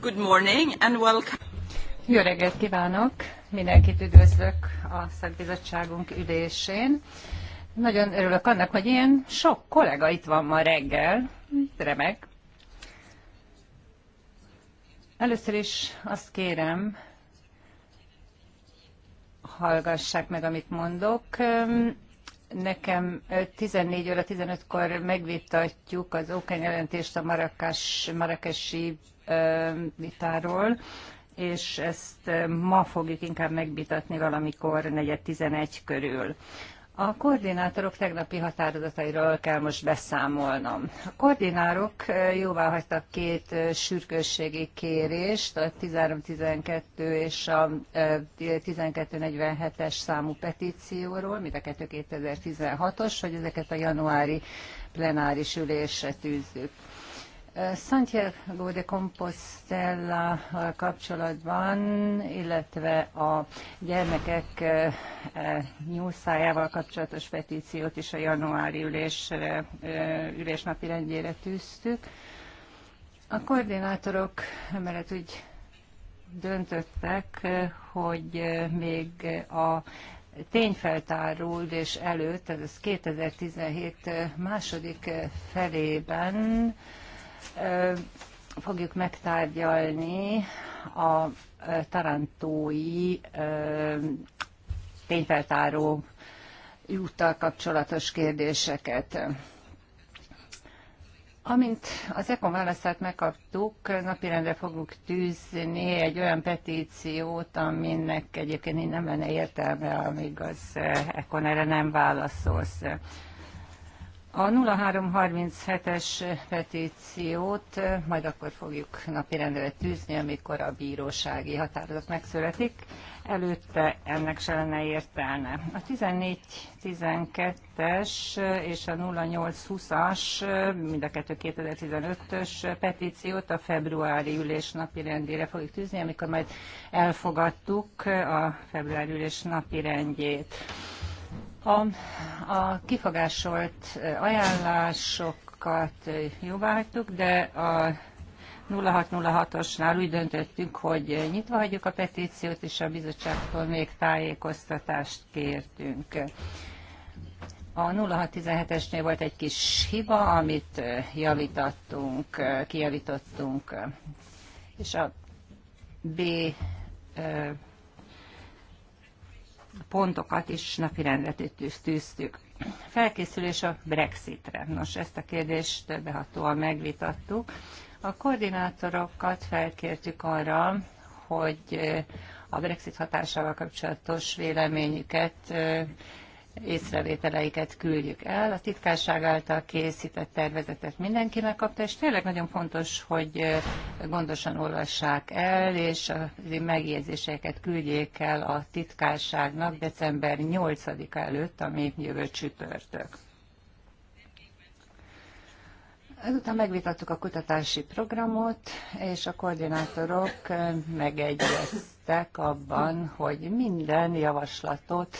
Good morning and welcome. Jó reggelt kívánok! Mindenkit üdvözlök a szakbizottságunk ülésén. Nagyon örülök annak, hogy ilyen sok kollega itt van ma reggel. Remek. Először is azt kérem, hallgassák meg, amit mondok nekem 14 óra 15-kor megvitatjuk az Oken jelentést a Marakás, marakesi vitáról, és ezt ma fogjuk inkább megvitatni valamikor negyed 11 körül. A koordinátorok tegnapi határozatairól kell most beszámolnom. A koordinárok jóvá hagytak két sürgősségi kérést, a 13.12 és a 1247-es számú petícióról, mind a 2016-os, hogy ezeket a januári plenáris ülésre tűzzük. Santiago de Compostela eh, kapcsolatban, illetve a gyermekek eh, eh, nyúlszájával kapcsolatos petíciót is a januári ülésre, ülésnapi rendjére tűztük. A koordinátorok emellett úgy döntöttek, hogy még a tényfeltáró ülés előtt, ez 2017 második felében fogjuk megtárgyalni a tarantói tényfeltáró úttal kapcsolatos kérdéseket. Amint az econ választát megkaptuk, napirendre fogunk tűzni egy olyan petíciót, aminek egyébként nem lenne értelme, amíg az ECON erre nem válaszolsz. A 0337-es petíciót majd akkor fogjuk napirendre tűzni, amikor a bírósági határozat megszületik. Előtte ennek se lenne értelme. A 1412 es és a 0820 as mind a kettő 2015-ös petíciót a februári ülés napirendjére fogjuk tűzni, amikor majd elfogadtuk a februári ülés napirendjét. A, a kifogásolt ajánlásokat hagytuk, de a 0606-osnál úgy döntöttünk, hogy nyitva hagyjuk a petíciót, és a bizottságtól még tájékoztatást kértünk. A 0617-esnél volt egy kis hiba, amit javítottunk, kijavítottunk, és a B pontokat is napirendre tűztük. Felkészülés a Brexitre. Nos, ezt a kérdést többehatóan megvitattuk. A koordinátorokat felkértük arra, hogy a Brexit hatásával kapcsolatos véleményüket észrevételeiket küldjük el. A titkárság által készített tervezetet mindenki megkapta, és tényleg nagyon fontos, hogy gondosan olvassák el, és a megjegyzéseket küldjék el a titkárságnak december 8-a előtt, ami jövő csütörtök. Ezután megvitattuk a kutatási programot, és a koordinátorok megegyeztek abban, hogy minden javaslatot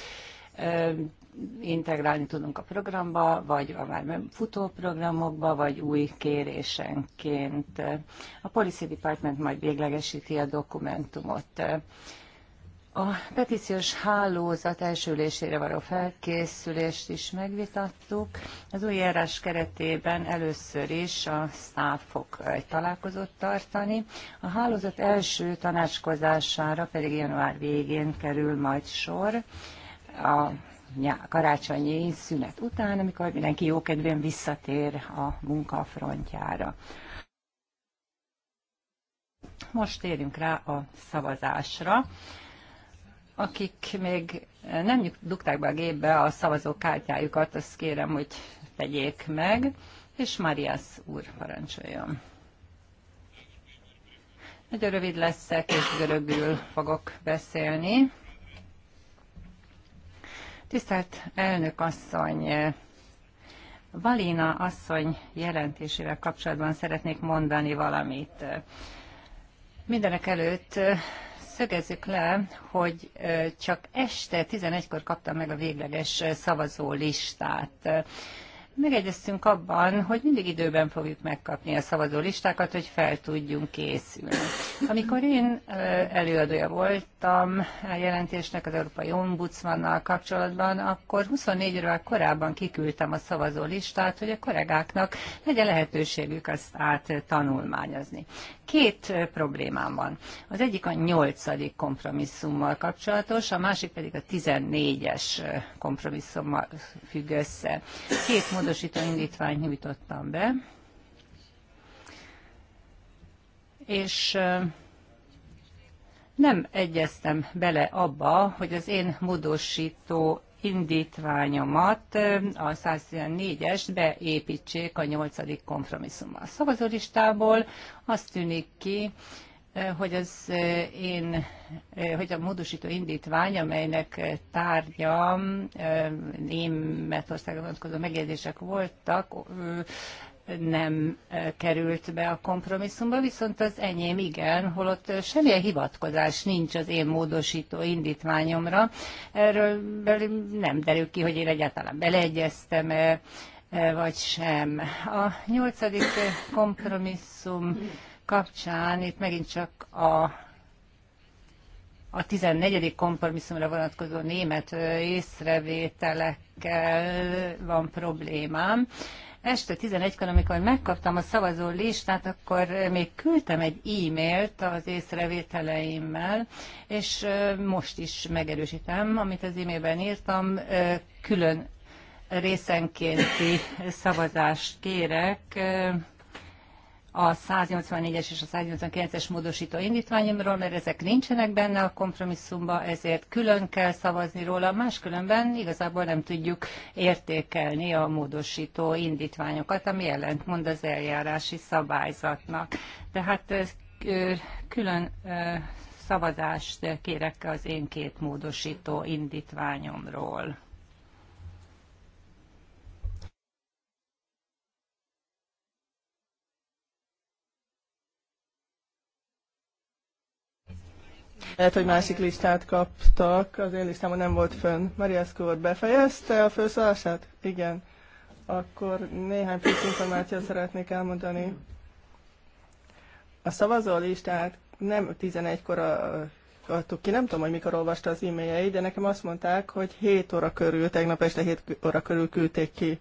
integrálni tudunk a programba, vagy a már futó programokba, vagy új kérésenként. A Policy Department majd véglegesíti a dokumentumot. A petíciós hálózat elsülésére való felkészülést is megvitattuk. Az új járás keretében először is a staff fog egy találkozót tartani. A hálózat első tanácskozására pedig január végén kerül majd sor. A nyá, karácsonyi szünet után, amikor mindenki jókedvűen visszatér a munkafrontjára. Most térjünk rá a szavazásra. Akik még nem dugták be a gépbe a szavazókártyájukat, azt kérem, hogy tegyék meg, és Marias úr parancsoljon. Nagyon rövid leszek, és görögül fogok beszélni. Tisztelt elnök asszony, Valina asszony jelentésével kapcsolatban szeretnék mondani valamit. Mindenek előtt szögezzük le, hogy csak este 11-kor kaptam meg a végleges szavazó listát megegyeztünk abban, hogy mindig időben fogjuk megkapni a szavazó listákat, hogy fel tudjunk készülni. Amikor én előadója voltam a jelentésnek az Európai Ombudsmannal kapcsolatban, akkor 24 évvel korábban kiküldtem a szavazó listát, hogy a kollégáknak legyen lehetőségük azt át tanulmányozni. Két problémám van. Az egyik a nyolcadik kompromisszummal kapcsolatos, a másik pedig a tizennégyes kompromisszummal függ össze. Két módosító indítványt nyújtottam be, és nem egyeztem bele abba, hogy az én módosító indítványomat, a 114 es beépítsék a 8. kompromisszummal. A szavazólistából azt tűnik ki, hogy az én, hogy a módosító indítvány, amelynek tárgya Németországon vonatkozó megjegyzések voltak, nem került be a kompromisszumba, viszont az enyém igen, holott semmilyen hivatkozás nincs az én módosító indítványomra. Erről nem derül ki, hogy én egyáltalán beleegyeztem -e, vagy sem. A nyolcadik kompromisszum kapcsán itt megint csak a a 14. kompromisszumra vonatkozó német észrevételekkel van problémám este 11-kor, amikor megkaptam a szavazó listát, akkor még küldtem egy e-mailt az észrevételeimmel, és most is megerősítem, amit az e-mailben írtam, külön részenkénti szavazást kérek a 184-es és a 189-es módosító indítványomról, mert ezek nincsenek benne a kompromisszumba, ezért külön kell szavazni róla, máskülönben igazából nem tudjuk értékelni a módosító indítványokat, ami mond az eljárási szabályzatnak. Tehát külön szavazást kérek az én két módosító indítványomról. Lehet, hogy másik listát kaptak, az én listámon nem volt fönn. Mariaszko volt befejezte a főszólását? Igen. Akkor néhány plusz információt szeretnék elmondani. A szavazó listát nem 11-kor adtuk ki, nem tudom, hogy mikor olvasta az e-mailjeit, de nekem azt mondták, hogy 7 óra körül, tegnap este 7 óra körül küldték ki.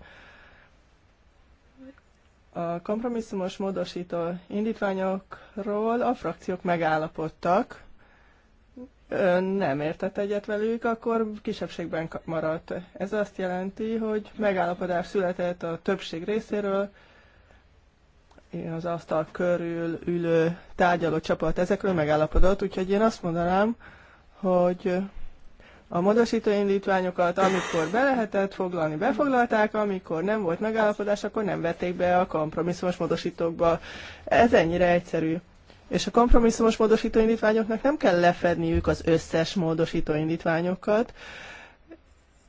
A kompromisszumos módosító indítványokról a frakciók megállapodtak, nem értett egyet velük, akkor kisebbségben maradt. Ez azt jelenti, hogy megállapodás született a többség részéről, én az asztal körül ülő tárgyaló csapat ezekről megállapodott, úgyhogy én azt mondanám, hogy a módosító indítványokat, amikor be lehetett foglalni, befoglalták, amikor nem volt megállapodás, akkor nem vették be a kompromisszumos módosítókba. Ez ennyire egyszerű és a kompromisszumos módosítóindítványoknak nem kell lefedniük az összes módosítóindítványokat.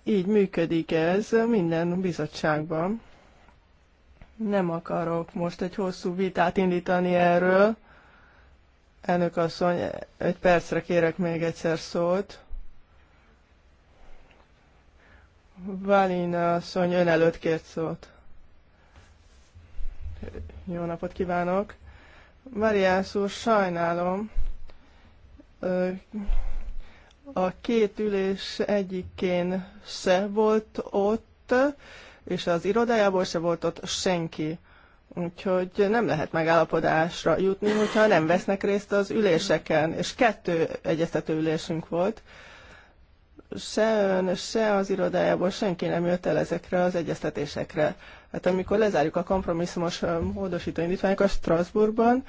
Így működik ez minden bizottságban. Nem akarok most egy hosszú vitát indítani erről. Elnök asszony, egy percre kérek még egyszer szót. Valina asszony ön előtt kért szót. Jó napot kívánok! Mariás úr, sajnálom, a két ülés egyikén se volt ott, és az irodájából se volt ott senki. Úgyhogy nem lehet megállapodásra jutni, hogyha nem vesznek részt az üléseken. És kettő egyeztető ülésünk volt. Se ön, se az irodájából senki nem jött el ezekre az egyeztetésekre. Hát amikor lezárjuk a kompromisszumos módosító indítványokat Strasbourgban,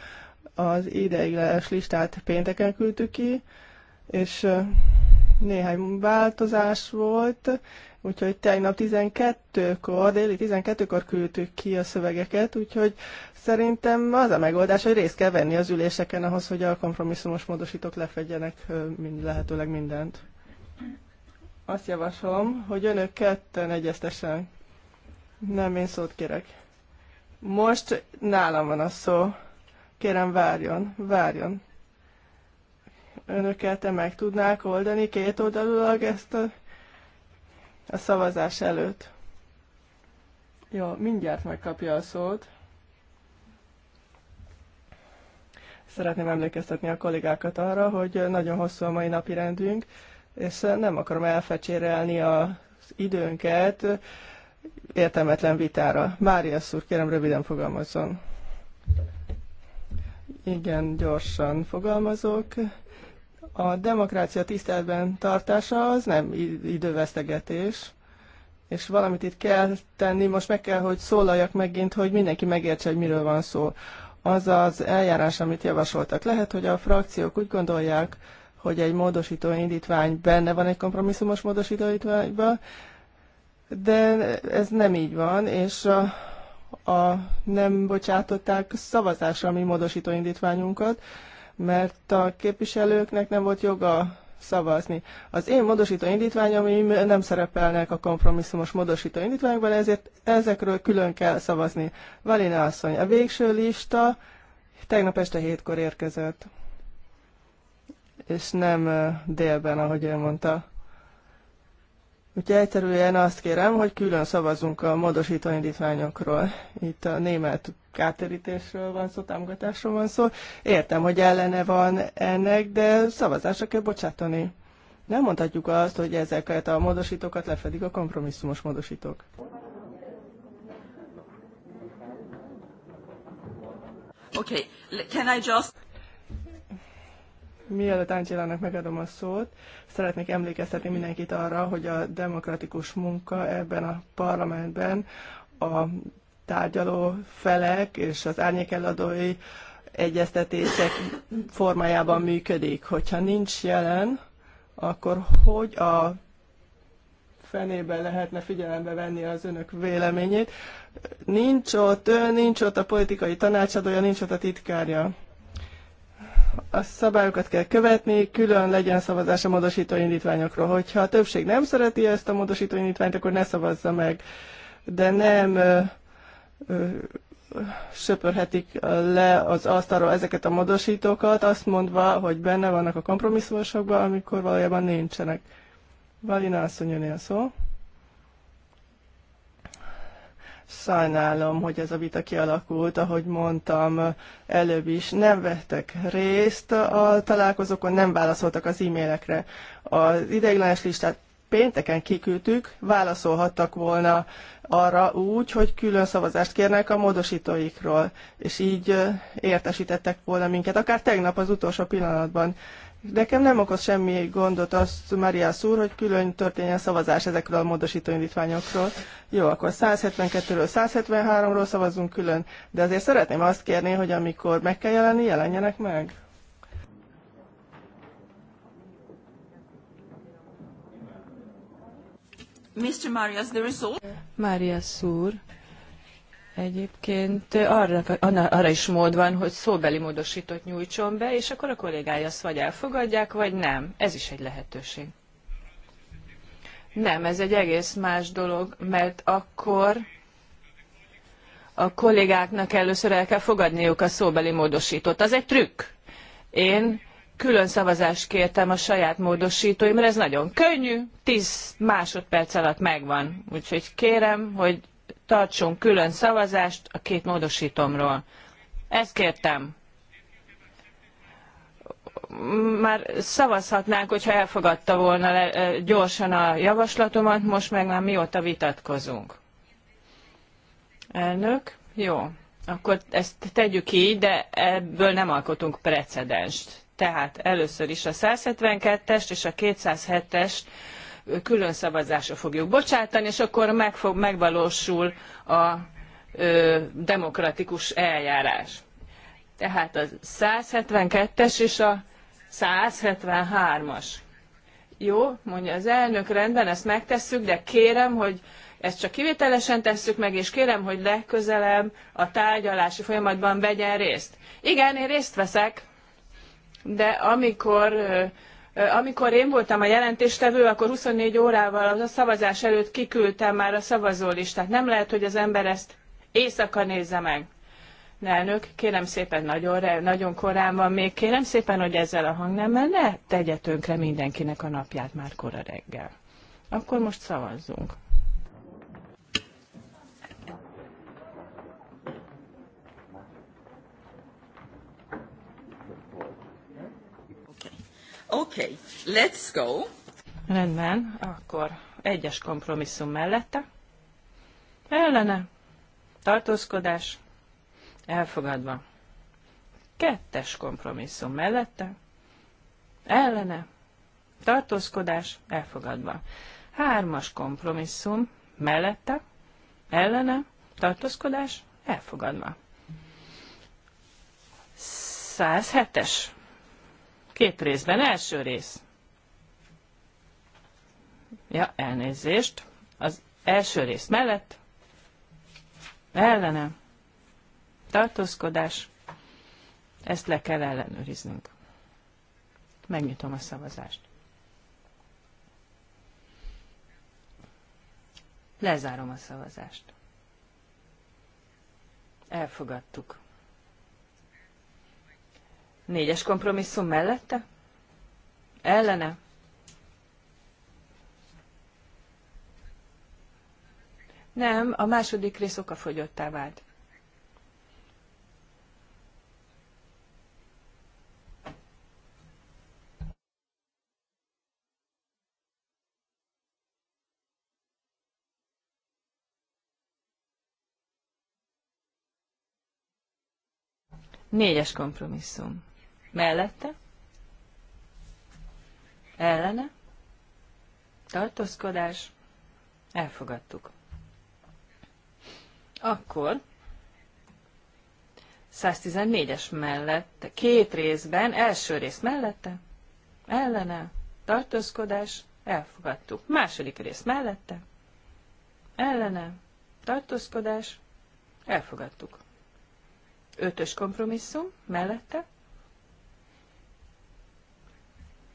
az ideiglenes listát pénteken küldtük ki, és néhány változás volt, úgyhogy tegnap 12-kor, déli 12-kor küldtük ki a szövegeket, úgyhogy szerintem az a megoldás, hogy részt kell venni az üléseken ahhoz, hogy a kompromisszumos módosítók lefedjenek mind, lehetőleg mindent. Azt javaslom, hogy önök ketten egyeztessen. Nem, én szót kérek. Most nálam van a szó. Kérem, várjon, várjon. Önöket te meg tudnák oldani két oldalulag ezt a, a szavazás előtt? Jó, mindjárt megkapja a szót. Szeretném emlékeztetni a kollégákat arra, hogy nagyon hosszú a mai napi rendünk, és nem akarom elfecsérelni az időnket értelmetlen vitára. Mária szúr, kérem röviden fogalmazzon. Igen, gyorsan fogalmazok. A demokrácia tiszteletben tartása az nem idővesztegetés, és valamit itt kell tenni, most meg kell, hogy szólaljak megint, hogy mindenki megértse, hogy miről van szó. Az az eljárás, amit javasoltak. Lehet, hogy a frakciók úgy gondolják, hogy egy módosító indítvány benne van egy kompromisszumos módosító indítványban, de ez nem így van, és a, a nem bocsátották szavazásra mi módosító indítványunkat, mert a képviselőknek nem volt joga szavazni. Az én módosító indítványaim nem szerepelnek a kompromisszumos módosító indítványokban, ezért ezekről külön kell szavazni. Valina asszony, a végső lista tegnap este hétkor érkezett, és nem délben, ahogy ő mondta. Úgyhogy egyszerűen azt kérem, hogy külön szavazzunk a módosító indítványokról. Itt a német kártérítésről van szó, támogatásról van szó. Értem, hogy ellene van ennek, de szavazásra kell bocsátani. Nem mondhatjuk azt, hogy ezeket a módosítókat lefedik a kompromisszumos módosítók. Okay, can I just... Mielőtt Angelának megadom a szót, szeretnék emlékeztetni mindenkit arra, hogy a demokratikus munka ebben a parlamentben a tárgyaló felek és az árnyékeladói egyeztetések formájában működik. Hogyha nincs jelen, akkor hogy a fenében lehetne figyelembe venni az önök véleményét. Nincs ott ön, nincs ott a politikai tanácsadója, nincs ott a titkárja a szabályokat kell követni, külön legyen szavazás a módosító indítványokról. Hogyha a többség nem szereti ezt a módosító indítványt, akkor ne szavazza meg, de nem ö, ö, söpörhetik le az asztalról ezeket a módosítókat, azt mondva, hogy benne vannak a kompromisszumosokban, amikor valójában nincsenek. Valina asszony jön szó. Sajnálom, hogy ez a vita kialakult, ahogy mondtam előbb is. Nem vettek részt a találkozókon, nem válaszoltak az e-mailekre. Az ideiglenes listát pénteken kiküldtük, válaszolhattak volna arra úgy, hogy külön szavazást kérnek a módosítóikról, és így értesítettek volna minket, akár tegnap az utolsó pillanatban. Nekem nem okoz semmi gondot azt, Maria úr, hogy külön történjen szavazás ezekről a módosító indítványokról. Jó, akkor 172-ről 173-ról szavazunk külön, de azért szeretném azt kérni, hogy amikor meg kell jelenni, jelenjenek meg. Mr. Marias, the result... Marias úr, Egyébként arra, arra is mód van, hogy szóbeli módosított nyújtson be, és akkor a kollégája azt vagy elfogadják, vagy nem. Ez is egy lehetőség. Nem, ez egy egész más dolog, mert akkor a kollégáknak először el kell fogadniuk a szóbeli módosítót. Az egy trükk. Én külön szavazást kértem a saját módosítóimra, ez nagyon könnyű, 10 másodperc alatt megvan. Úgyhogy kérem, hogy tartsunk külön szavazást a két módosítomról. Ezt kértem. Már szavazhatnánk, hogyha elfogadta volna le, gyorsan a javaslatomat, most meg már mióta vitatkozunk. Elnök, jó, akkor ezt tegyük így, de ebből nem alkotunk precedenst tehát először is a 172-est és a 207-est külön szavazásra fogjuk bocsátani, és akkor meg fog, megvalósul a ö, demokratikus eljárás. Tehát a 172-es és a 173-as. Jó, mondja az elnök, rendben, ezt megtesszük, de kérem, hogy ezt csak kivételesen tesszük meg, és kérem, hogy legközelebb a tárgyalási folyamatban vegyen részt. Igen, én részt veszek, de amikor amikor én voltam a jelentéstevő, akkor 24 órával a szavazás előtt kiküldtem már a szavazólistát. Nem lehet, hogy az ember ezt éjszaka nézze meg. De elnök, kérem szépen, nagyon, nagyon korán van még, kérem szépen, hogy ezzel a hangnemmel ne tegye tönkre mindenkinek a napját már kora reggel. Akkor most szavazzunk. Okay, let's go. Rendben, akkor egyes kompromisszum mellette. Ellene. Tartózkodás. Elfogadva. Kettes kompromisszum mellette. Ellene. Tartózkodás. Elfogadva. Hármas kompromisszum mellette. Ellene. Tartózkodás. Elfogadva. 107-es Két részben. Első rész. Ja, elnézést. Az első rész mellett. Ellenem. Tartózkodás. Ezt le kell ellenőriznünk. Megnyitom a szavazást. Lezárom a szavazást. Elfogadtuk. Négyes kompromisszum mellette? Ellene? Nem, a második rész okafogyottá vált. Négyes kompromisszum mellette, ellene, tartózkodás, elfogadtuk. Akkor 114-es mellett, két részben, első rész mellette, ellene, tartózkodás, elfogadtuk. Második rész mellette, ellene, tartózkodás, elfogadtuk. Ötös kompromisszum mellette,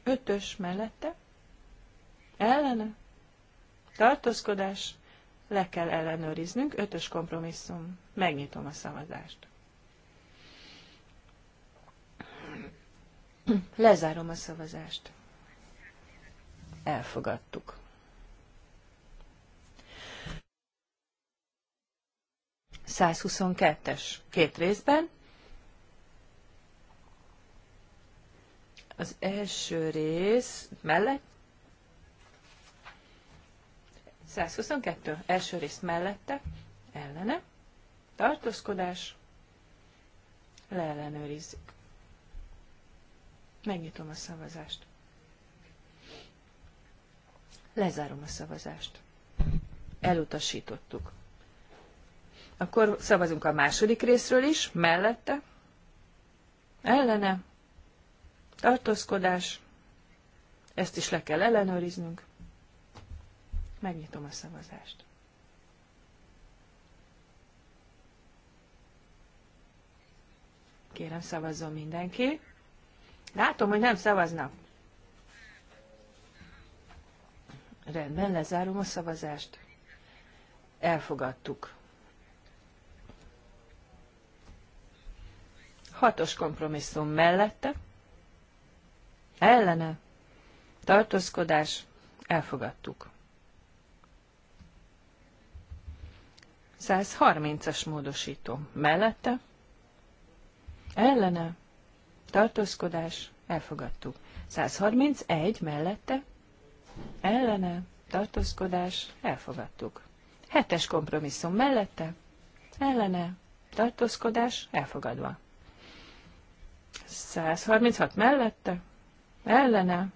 Ötös mellette. Ellene. Tartózkodás. Le kell ellenőriznünk. Ötös kompromisszum. Megnyitom a szavazást. Lezárom a szavazást. Elfogadtuk. 122-es. Két részben. Az első rész mellett 122. Első rész mellette, ellene, tartózkodás, leellenőrizzük. Megnyitom a szavazást. Lezárom a szavazást. Elutasítottuk. Akkor szavazunk a második részről is, mellette, ellene, tartózkodás, ezt is le kell ellenőriznünk. Megnyitom a szavazást. Kérem, szavazzon mindenki. Látom, hogy nem szavaznak. Rendben, lezárom a szavazást. Elfogadtuk. Hatos kompromisszum mellette, ellene, tartózkodás, elfogadtuk. 130-as módosító mellette, ellene, tartózkodás, elfogadtuk. 131 mellette, ellene, tartózkodás, elfogadtuk. Hetes kompromisszum mellette, ellene, tartózkodás, elfogadva. 136 mellette, ellene,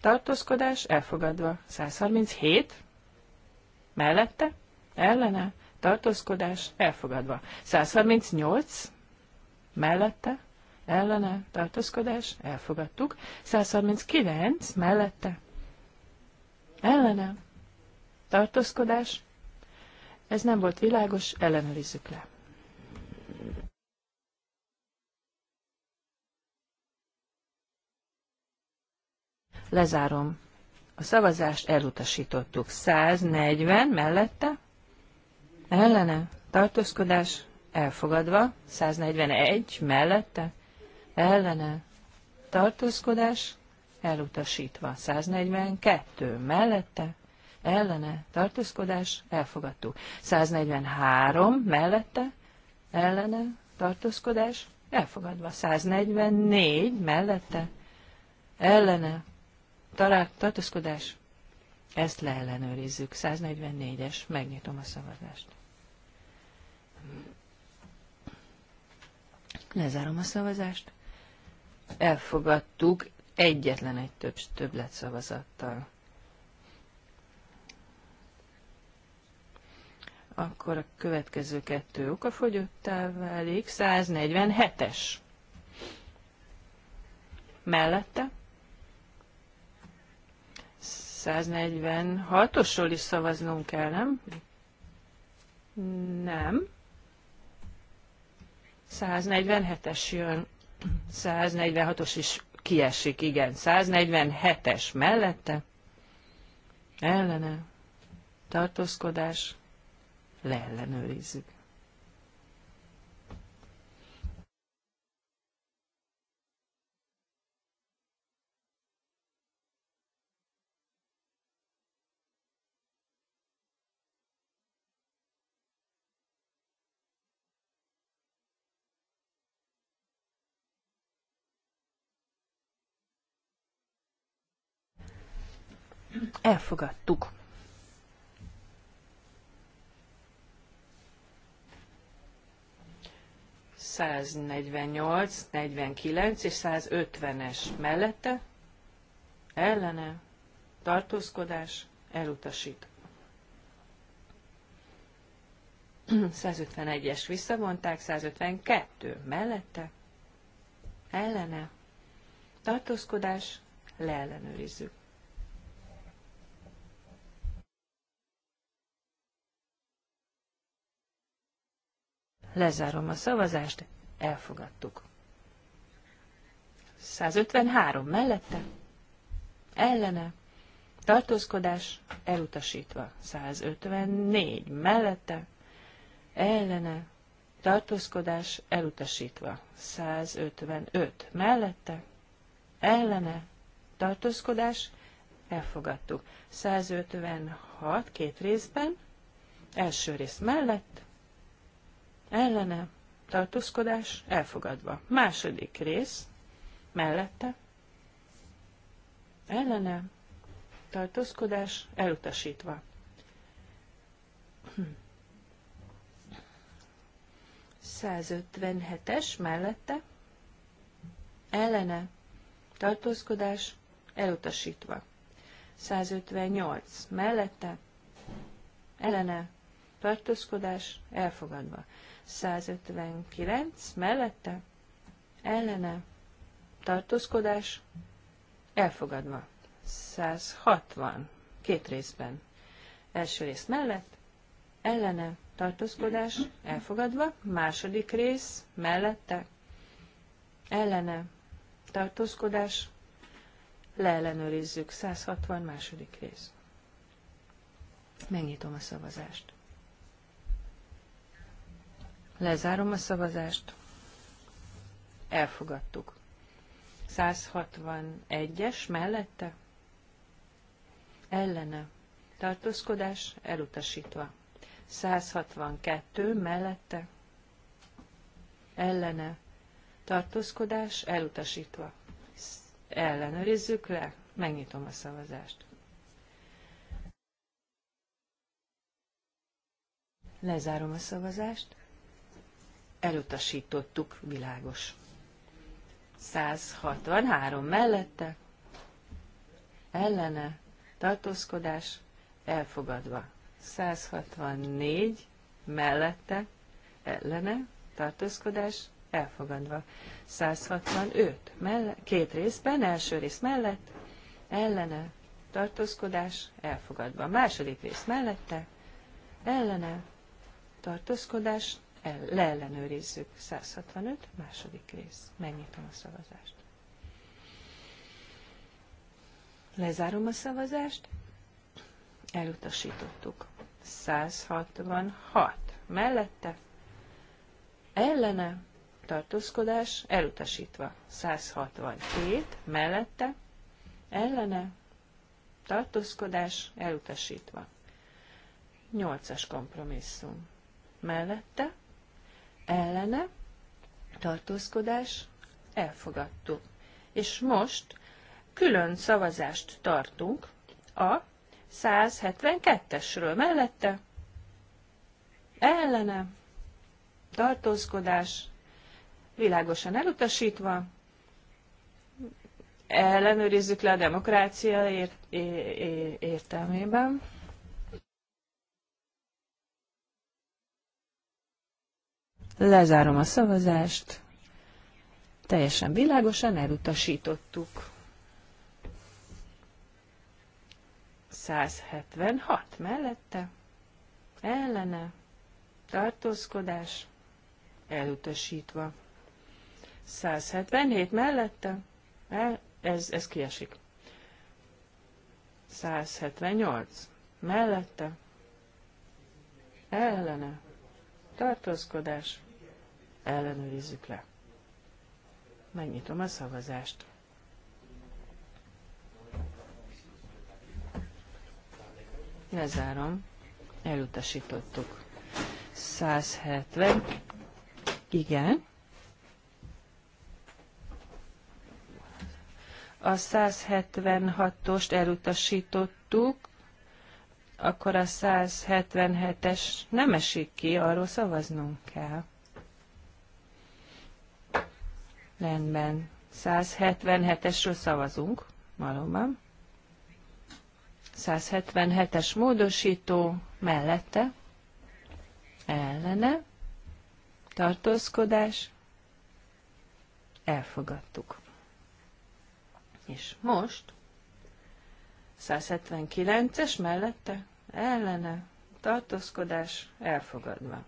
tartózkodás elfogadva. 137 mellette, ellene, tartózkodás elfogadva. 138 mellette, ellene, tartózkodás elfogadtuk. 139 mellette, ellene, tartózkodás, ez nem volt világos, ellenőrizzük le. Lezárom. A szavazást elutasítottuk. 140 mellette, ellene, tartózkodás elfogadva, 141 mellette, ellene, tartózkodás elutasítva, 142 mellette, ellene, tartózkodás elfogadtuk, 143 mellette, ellene, tartózkodás elfogadva, 144 mellette, ellene, talál, tartózkodás, ezt leellenőrizzük. 144-es, megnyitom a szavazást. Lezárom a szavazást. Elfogadtuk egyetlen egy több, többlet szavazattal. Akkor a következő kettő okafogyottá válik. 147-es. Mellette. 146-osról is szavaznunk kell, nem? Nem. 147-es jön, 146-os is kiesik, igen. 147-es mellette, ellene, tartózkodás, leellenőrizzük. elfogadtuk. ...148, 49 és 150-es mellette, ellene, tartózkodás, elutasít. 151-es visszavonták, 152 mellette, ellene, tartózkodás, leellenőrizzük. Lezárom a szavazást, elfogadtuk. 153 mellette, ellene, tartózkodás elutasítva. 154 mellette, ellene, tartózkodás elutasítva. 155 mellette, ellene, tartózkodás elfogadtuk. 156 két részben, első rész mellett, ellene, tartózkodás elfogadva. Második rész, mellette, ellene, tartózkodás elutasítva. 157-es mellette, ellene, tartózkodás elutasítva. 158 mellette, ellene, tartózkodás elfogadva. 159 mellette, ellene, tartózkodás, elfogadva. 160 két részben. Első rész mellett, ellene, tartózkodás, elfogadva. Második rész mellette, ellene, tartózkodás, leellenőrizzük. 160 második rész. Megnyitom a szavazást. Lezárom a szavazást. Elfogadtuk. 161-es mellette? Ellene. Tartózkodás elutasítva. 162 mellette? Ellene. Tartózkodás elutasítva. Ellenőrizzük le. Megnyitom a szavazást. Lezárom a szavazást elutasítottuk, világos. 163 mellette, ellene, tartózkodás, elfogadva. 164 mellette, ellene, tartózkodás, elfogadva. 165 melle, két részben, első rész mellett, ellene, tartózkodás, elfogadva. Második rész mellette, ellene, tartózkodás, el, leellenőrizzük. 165, második rész. Megnyitom a szavazást. Lezárom a szavazást. Elutasítottuk. 166 mellette. Ellene tartózkodás elutasítva. 167 mellette. Ellene tartózkodás elutasítva. 8-as kompromisszum mellette ellene, tartózkodás, elfogadtó. És most külön szavazást tartunk a 172-esről mellette, ellene, tartózkodás, világosan elutasítva, ellenőrizzük le a demokrácia ért, é, é, értelmében. Lezárom a szavazást. Teljesen világosan elutasítottuk. 176 mellette, ellene, tartózkodás, elutasítva. 177 mellette, el, ez, ez kiesik. 178 mellette, ellene, tartózkodás, ellenőrizzük le. Megnyitom a szavazást. Lezárom. Elutasítottuk. 170. Igen. A 176-ost elutasítottuk, akkor a 177-es nem esik ki, arról szavaznunk kell. Rendben. 177-esről szavazunk, valóban. 177-es módosító mellette, ellene, tartózkodás, elfogadtuk. És most 179-es mellette, ellene, tartózkodás, elfogadva.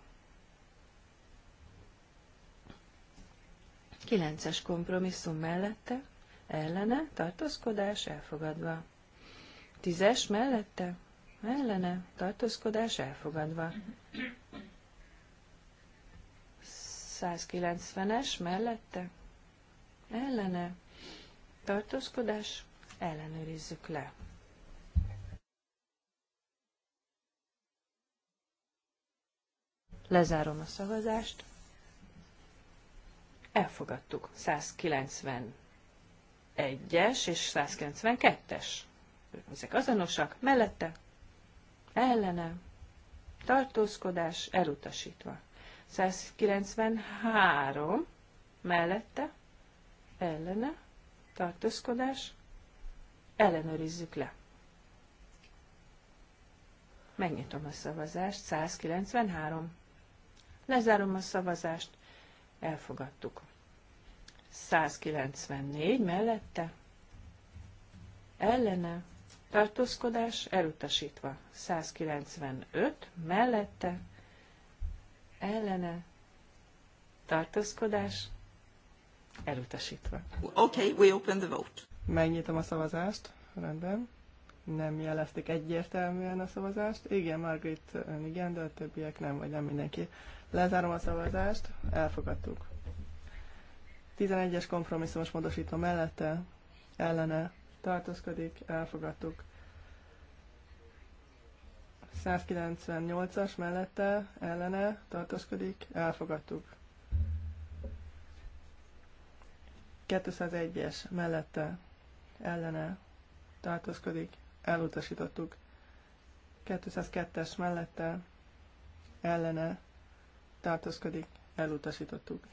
9-es kompromisszum mellette, ellene, tartózkodás elfogadva. 10-es mellette, ellene, tartózkodás elfogadva. 190-es mellette, ellene, tartózkodás, ellenőrizzük le. Lezárom a szavazást elfogadtuk. 191-es és 192-es. Ezek azonosak, mellette, ellene, tartózkodás, elutasítva. 193 mellette, ellene, tartózkodás, ellenőrizzük le. Megnyitom a szavazást, 193. Lezárom a szavazást, elfogadtuk. 194 mellette, ellene, tartózkodás elutasítva. 195 mellette, ellene, tartózkodás elutasítva. Okay, we open the vote. Megnyitom a szavazást, rendben. Nem jelezték egyértelműen a szavazást. Igen, Margaret, ön igen, de a többiek nem, vagy nem mindenki. Lezárom a szavazást, elfogadtuk. 11-es kompromisszumos módosító mellette ellene tartózkodik, elfogadtuk. 198-as mellette ellene tartózkodik, elfogadtuk. 201-es mellette ellene tartózkodik, elutasítottuk. 202-es mellette ellene tartózkodik, elutasítottuk.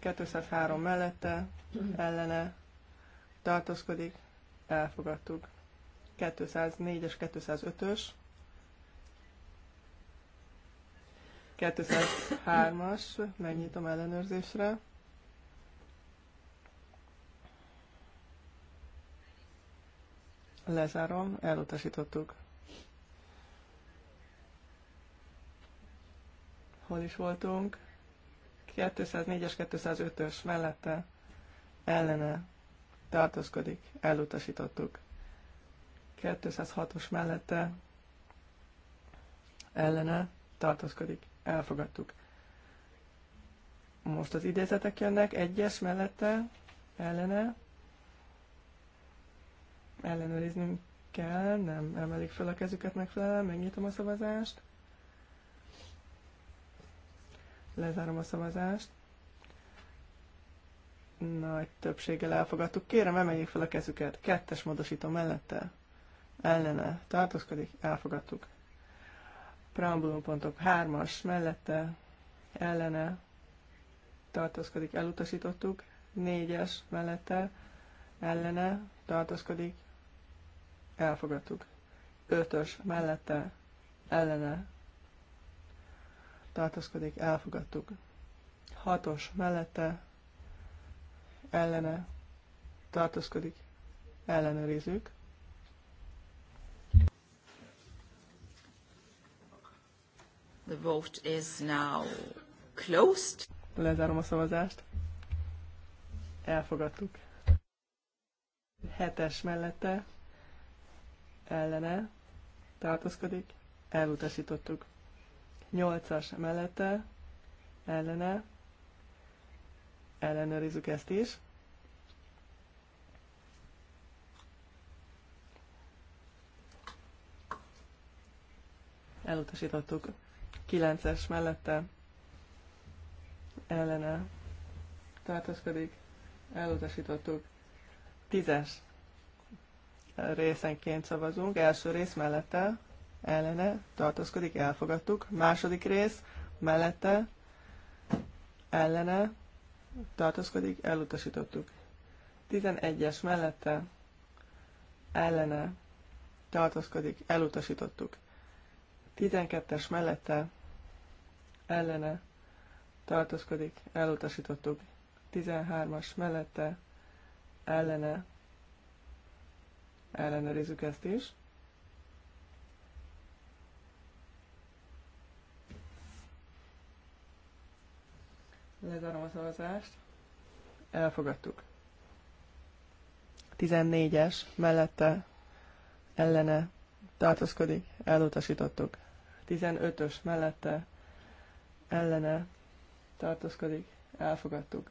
203 mellette, ellene tartózkodik, elfogadtuk. 204-es, 205-ös, 203-as, megnyitom ellenőrzésre. Lezárom, elutasítottuk. Hol is voltunk? 204-es, 205-ös mellette ellene tartózkodik, elutasítottuk. 206-os mellette ellene tartózkodik, elfogadtuk. Most az idézetek jönnek, egyes mellette ellene ellenőriznünk kell, nem emelik fel a kezüket megfelelően, megnyitom a szavazást. Lezárom a szavazást. Nagy többséggel elfogadtuk. Kérem, emeljék fel a kezüket. Kettes módosító mellette. Ellene. Tartózkodik. Elfogadtuk. Preambulum pontok. Hármas mellette. Ellene. Tartózkodik. Elutasítottuk. Négyes mellette. Ellene. Tartózkodik. Elfogadtuk. Ötös mellette. Ellene tartózkodik, elfogadtuk. Hatos mellette, ellene, tartózkodik, ellenőrizzük. The vote is now closed. Lezárom a szavazást. Elfogadtuk. Hetes mellette, ellene, tartózkodik, elutasítottuk. 8-as mellette, ellene, ellenőrizzük ezt is. Elutasítottuk. 9-es mellette, ellene, tartózkodik, elutasítottuk. 10-es részenként szavazunk, első rész mellette, ellene tartózkodik, elfogadtuk. Második rész mellette ellene tartózkodik, elutasítottuk. 11-es mellette ellene tartózkodik, elutasítottuk. 12-es mellette ellene tartózkodik, elutasítottuk. 13-as mellette ellene ellenőrizzük ezt is. Lezárom a szavazást. Elfogadtuk. 14-es mellette ellene tartózkodik, elutasítottuk. 15-ös mellette ellene tartózkodik, elfogadtuk.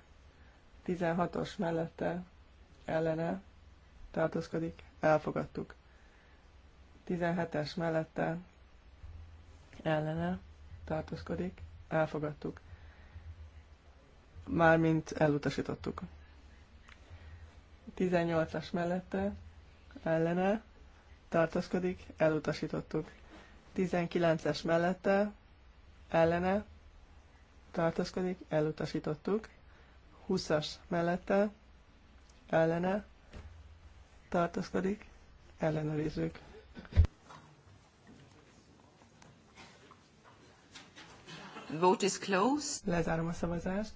16-os mellette ellene tartózkodik, elfogadtuk. 17-es mellette ellene tartózkodik, elfogadtuk mármint elutasítottuk. 18-as mellette ellene tartózkodik, elutasítottuk. 19-es mellette ellene tartózkodik, elutasítottuk. 20-as mellette ellene tartózkodik, ellenőrizzük. Vote is closed. Lezárom a szavazást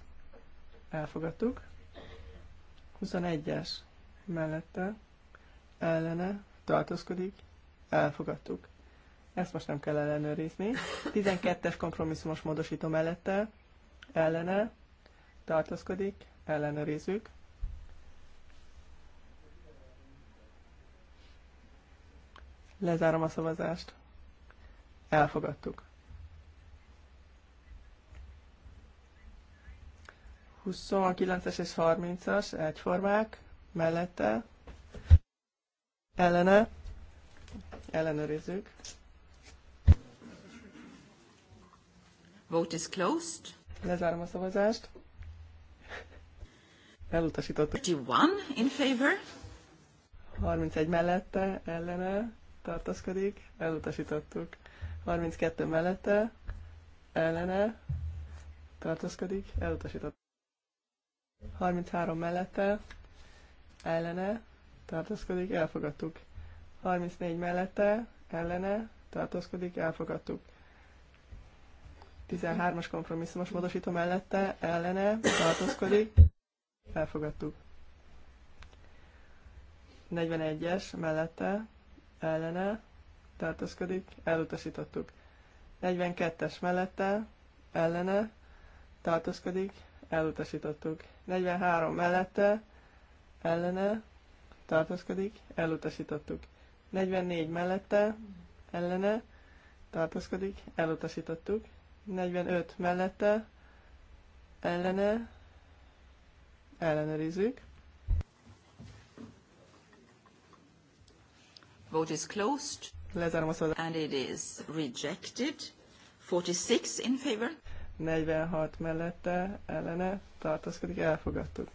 elfogadtuk. 21-es mellette ellene tartózkodik, elfogadtuk. Ezt most nem kell ellenőrizni. 12-es kompromisszumos módosító mellette ellene tartózkodik, ellenőrizzük. Lezárom a szavazást. Elfogadtuk. 29-es és 30-as egyformák, mellette, ellene, ellenőrizzük. Vote is closed. Lezárom a szavazást. Elutasított. 31 in favor. 31 mellette, ellene, tartózkodik, elutasítottuk. 32 mellette, ellene, tartózkodik, elutasítottuk. 33 mellette, ellene, tartózkodik, elfogadtuk. 34 mellette, ellene, tartózkodik, elfogadtuk. 13-as kompromisszumos módosító mellette, ellene, tartózkodik, elfogadtuk. 41-es mellette, ellene, tartózkodik, elutasítottuk. 42-es mellette, ellene, tartózkodik, elutasítottuk. 43 mellette, ellene, tartózkodik, elutasítottuk. 44 mellette, ellene, tartózkodik, elutasítottuk. 45 mellette, ellene, ellenőrizzük. Vote is closed. Lezárom a szavazást. And it is rejected. 46 in favor. 46 mellette ellene tartózkodik, elfogadtuk.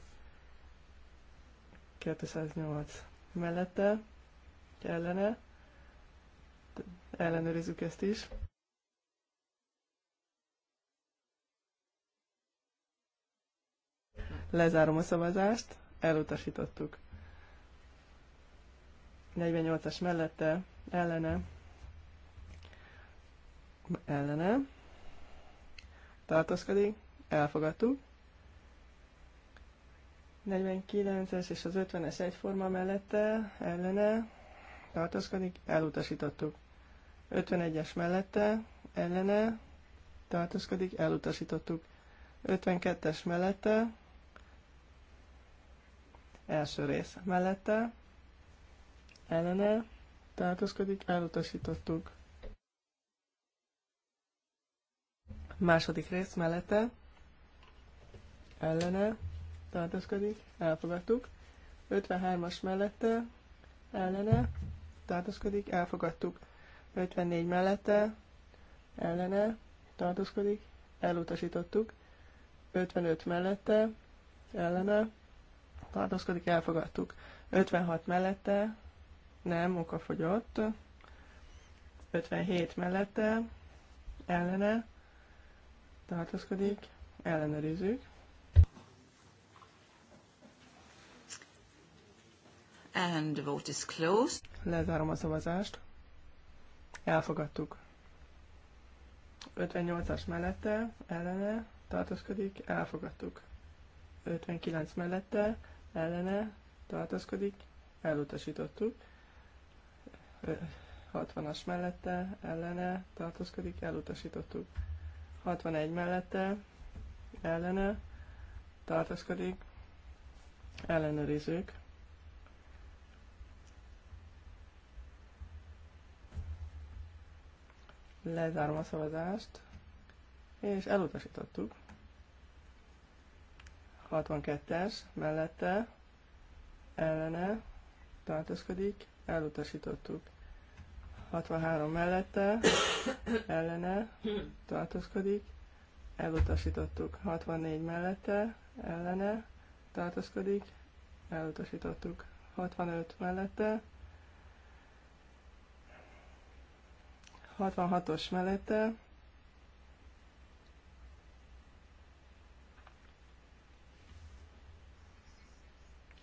208 mellette ellene ellenőrizzük ezt is. Lezárom a szavazást, elutasítottuk. 48-as mellette, ellene, ellene, tartózkodik, elfogadtuk. 49-es és az 50-es egyforma mellette, ellene, tartózkodik, elutasítottuk. 51-es mellette, ellene, tartózkodik, elutasítottuk. 52-es mellette, első rész mellette, ellene, tartózkodik, elutasítottuk. Második rész mellette ellene tartózkodik, elfogadtuk. 53-as mellette ellene tartózkodik, elfogadtuk. 54 mellette ellene tartózkodik, elutasítottuk. 55 mellette ellene tartózkodik, elfogadtuk. 56 mellette nem, oka fogyott. 57 mellette ellene tartózkodik, ellenőrizzük. And the vote is closed. Lezárom a szavazást. Elfogadtuk. 58-as mellette, ellene, tartózkodik, elfogadtuk. 59 mellette, ellene, tartózkodik, elutasítottuk. 60-as mellette, ellene, tartózkodik, elutasítottuk. 61 mellette, ellene, tartaszkodik, ellenőrizők. Lezárom a szavazást, és elutasítottuk. 62-es mellette, ellene, tartozkodik, elutasítottuk. 63 mellette, ellene, tartózkodik, elutasítottuk. 64 mellette, ellene, tartózkodik, elutasítottuk. 65 mellette, 66-os mellette,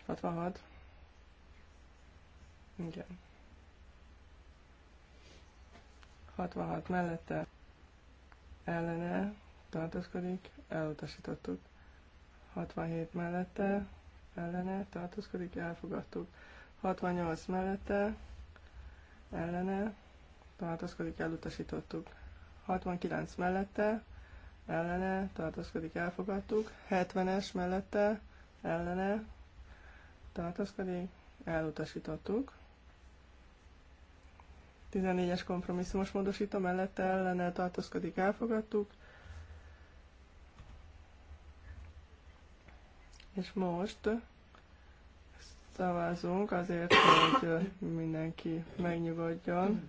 Hatvanhat. Igen. 66 mellette ellene tartózkodik, elutasítottuk. 67 mellette ellene tartózkodik, elfogadtuk. 68 mellette ellene tartózkodik, elutasítottuk. 69 mellette ellene tartózkodik, elfogadtuk. 70-es mellette ellene tartózkodik, elutasítottuk. 14-es kompromisszumos módosító mellette ellene tartózkodik, elfogadtuk. És most szavazunk azért, hogy mindenki megnyugodjon.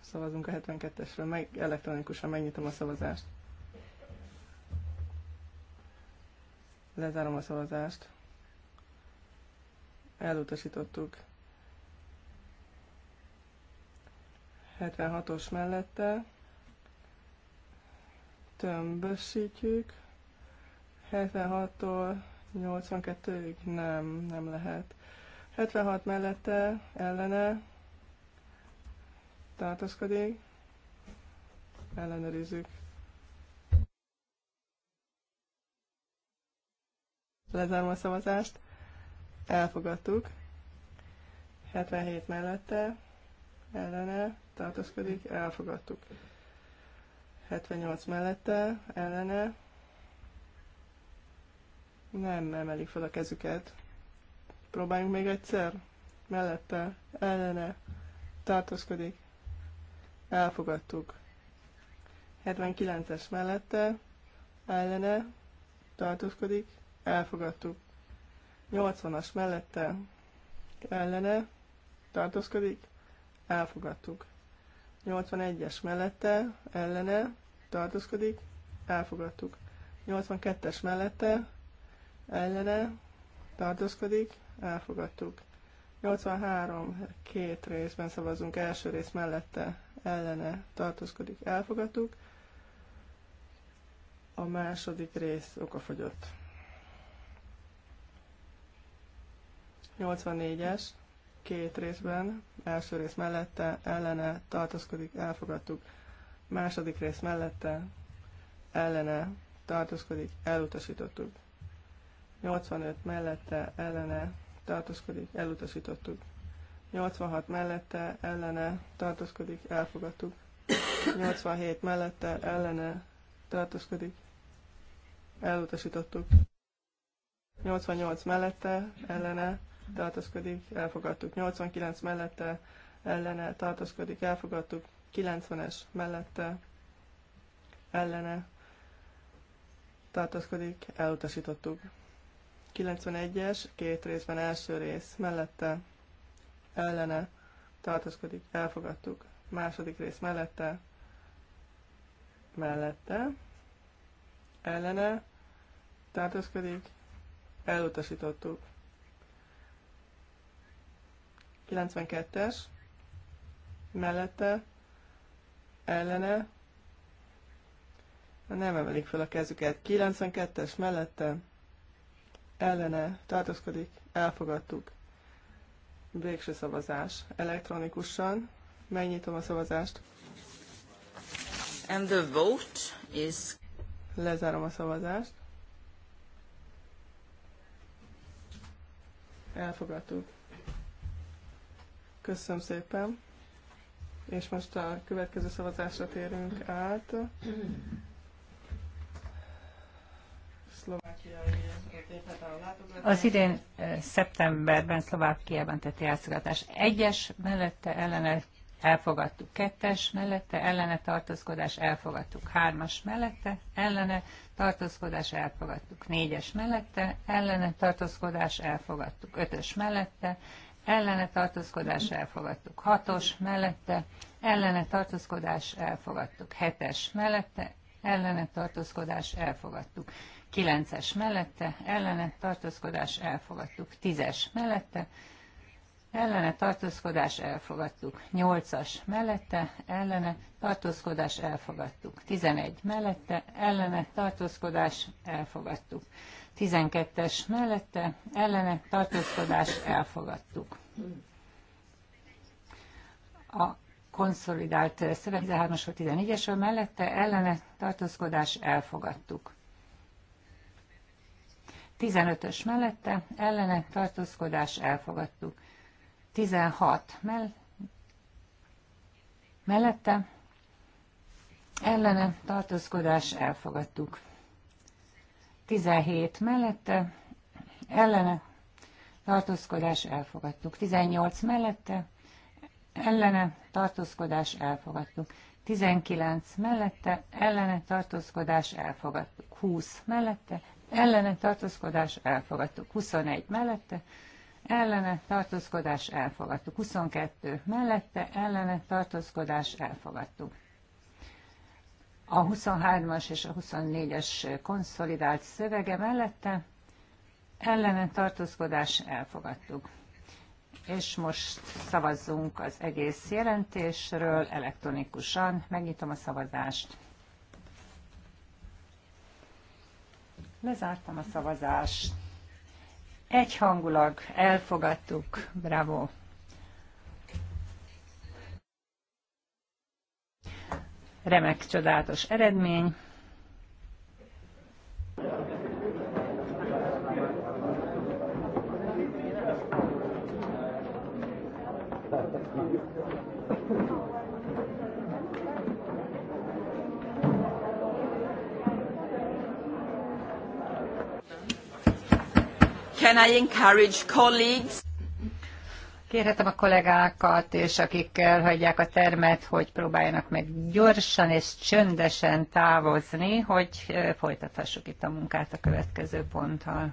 Szavazunk a 72-esről, meg elektronikusan megnyitom a szavazást. Lezárom a szavazást. Elutasítottuk 76-os mellette tömbösítjük. 76-tól 82-ig nem, nem lehet. 76 mellette ellene tartozkodik, Ellenőrizzük. Lezárom a szavazást. Elfogadtuk. 77 mellette ellene tartózkodik, elfogadtuk. 78 mellette, ellene, nem emelik fel a kezüket. Próbáljunk még egyszer. Mellette, ellene, tartózkodik. Elfogadtuk. 79-es mellette, ellene, tartózkodik. Elfogadtuk. 80-as mellette, ellene, tartózkodik. Elfogadtuk. 81-es mellette, ellene, tartózkodik, elfogadtuk. 82-es mellette, ellene, tartózkodik, elfogadtuk. 83 két részben szavazunk, első rész mellette, ellene, tartózkodik, elfogadtuk. A második rész okafogyott. 84-es két részben, első rész mellette, ellene tartózkodik, elfogadtuk, második rész mellette, ellene tartózkodik, elutasítottuk. 85 mellette, ellene tartózkodik, elutasítottuk. 86 mellette, ellene tartózkodik, elfogadtuk. 87 mellette, ellene tartózkodik, elutasítottuk. 88 mellette, ellene tartózkodik, elfogadtuk. 89 mellette ellene tartózkodik, elfogadtuk. 90-es mellette ellene tartózkodik, elutasítottuk. 91-es, két részben első rész mellette ellene tartózkodik, elfogadtuk. Második rész mellette mellette ellene tartózkodik, elutasítottuk. 92-es mellette ellene nem emelik fel a kezüket. 92-es mellette ellene tartózkodik, elfogadtuk. Végső szavazás elektronikusan. Megnyitom a szavazást. And the vote is... Lezárom a szavazást. Elfogadtuk. Köszönöm szépen. És most a következő szavazásra térünk át. Az idén szeptemberben Szlovákiában tett játszgatás egyes mellette ellene elfogadtuk, kettes mellette ellene tartózkodás elfogadtuk, hármas mellette ellene tartózkodás elfogadtuk, négyes mellette ellene tartózkodás elfogadtuk, ötös mellette ellene tartózkodás elfogadtuk. Hatos mellette ellene tartózkodás elfogadtuk. Hetes mellette ellene tartózkodás elfogadtuk. Kilences mellette ellene tartózkodás elfogadtuk. Tízes mellette ellene tartózkodás elfogadtuk. Nyolcas mellette ellene tartózkodás elfogadtuk. Tizenegy mellette ellene tartózkodás elfogadtuk. 12-es mellette ellene tartózkodás elfogadtuk. A konszolidált szöveg 13-asról 14 es mellette ellene tartózkodás elfogadtuk. 15-ös mellette ellene tartózkodás elfogadtuk. 16 mell mellette ellene tartózkodás elfogadtuk. 17 mellette, ellene, tartózkodás elfogadtuk. 18 mellette, ellene, tartózkodás elfogadtuk. 19 mellette, ellene, tartózkodás elfogadtuk. 20 mellette, ellene, tartózkodás elfogadtuk. 21 mellette, ellene tartózkodás elfogadtuk. 22 mellette ellene tartózkodás elfogadtuk a 23-as és a 24-es konszolidált szövege mellette ellene tartózkodás elfogadtuk. És most szavazzunk az egész jelentésről elektronikusan. Megnyitom a szavazást. Lezártam a szavazást. Egyhangulag elfogadtuk. Bravo! Remek, csodálatos eredmény. Can I encourage colleagues? kérhetem a kollégákat, és akik elhagyják a termet, hogy próbáljanak meg gyorsan és csöndesen távozni, hogy folytathassuk itt a munkát a következő ponttal.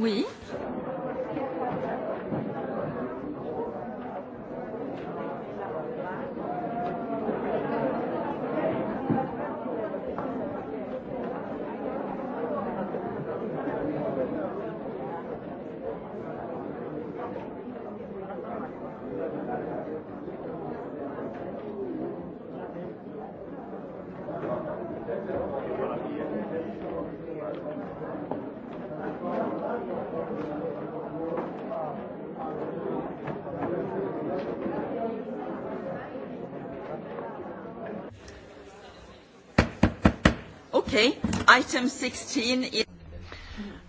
Oui.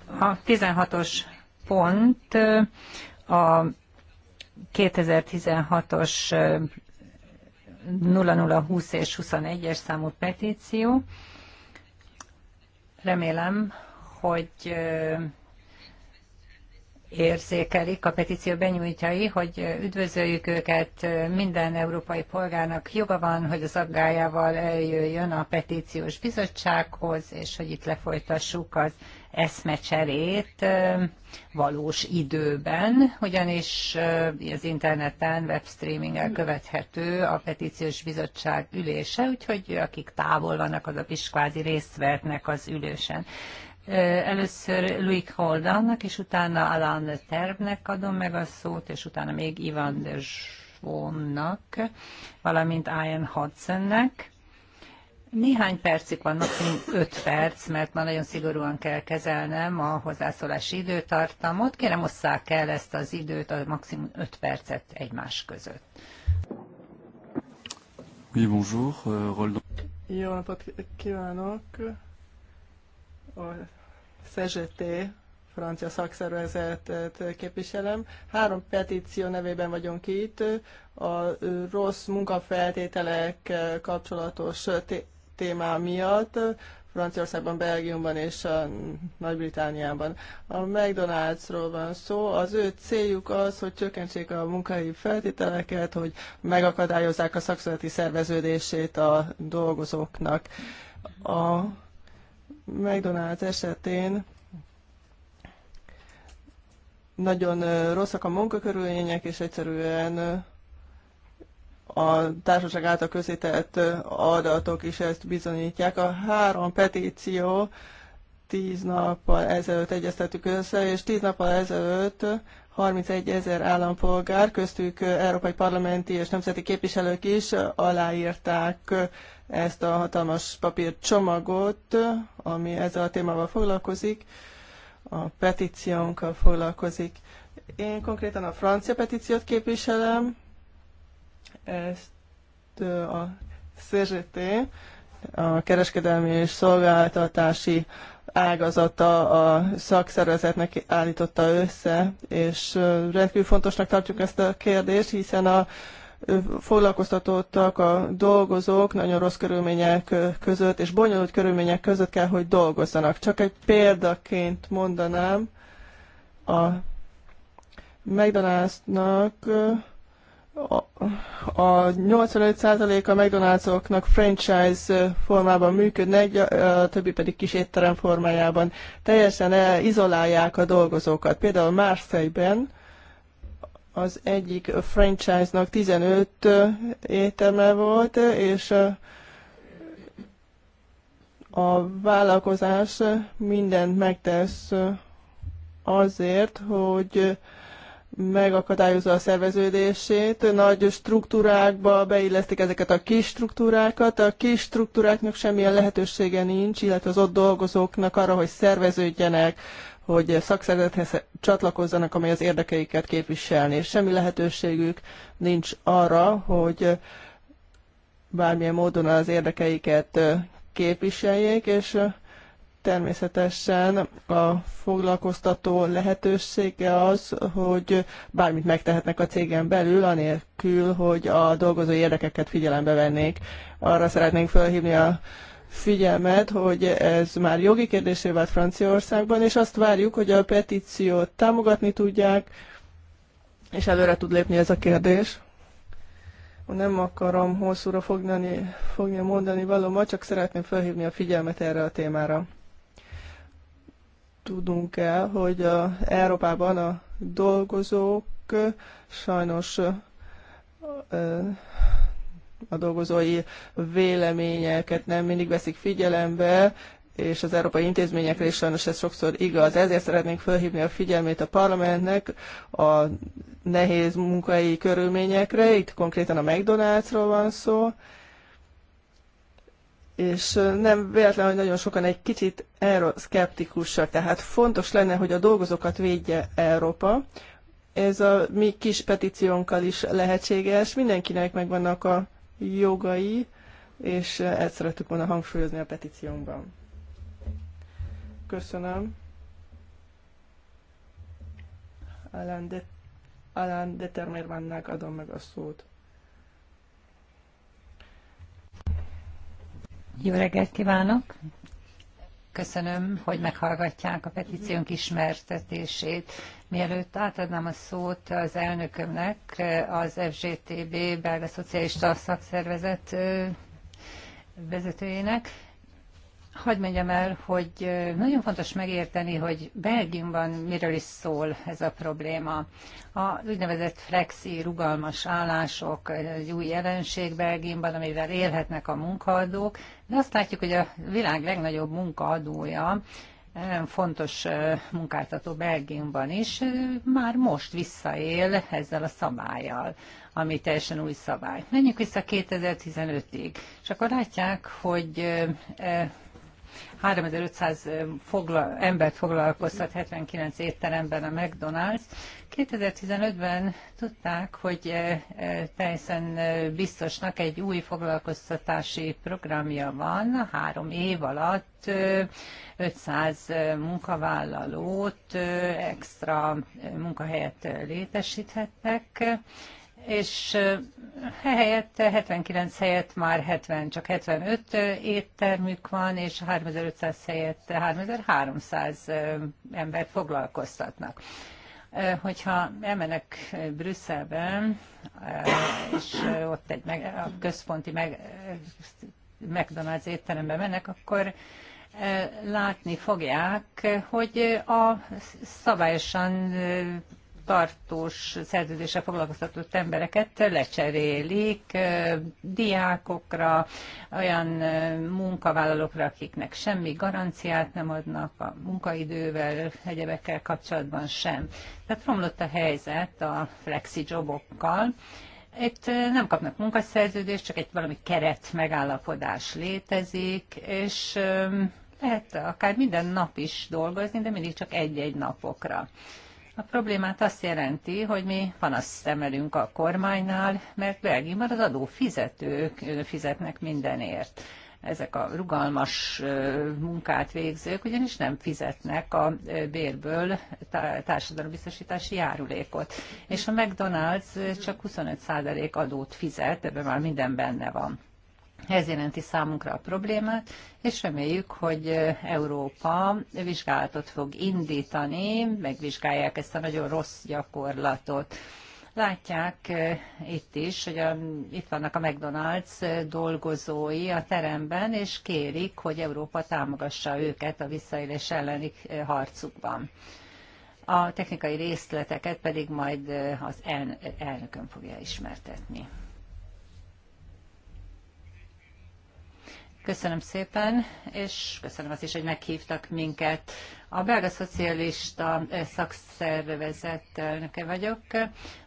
a 16-os pont a 2016-os 0020 és 21-es számú petíció. Remélem, hogy érzékelik a petíció benyújtjai, hogy üdvözöljük őket, minden európai polgárnak joga van, hogy az aggájával eljöjjön a petíciós bizottsághoz, és hogy itt lefolytassuk az eszmecserét valós időben, ugyanis az interneten webstreaminggel követhető a petíciós bizottság ülése, úgyhogy akik távol vannak, azok is kvázi részt vehetnek az ülésen. Eh, először Louis Holdannak, és utána Alan Terbnek adom meg a szót, és utána még Ivan de Svonnak, valamint Ian Hudsonnek. Néhány percig van, maximum 5 perc, mert ma nagyon szigorúan kell kezelnem a hozzászólási időtartamot. Kérem, osszák el ezt az időt, a maximum 5 percet egymás között. Oui, bonjour, euh, Roland. Jó napot kívánok! a CZT, francia szakszervezetet képviselem. Három petíció nevében vagyunk itt. A rossz munkafeltételek kapcsolatos témá miatt Franciaországban, Belgiumban és Nagy-Britániában. A McDonald'sról van szó, az ő céljuk az, hogy csökkentsék a munkai feltételeket, hogy megakadályozzák a szakszereti szerveződését a dolgozóknak. A McDonald's esetén nagyon rosszak a munkakörülmények, és egyszerűen a társaság által közített adatok is ezt bizonyítják. A három petíció tíz nappal ezelőtt egyeztettük össze, és tíz nappal ezelőtt 31 ezer állampolgár, köztük európai parlamenti és nemzeti képviselők is aláírták ezt a hatalmas papírcsomagot, ami ezzel a témával foglalkozik, a petíciónkkal foglalkozik. Én konkrétan a francia petíciót képviselem, ezt a CZT, a kereskedelmi és szolgáltatási ágazata a szakszervezetnek állította össze, és rendkívül fontosnak tartjuk ezt a kérdést, hiszen a foglalkoztatottak, a dolgozók nagyon rossz körülmények között és bonyolult körülmények között kell, hogy dolgozzanak. Csak egy példaként mondanám, a McDonald'snak a 85%-a McDonald'soknak franchise formában működnek, a többi pedig kis étterem formájában. Teljesen izolálják a dolgozókat. Például Marseille-ben az egyik franchise-nak 15 éteme volt, és a vállalkozás mindent megtesz azért, hogy megakadályozza a szerveződését, nagy struktúrákba beillesztik ezeket a kis struktúrákat. A kis struktúráknak semmilyen lehetősége nincs, illetve az ott dolgozóknak arra, hogy szerveződjenek hogy szakszervezethez csatlakozzanak, amely az érdekeiket képviselni. És semmi lehetőségük nincs arra, hogy bármilyen módon az érdekeiket képviseljék, és természetesen a foglalkoztató lehetősége az, hogy bármit megtehetnek a cégen belül, anélkül, hogy a dolgozó érdekeket figyelembe vennék. Arra szeretnénk felhívni a figyelmet, hogy ez már jogi kérdésé vált Franciaországban, és azt várjuk, hogy a petíciót támogatni tudják, és előre tud lépni ez a kérdés. Nem akarom hosszúra fognani, fogni a mondani valómat, csak szeretném felhívni a figyelmet erre a témára. Tudunk el, hogy a, Európában a dolgozók sajnos a dolgozói véleményeket nem mindig veszik figyelembe, és az európai intézményekre is sajnos ez sokszor igaz. Ezért szeretnénk felhívni a figyelmét a parlamentnek a nehéz munkai körülményekre, itt konkrétan a McDonald'sról van szó, és nem véletlen, hogy nagyon sokan egy kicsit euroszkeptikusak, tehát fontos lenne, hogy a dolgozókat védje Európa. Ez a mi kis petíciónkkal is lehetséges, mindenkinek megvannak a jogai, és ezt szerettük volna hangsúlyozni a petíciónkban. Köszönöm. Alan, De- Alan Determermannak adom meg a szót. Jó reggelt kívánok! Köszönöm, hogy meghallgatják a petíciónk ismertetését. Mielőtt átadnám a szót az elnökömnek, az FGTB, belga szocialista szakszervezet vezetőjének, Hadd mondjam el, hogy nagyon fontos megérteni, hogy Belgiumban miről is szól ez a probléma. A úgynevezett flexi, rugalmas állások egy új jelenség Belgiumban, amivel élhetnek a munkaadók, de azt látjuk, hogy a világ legnagyobb munkaadója nagyon fontos munkáltató Belgiumban is már most visszaél ezzel a szabályjal, ami teljesen új szabály. Menjünk vissza 2015-ig, és akkor látják, hogy 3500 fogla, embert foglalkoztat 79 étteremben a McDonald's. 2015-ben tudták, hogy teljesen biztosnak egy új foglalkoztatási programja van, három év alatt 500 munkavállalót extra munkahelyet létesíthetnek, és eh, helyett 79 eh, helyett már 70, csak 75 eh, éttermük van, és 3500 helyett 3300 embert foglalkoztatnak. Hogyha elmenek Brüsszelbe, és ott egy meg, a központi meg, McDonald's étterembe mennek, akkor látni fogják, hogy a szabályosan tartós szerződéssel foglalkoztatott embereket lecserélik diákokra, olyan munkavállalókra, akiknek semmi garanciát nem adnak a munkaidővel, egyebekkel kapcsolatban sem. Tehát romlott a helyzet a flexi jobokkal. Itt nem kapnak munkaszerződést, csak egy valami keret megállapodás létezik, és lehet akár minden nap is dolgozni, de mindig csak egy-egy napokra. A problémát azt jelenti, hogy mi panaszt emelünk a kormánynál, mert Belgiumban az adófizetők fizetnek mindenért. Ezek a rugalmas munkát végzők ugyanis nem fizetnek a bérből társadalombiztosítási járulékot. És a McDonald's csak 25% adót fizet, ebben már minden benne van. Ez jelenti számunkra a problémát, és reméljük, hogy Európa vizsgálatot fog indítani, megvizsgálják ezt a nagyon rossz gyakorlatot. Látják itt is, hogy a, itt vannak a McDonald's dolgozói a teremben, és kérik, hogy Európa támogassa őket a visszaélés elleni harcukban. A technikai részleteket pedig majd az elnökön fogja ismertetni. Köszönöm szépen, és köszönöm azt is, hogy meghívtak minket. A belga szocialista szakszervezet elnöke vagyok.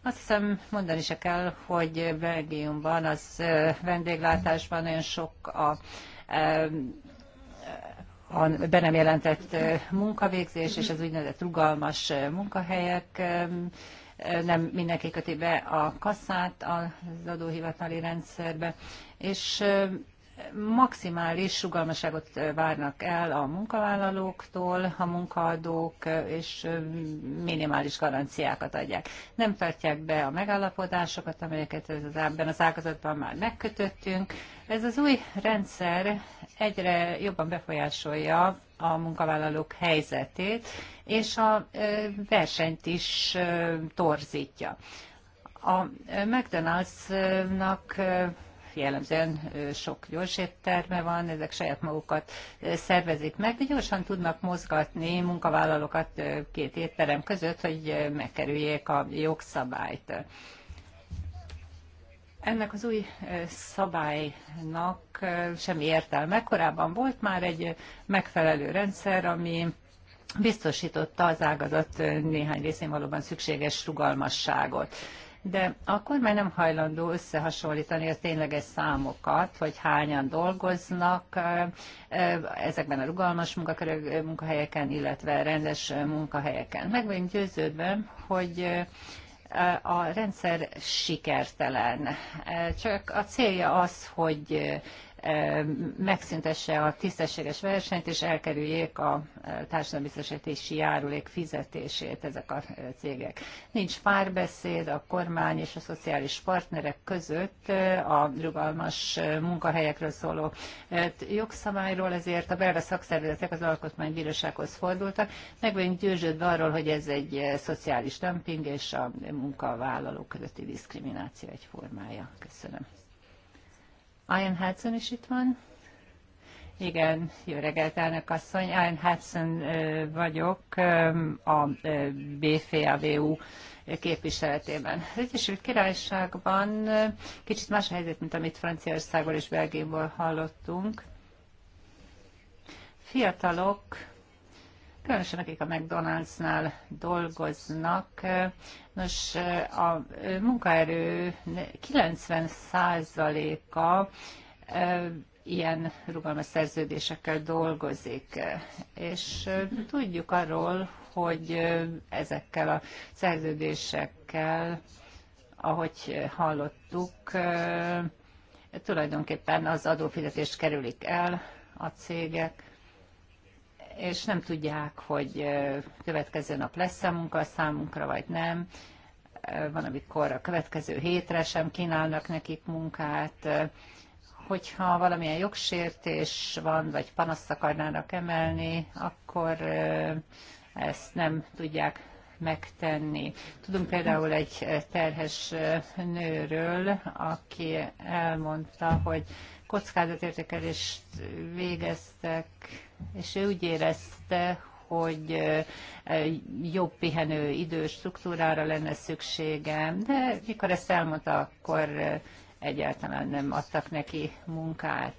Azt hiszem mondani se kell, hogy Belgiumban az vendéglátásban nagyon sok a a be nem jelentett munkavégzés és az úgynevezett rugalmas munkahelyek nem mindenki köti be a kasszát az adóhivatali rendszerbe, és maximális sugalmaságot várnak el a munkavállalóktól, a munkaadók, és minimális garanciákat adják. Nem tartják be a megállapodásokat, amelyeket ebben az ágazatban már megkötöttünk. Ez az új rendszer egyre jobban befolyásolja a munkavállalók helyzetét, és a versenyt is torzítja. A McDonald's-nak jellemzően sok gyors étterme van, ezek saját magukat szervezik meg, de gyorsan tudnak mozgatni munkavállalókat két étterem között, hogy megkerüljék a jogszabályt. Ennek az új szabálynak semmi értelme. Korábban volt már egy megfelelő rendszer, ami biztosította az ágazat néhány részén valóban szükséges rugalmasságot de akkor már nem hajlandó összehasonlítani a tényleges számokat, hogy hányan dolgoznak ezekben a rugalmas munkahelyeken, illetve rendes munkahelyeken. Meg vagyunk győződve, hogy a rendszer sikertelen. Csak a célja az, hogy megszüntesse a tisztességes versenyt, és elkerüljék a társadalombiztosítási járulék fizetését ezek a cégek. Nincs párbeszéd a kormány és a szociális partnerek között a rugalmas munkahelyekről szóló jogszabályról, ezért a belga szakszervezetek az alkotmánybírósághoz fordultak, meg vagyunk győződve arról, hogy ez egy szociális dumping és a munkavállalók közötti diszkrimináció egy formája. Köszönöm. Ian Hudson is itt van. Igen, jó reggelt, elnök asszony. Ian Hudson vagyok, a BFAVU képviseletében. Az Egyesült Királyságban kicsit más a helyzet, mint amit Franciaországból és Belgiumból hallottunk. Fiatalok különösen akik a McDonalds-nál dolgoznak. Nos, a munkaerő 90%-a ilyen rugalmas szerződésekkel dolgozik, és tudjuk arról, hogy ezekkel a szerződésekkel, ahogy hallottuk, tulajdonképpen az adófizetést kerülik el a cégek, és nem tudják, hogy következő nap lesz-e munka a számunkra, vagy nem. Van, amikor a következő hétre sem kínálnak nekik munkát. Hogyha valamilyen jogsértés van, vagy panaszt akarnának emelni, akkor ezt nem tudják megtenni. Tudunk például egy terhes nőről, aki elmondta, hogy kockázatértékelést végeztek és ő úgy érezte, hogy jobb pihenő idős struktúrára lenne szükségem, de mikor ezt elmondta, akkor egyáltalán nem adtak neki munkát.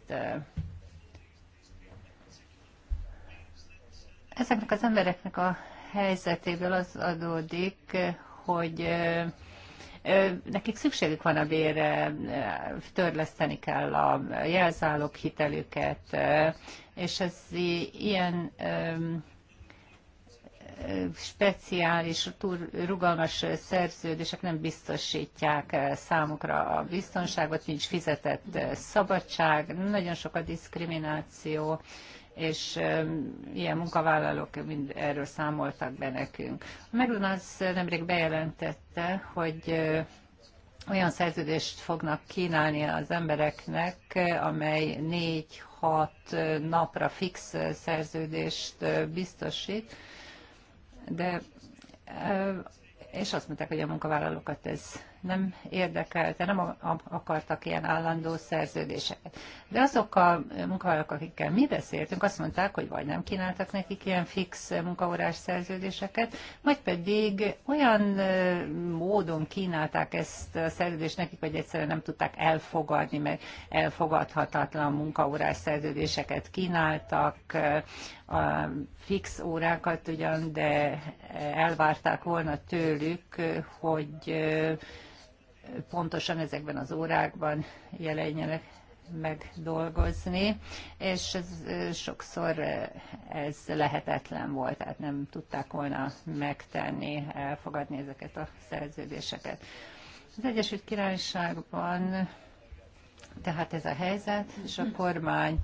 Ezeknek az embereknek a helyzetéből az adódik, hogy nekik szükségük van a bérre, törleszteni kell a jelzálók hitelüket, és ez ilyen speciális, rugalmas szerződések nem biztosítják számukra a biztonságot, nincs fizetett szabadság, nagyon sok a diszkrimináció, és ilyen munkavállalók mind erről számoltak be nekünk. A McDonald's nemrég bejelentette, hogy olyan szerződést fognak kínálni az embereknek, amely négy-hat napra fix szerződést biztosít, de és azt mondták, hogy a munkavállalókat ez nem érdekelte, nem akartak ilyen állandó szerződéseket. De azok a munkavállalók, akikkel mi beszéltünk, azt mondták, hogy vagy nem kínáltak nekik ilyen fix munkaórás szerződéseket, vagy pedig olyan módon kínálták ezt a szerződést nekik, hogy egyszerűen nem tudták elfogadni, mert elfogadhatatlan munkaórás szerződéseket kínáltak, a fix órákat ugyan, de elvárták volna tőlük, hogy pontosan ezekben az órákban jelenjenek meg dolgozni, és ez, sokszor ez lehetetlen volt, tehát nem tudták volna megtenni, elfogadni ezeket a szerződéseket. Az Egyesült Királyságban tehát ez a helyzet, és a kormány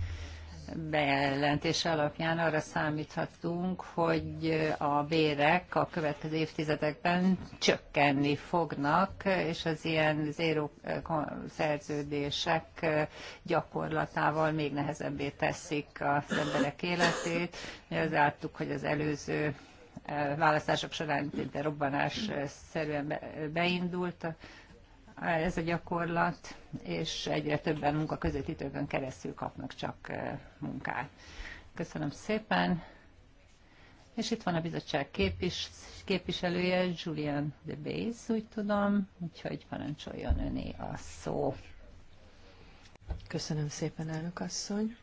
bejelentés alapján arra számíthatunk, hogy a bérek a következő évtizedekben csökkenni fognak, és az ilyen zéró eh, szerződések eh, gyakorlatával még nehezebbé teszik az emberek életét. Mi az láttuk, hogy az előző eh, választások során robbanás szerűen beindult, ez a gyakorlat, és egyre többen munkaközvetítőkön keresztül kapnak csak munkát. Köszönöm szépen. És itt van a bizottság képvis, képviselője, Julian de Bays, úgy tudom, úgyhogy parancsoljon öné a szó. Köszönöm szépen, elnök asszony.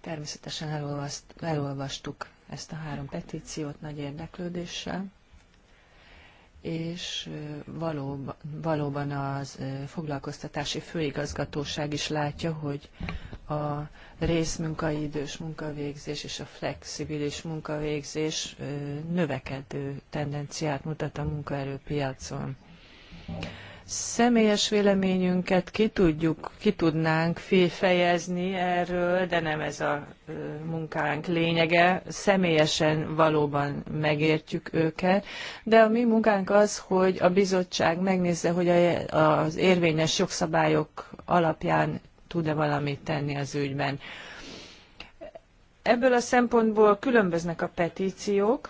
Természetesen elolvast, elolvastuk ezt a három petíciót nagy érdeklődéssel és valóban, valóban az foglalkoztatási főigazgatóság is látja, hogy a részmunkaidős munkavégzés és a flexibilis munkavégzés növekedő tendenciát mutat a munkaerőpiacon. Személyes véleményünket ki, tudjuk, ki tudnánk fejezni erről, de nem ez a munkánk lényege. Személyesen valóban megértjük őket, de a mi munkánk az, hogy a bizottság megnézze, hogy az érvényes jogszabályok alapján tud-e valamit tenni az ügyben. Ebből a szempontból különböznek a petíciók.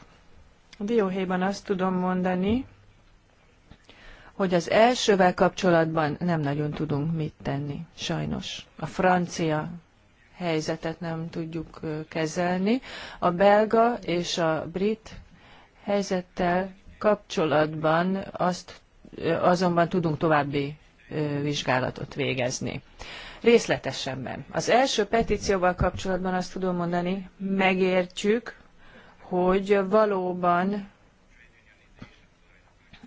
A dióhéjban azt tudom mondani, hogy az elsővel kapcsolatban nem nagyon tudunk mit tenni, sajnos. A francia helyzetet nem tudjuk kezelni. A belga és a brit helyzettel kapcsolatban azt azonban tudunk további vizsgálatot végezni. Részletesebben. Az első petícióval kapcsolatban azt tudom mondani, megértjük, hogy valóban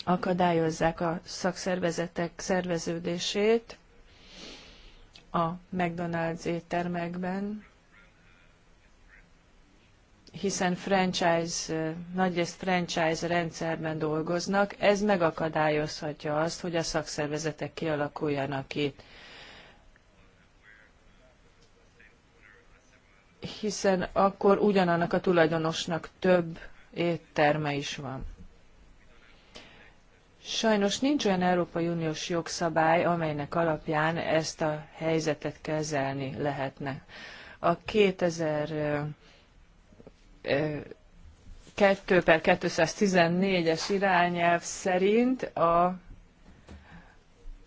akadályozzák a szakszervezetek szerveződését a McDonald's éttermekben, hiszen franchise, eh, nagyrészt franchise rendszerben dolgoznak, ez megakadályozhatja azt, hogy a szakszervezetek kialakuljanak itt. Hiszen akkor ugyanannak a tulajdonosnak több étterme is van. Sajnos nincs olyan Európai Uniós jogszabály, amelynek alapján ezt a helyzetet kezelni lehetne. A 2000 per 214-es irányelv szerint a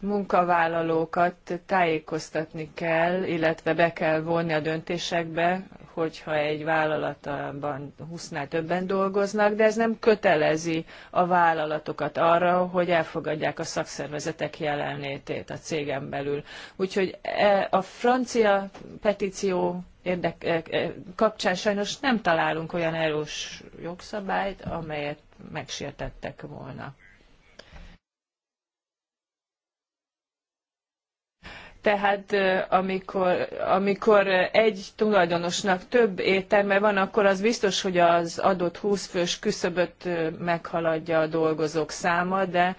munkavállalókat tájékoztatni kell, illetve be kell vonni a döntésekbe, hogyha egy vállalatban 20-nál többen dolgoznak, de ez nem kötelezi a vállalatokat arra, hogy elfogadják a szakszervezetek jelenlétét a cégen belül. Úgyhogy e, a francia petíció érdek, e, e, kapcsán sajnos nem találunk olyan erős jogszabályt, amelyet megsértettek volna. Tehát amikor, amikor egy tulajdonosnak több étterme van, akkor az biztos, hogy az adott 20 fős küszöböt meghaladja a dolgozók száma, de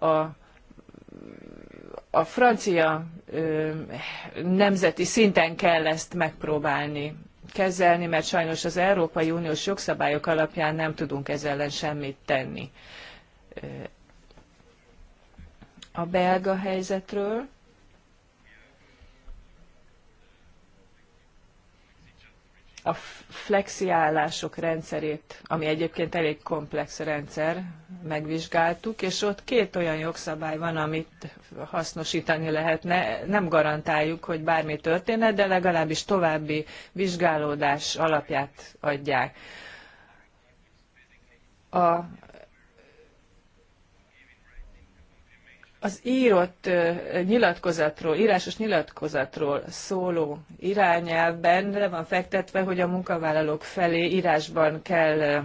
a a francia ö, nemzeti szinten kell ezt megpróbálni kezelni, mert sajnos az Európai Uniós jogszabályok alapján nem tudunk ezzel ellen semmit tenni. A belga helyzetről a flexiállások rendszerét, ami egyébként elég komplex rendszer, megvizsgáltuk, és ott két olyan jogszabály van, amit hasznosítani lehetne. Nem garantáljuk, hogy bármi történhet, de legalábbis további vizsgálódás alapját adják. A Az írott nyilatkozatról, írásos nyilatkozatról szóló irányelvben le van fektetve, hogy a munkavállalók felé írásban kell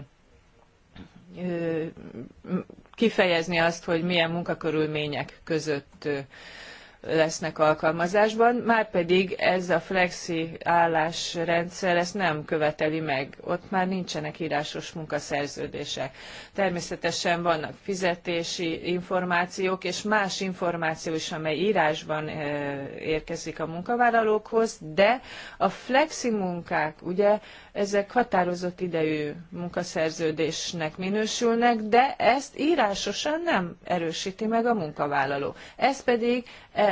kifejezni azt, hogy milyen munkakörülmények között lesznek alkalmazásban, márpedig ez a flexi állásrendszer ezt nem követeli meg, ott már nincsenek írásos munkaszerződések. Természetesen vannak fizetési információk és más információ is, amely írásban eh, érkezik a munkavállalókhoz, de a flexi munkák, ugye ezek határozott idejű munkaszerződésnek minősülnek, de ezt írásosan nem erősíti meg a munkavállaló. Ez pedig e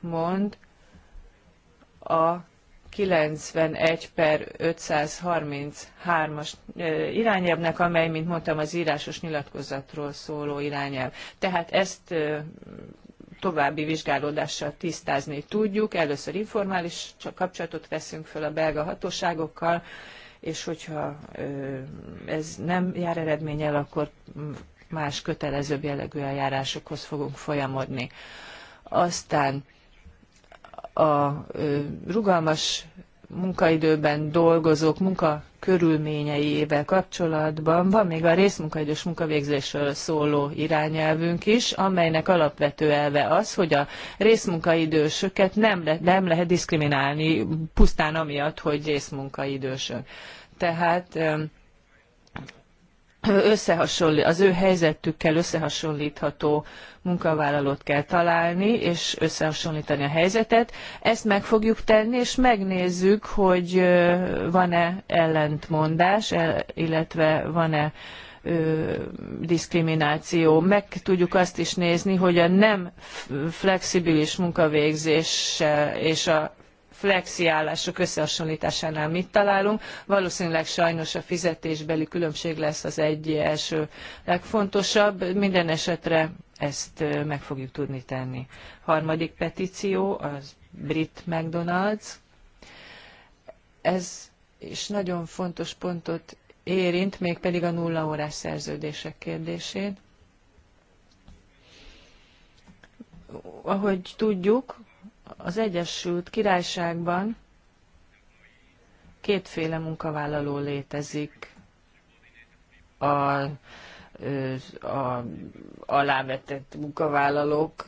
mond a 91 per 533-as irányelvnek, amely, mint mondtam, az írásos nyilatkozatról szóló irányelv. Tehát ezt további vizsgálódással tisztázni tudjuk. Először informális kapcsolatot veszünk föl a belga hatóságokkal, és hogyha ez nem jár eredménnyel, akkor más kötelezőbb jellegű eljárásokhoz fogunk folyamodni. Aztán a rugalmas munkaidőben dolgozók munka kapcsolatban van még a részmunkaidős munkavégzésről szóló irányelvünk is, amelynek alapvető elve az, hogy a részmunkaidősöket nem, le, nem lehet diszkriminálni pusztán amiatt, hogy részmunkaidősök. Tehát összehasonlít, az ő helyzetükkel összehasonlítható munkavállalót kell találni, és összehasonlítani a helyzetet. Ezt meg fogjuk tenni, és megnézzük, hogy van-e ellentmondás, illetve van-e diszkrimináció. Meg tudjuk azt is nézni, hogy a nem flexibilis munkavégzés és a flexiállások összehasonlításánál mit találunk. Valószínűleg sajnos a fizetésbeli különbség lesz az egy első legfontosabb. Minden esetre ezt meg fogjuk tudni tenni. Harmadik petíció, az Brit McDonald's. Ez is nagyon fontos pontot érint, mégpedig a nulla órás szerződések kérdését. Ahogy tudjuk, az Egyesült Királyságban kétféle munkavállaló létezik. A, a alávetett munkavállalók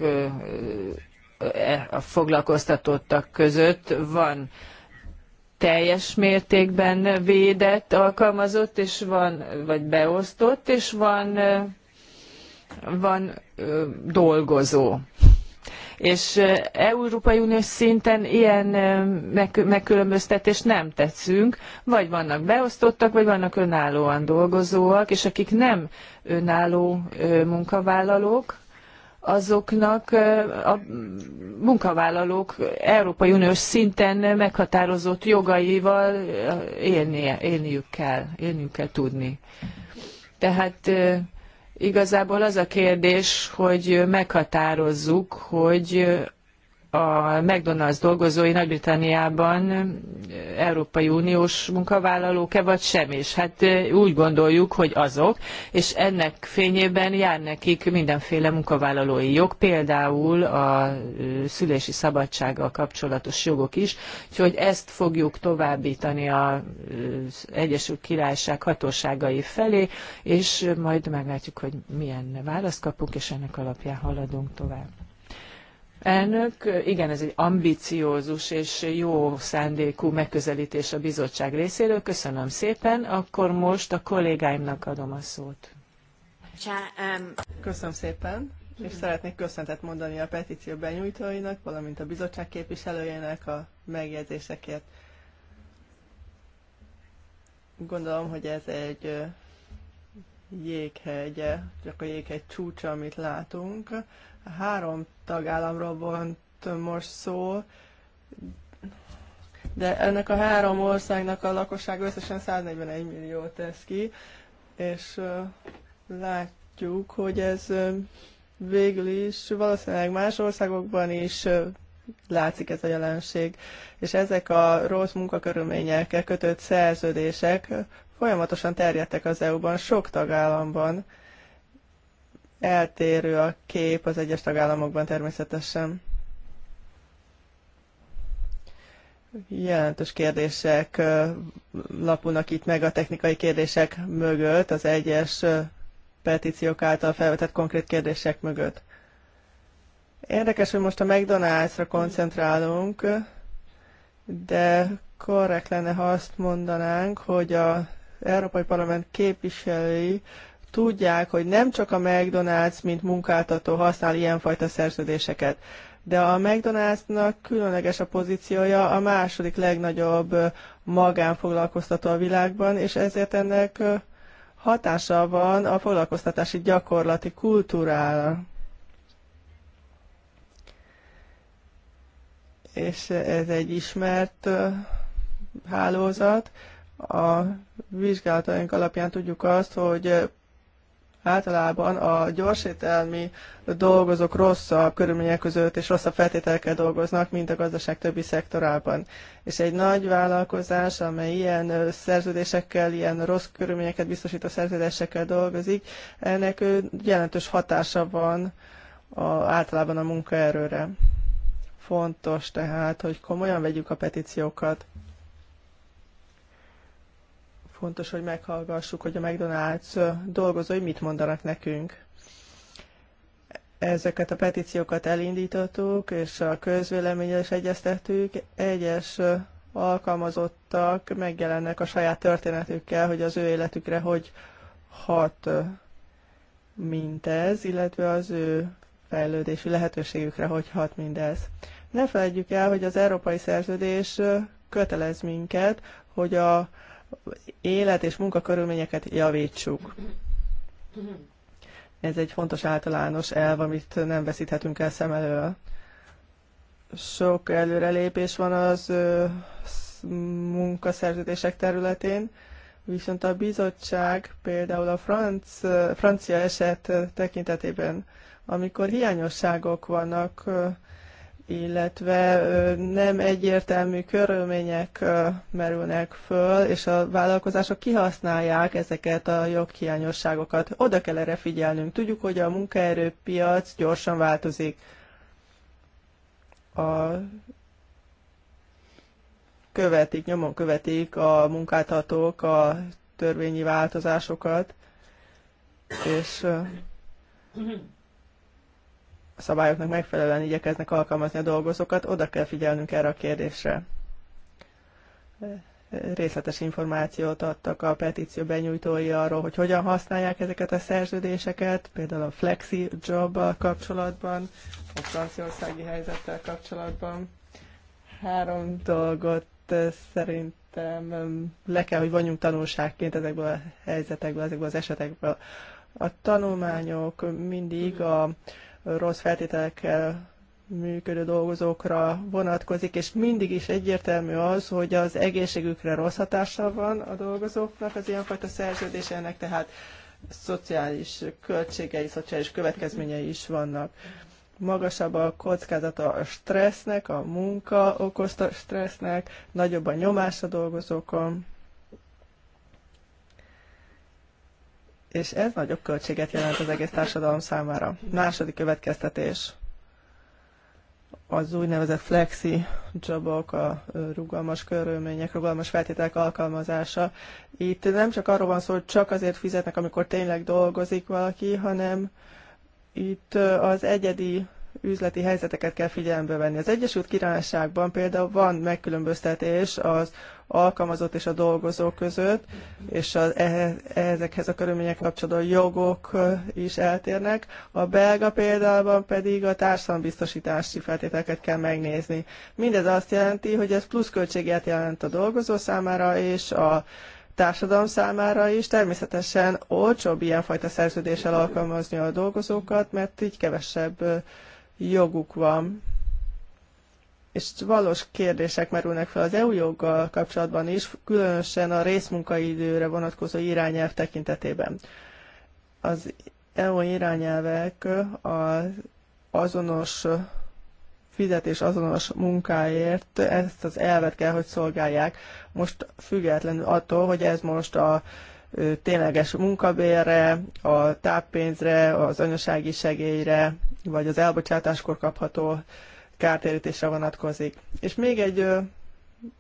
e, a foglalkoztatottak között van teljes mértékben védett alkalmazott, és van, vagy beosztott, és van, van dolgozó és Európai Uniós szinten ilyen megkülönböztetést nem tetszünk, vagy vannak beosztottak, vagy vannak önállóan dolgozóak, és akik nem önálló munkavállalók, azoknak a munkavállalók Európai Uniós szinten meghatározott jogaival élnie, élniük kell, élniük kell tudni. Tehát Igazából az a kérdés, hogy meghatározzuk, hogy a McDonald's dolgozói Nagy-Britanniában eh, Európai Uniós munkavállalók-e vagy sem, és hát eh, úgy gondoljuk, hogy azok, és ennek fényében jár nekik mindenféle munkavállalói jog, például a eh, szülési szabadsággal kapcsolatos jogok is, úgyhogy ezt fogjuk továbbítani az Egyesült Királyság hatóságai felé, és majd meglátjuk, hogy milyen választ kapunk, és ennek alapján haladunk tovább. Elnök, igen, ez egy ambiciózus és jó szándékú megközelítés a bizottság részéről. Köszönöm szépen. Akkor most a kollégáimnak adom a szót. Köszönöm szépen, és szeretnék köszöntet mondani a petíció benyújtóinak, valamint a bizottság képviselőjének a megjegyzésekért. Gondolom, hogy ez egy jéghegy, csak a jéghegy csúcsa, amit látunk Három tagállamról volt most szó, de ennek a három országnak a lakosság összesen 141 millió tesz ki, és látjuk, hogy ez végül is valószínűleg más országokban is látszik ez a jelenség, és ezek a rossz munkakörülményekkel kötött szerződések folyamatosan terjedtek az EU-ban, sok tagállamban, Eltérő a kép az egyes tagállamokban természetesen. Jelentős kérdések lapulnak itt meg a technikai kérdések mögött, az egyes petíciók által felvetett konkrét kérdések mögött. Érdekes, hogy most a McDonald'sra koncentrálunk, de korrekt lenne, ha azt mondanánk, hogy a Európai Parlament képviselői tudják, hogy nem csak a McDonald's, mint munkáltató használ ilyenfajta szerződéseket, de a McDonald'snak különleges a pozíciója, a második legnagyobb magánfoglalkoztató a világban, és ezért ennek hatása van a foglalkoztatási gyakorlati kultúrára. És ez egy ismert hálózat. A vizsgálataink alapján tudjuk azt, hogy Általában a gyorsételmi dolgozók rosszabb körülmények között és rosszabb feltételekkel dolgoznak, mint a gazdaság többi szektorában. És egy nagy vállalkozás, amely ilyen szerződésekkel, ilyen rossz körülményeket biztosító szerződésekkel dolgozik, ennek jelentős hatása van a, általában a munkaerőre. Fontos tehát, hogy komolyan vegyük a petíciókat Fontos, hogy meghallgassuk, hogy a McDonald's dolgozói mit mondanak nekünk. Ezeket a petíciókat elindítottuk, és a közvéleményel is egyeztettük. Egyes alkalmazottak megjelennek a saját történetükkel, hogy az ő életükre hogy hat mindez, illetve az ő fejlődési lehetőségükre hogy hat mindez. Ne felejtjük el, hogy az Európai Szerződés kötelez minket, hogy a élet és munkakörülményeket javítsuk. Ez egy fontos általános elv, amit nem veszíthetünk el szem elől. Sok előrelépés van az munkaszerződések területén, viszont a bizottság például a franc, francia eset tekintetében, amikor hiányosságok vannak, illetve nem egyértelmű körülmények merülnek föl, és a vállalkozások kihasználják ezeket a joghiányosságokat. Oda kell erre figyelnünk. Tudjuk, hogy a munkaerőpiac gyorsan változik. A követik, nyomon követik a munkáltatók a törvényi változásokat, és szabályoknak megfelelően igyekeznek alkalmazni a dolgozókat, oda kell figyelnünk erre a kérdésre. Részletes információt adtak a petíció benyújtói arról, hogy hogyan használják ezeket a szerződéseket, például a flexi job kapcsolatban, a franciaországi helyzettel kapcsolatban. Három dolgot eh, szerintem le kell, hogy vonjunk tanulságként ezekből a helyzetekből, ezekből az esetekből. A tanulmányok mindig a rossz feltételekkel működő dolgozókra vonatkozik, és mindig is egyértelmű az, hogy az egészségükre rossz hatással van a dolgozóknak az ilyenfajta szerződés, ennek tehát szociális költségei, szociális következményei is vannak. Magasabb a kockázata a stressznek, a munka okozta stressznek, nagyobb a nyomás a dolgozókon, és ez nagyobb költséget jelent az egész társadalom számára. Második következtetés az úgynevezett flexi jobok, a rugalmas körülmények, rugalmas feltételek alkalmazása. Itt nem csak arról van szó, hogy csak azért fizetnek, amikor tényleg dolgozik valaki, hanem itt az egyedi üzleti helyzeteket kell figyelembe venni. Az Egyesült Királyságban például van megkülönböztetés az alkalmazott és a dolgozó között, és az e, ezekhez a körülmények kapcsolódó jogok is eltérnek. A belga példában pedig a társadalombiztosítási feltételeket kell megnézni. Mindez azt jelenti, hogy ez pluszköltséget jelent a dolgozó számára és a társadalom számára is. Természetesen olcsóbb ilyenfajta szerződéssel alkalmazni a dolgozókat, mert így kevesebb joguk van. És valós kérdések merülnek fel az EU joggal kapcsolatban is, különösen a részmunkaidőre vonatkozó irányelv tekintetében. Az EU irányelvek az azonos fizetés azonos munkáért, ezt az elvet kell, hogy szolgálják. Most függetlenül attól, hogy ez most a tényleges munkabérre, a táppénzre, az anyasági segélyre, vagy az elbocsátáskor kapható kártérítésre vonatkozik. És még egy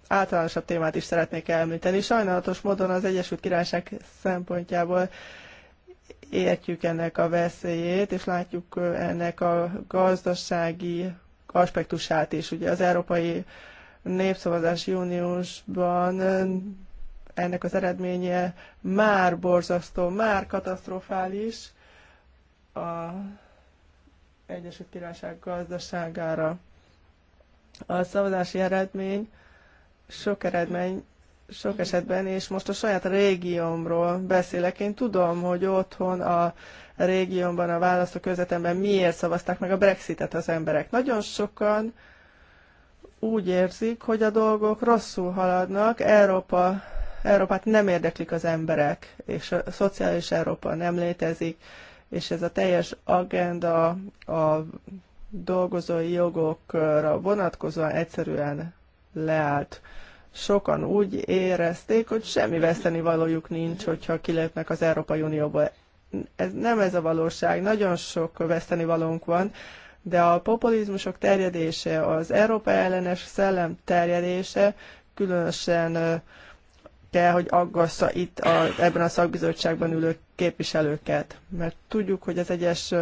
általánosabb témát is szeretnék említeni. Sajnálatos módon az Egyesült Királyság szempontjából értjük ennek a veszélyét, és látjuk ennek a gazdasági aspektusát is. Ugye az európai népszavazás júniusban ennek az eredménye már borzasztó, már katasztrofális a Egyesült Királyság gazdaságára. A szavazási eredmény sok eredmény, sok esetben, és most a saját régiómról beszélek. Én tudom, hogy otthon a régiómban, a választókörzetemben miért szavazták meg a Brexitet az emberek. Nagyon sokan úgy érzik, hogy a dolgok rosszul haladnak, Európa Európát nem érdeklik az emberek, és a szociális Európa nem létezik, és ez a teljes agenda a dolgozói jogokra vonatkozóan egyszerűen leállt. Sokan úgy érezték, hogy semmi vesztenivalójuk nincs, hogyha kilépnek az Európai Unióból. Ez nem ez a valóság, nagyon sok vesztenivalónk van, de a populizmusok terjedése, az Európa ellenes szellem terjedése különösen kell, hogy aggassa itt a, ebben a szakbizottságban ülő képviselőket. Mert tudjuk, hogy az egyes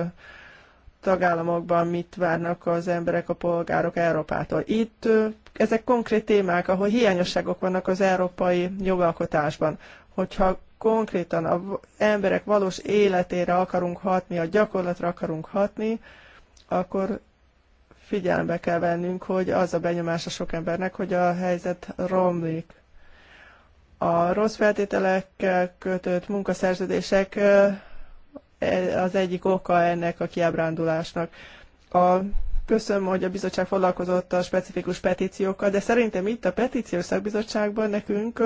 tagállamokban mit várnak az emberek, a polgárok Európától. Itt ezek konkrét témák, ahol hiányosságok vannak az európai jogalkotásban. Hogyha konkrétan az emberek valós életére akarunk hatni, a gyakorlatra akarunk hatni, akkor figyelembe kell vennünk, hogy az a benyomás a sok embernek, hogy a helyzet romlik. A rossz feltételekkel kötött munkaszerződések e, az egyik oka ennek a kiábrándulásnak. A Köszönöm, hogy a bizottság foglalkozott a specifikus petíciókkal, de szerintem itt a petíciós szakbizottságban nekünk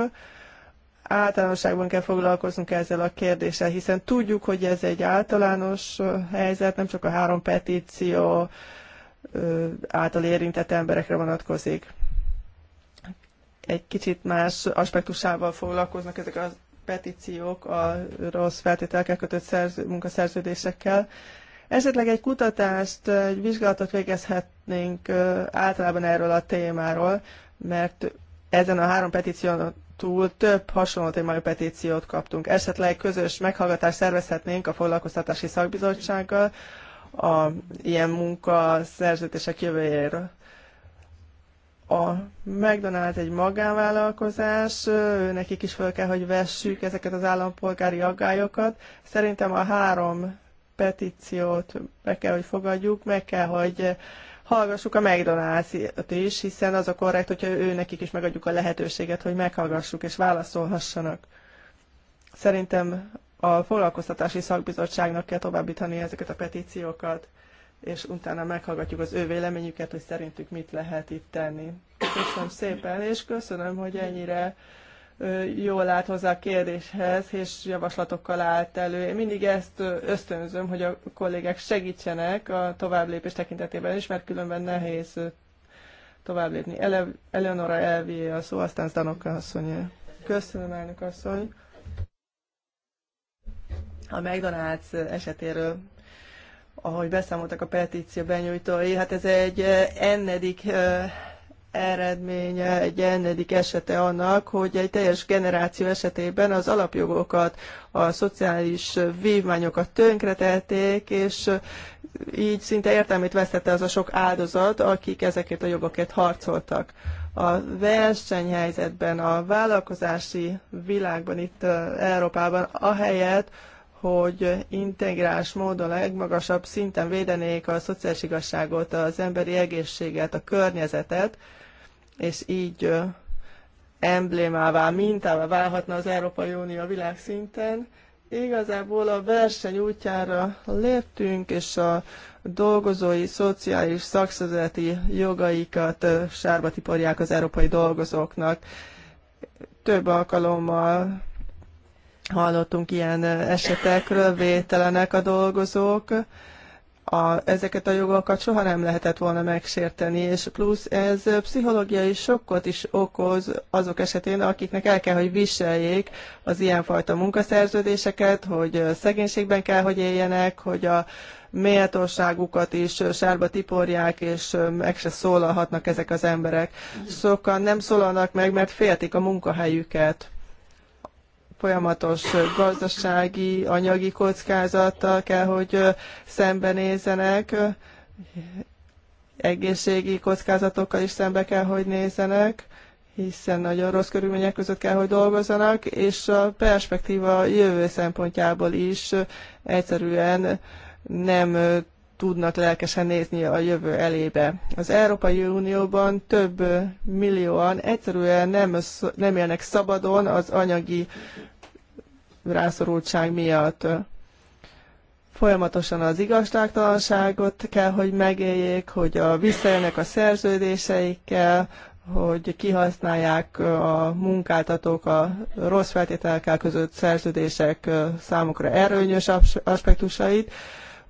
általánosságban kell foglalkoznunk ezzel a kérdéssel, hiszen tudjuk, hogy ez egy általános helyzet, nem csak a három petíció által érintett emberekre vonatkozik egy kicsit más aspektusával foglalkoznak ezek a petíciók a rossz feltételekkel kötött szerző, munkaszerződésekkel. Esetleg egy kutatást, egy vizsgálatot végezhetnénk általában erről a témáról, mert ezen a három petíción túl több hasonló témájú petíciót kaptunk. Esetleg közös meghallgatást szervezhetnénk a foglalkoztatási szakbizottsággal a ilyen munkaszerződések jövőjéről a McDonald's egy magánvállalkozás, nekik is fel kell, hogy vessük ezeket az állampolgári aggályokat. Szerintem a három petíciót be kell, hogy fogadjuk, meg kell, hogy hallgassuk a McDonald's-t is, hiszen az a korrekt, hogyha ő nekik is megadjuk a lehetőséget, hogy meghallgassuk és válaszolhassanak. Szerintem a foglalkoztatási szakbizottságnak kell továbbítani ezeket a petíciókat és utána meghallgatjuk az ő véleményüket, hogy szerintük mit lehet itt tenni. Köszönöm szépen, és köszönöm, hogy ennyire jól állt hozzá a kérdéshez, és javaslatokkal állt elő. Én mindig ezt ösztönzöm, hogy a kollégák segítsenek a továbblépés tekintetében is, mert különben nehéz tovább lépni. Ele, Eleonora elvié a szó, aztán Zdanoka asszony. Köszönöm, elnök asszony. A McDonald's esetéről ahogy beszámoltak a petíció benyújtói, hát ez egy eh, ennedik eh, eredménye, egy ennedik esete annak, hogy egy teljes generáció esetében az alapjogokat, a szociális vívmányokat tönkretelték, és eh, így szinte értelmét vesztette az a sok áldozat, akik ezekért a jogokért harcoltak. A versenyhelyzetben, a vállalkozási világban itt Európában, a helyet, hogy integrás módon a legmagasabb szinten védenék a szociális igazságot, az emberi egészséget, a környezetet, és így emblémává, mintává válhatna az Európai Unió világszinten. Igazából a verseny útjára léptünk, és a dolgozói, szociális, szakszervezeti jogaikat sárba tiporják az európai dolgozóknak. Több alkalommal Hallottunk ilyen esetekről, vételenek a dolgozók, a, ezeket a jogokat soha nem lehetett volna megsérteni, és plusz ez pszichológiai sokkot is okoz azok esetén, akiknek el kell, hogy viseljék az ilyenfajta munkaszerződéseket, hogy szegénységben kell, hogy éljenek, hogy a méltóságukat is sárba tiporják, és meg se szólalhatnak ezek az emberek. Sokan nem szólalnak meg, mert féltik a munkahelyüket folyamatos gazdasági, anyagi kockázattal kell, hogy szembenézzenek, egészségi kockázatokkal is szembe kell, hogy nézzenek, hiszen nagyon rossz körülmények között kell, hogy dolgozzanak, és a perspektíva jövő szempontjából is egyszerűen nem tudnak lelkesen nézni a jövő elébe. Az Európai Unióban több millióan egyszerűen nem, nem élnek szabadon az anyagi rászorultság miatt. Folyamatosan az igazságtalanságot kell, hogy megéljék, hogy a visszaélnek a szerződéseikkel, hogy kihasználják a munkáltatók a rossz feltételekkel között szerződések számukra erőnyös aspektusait,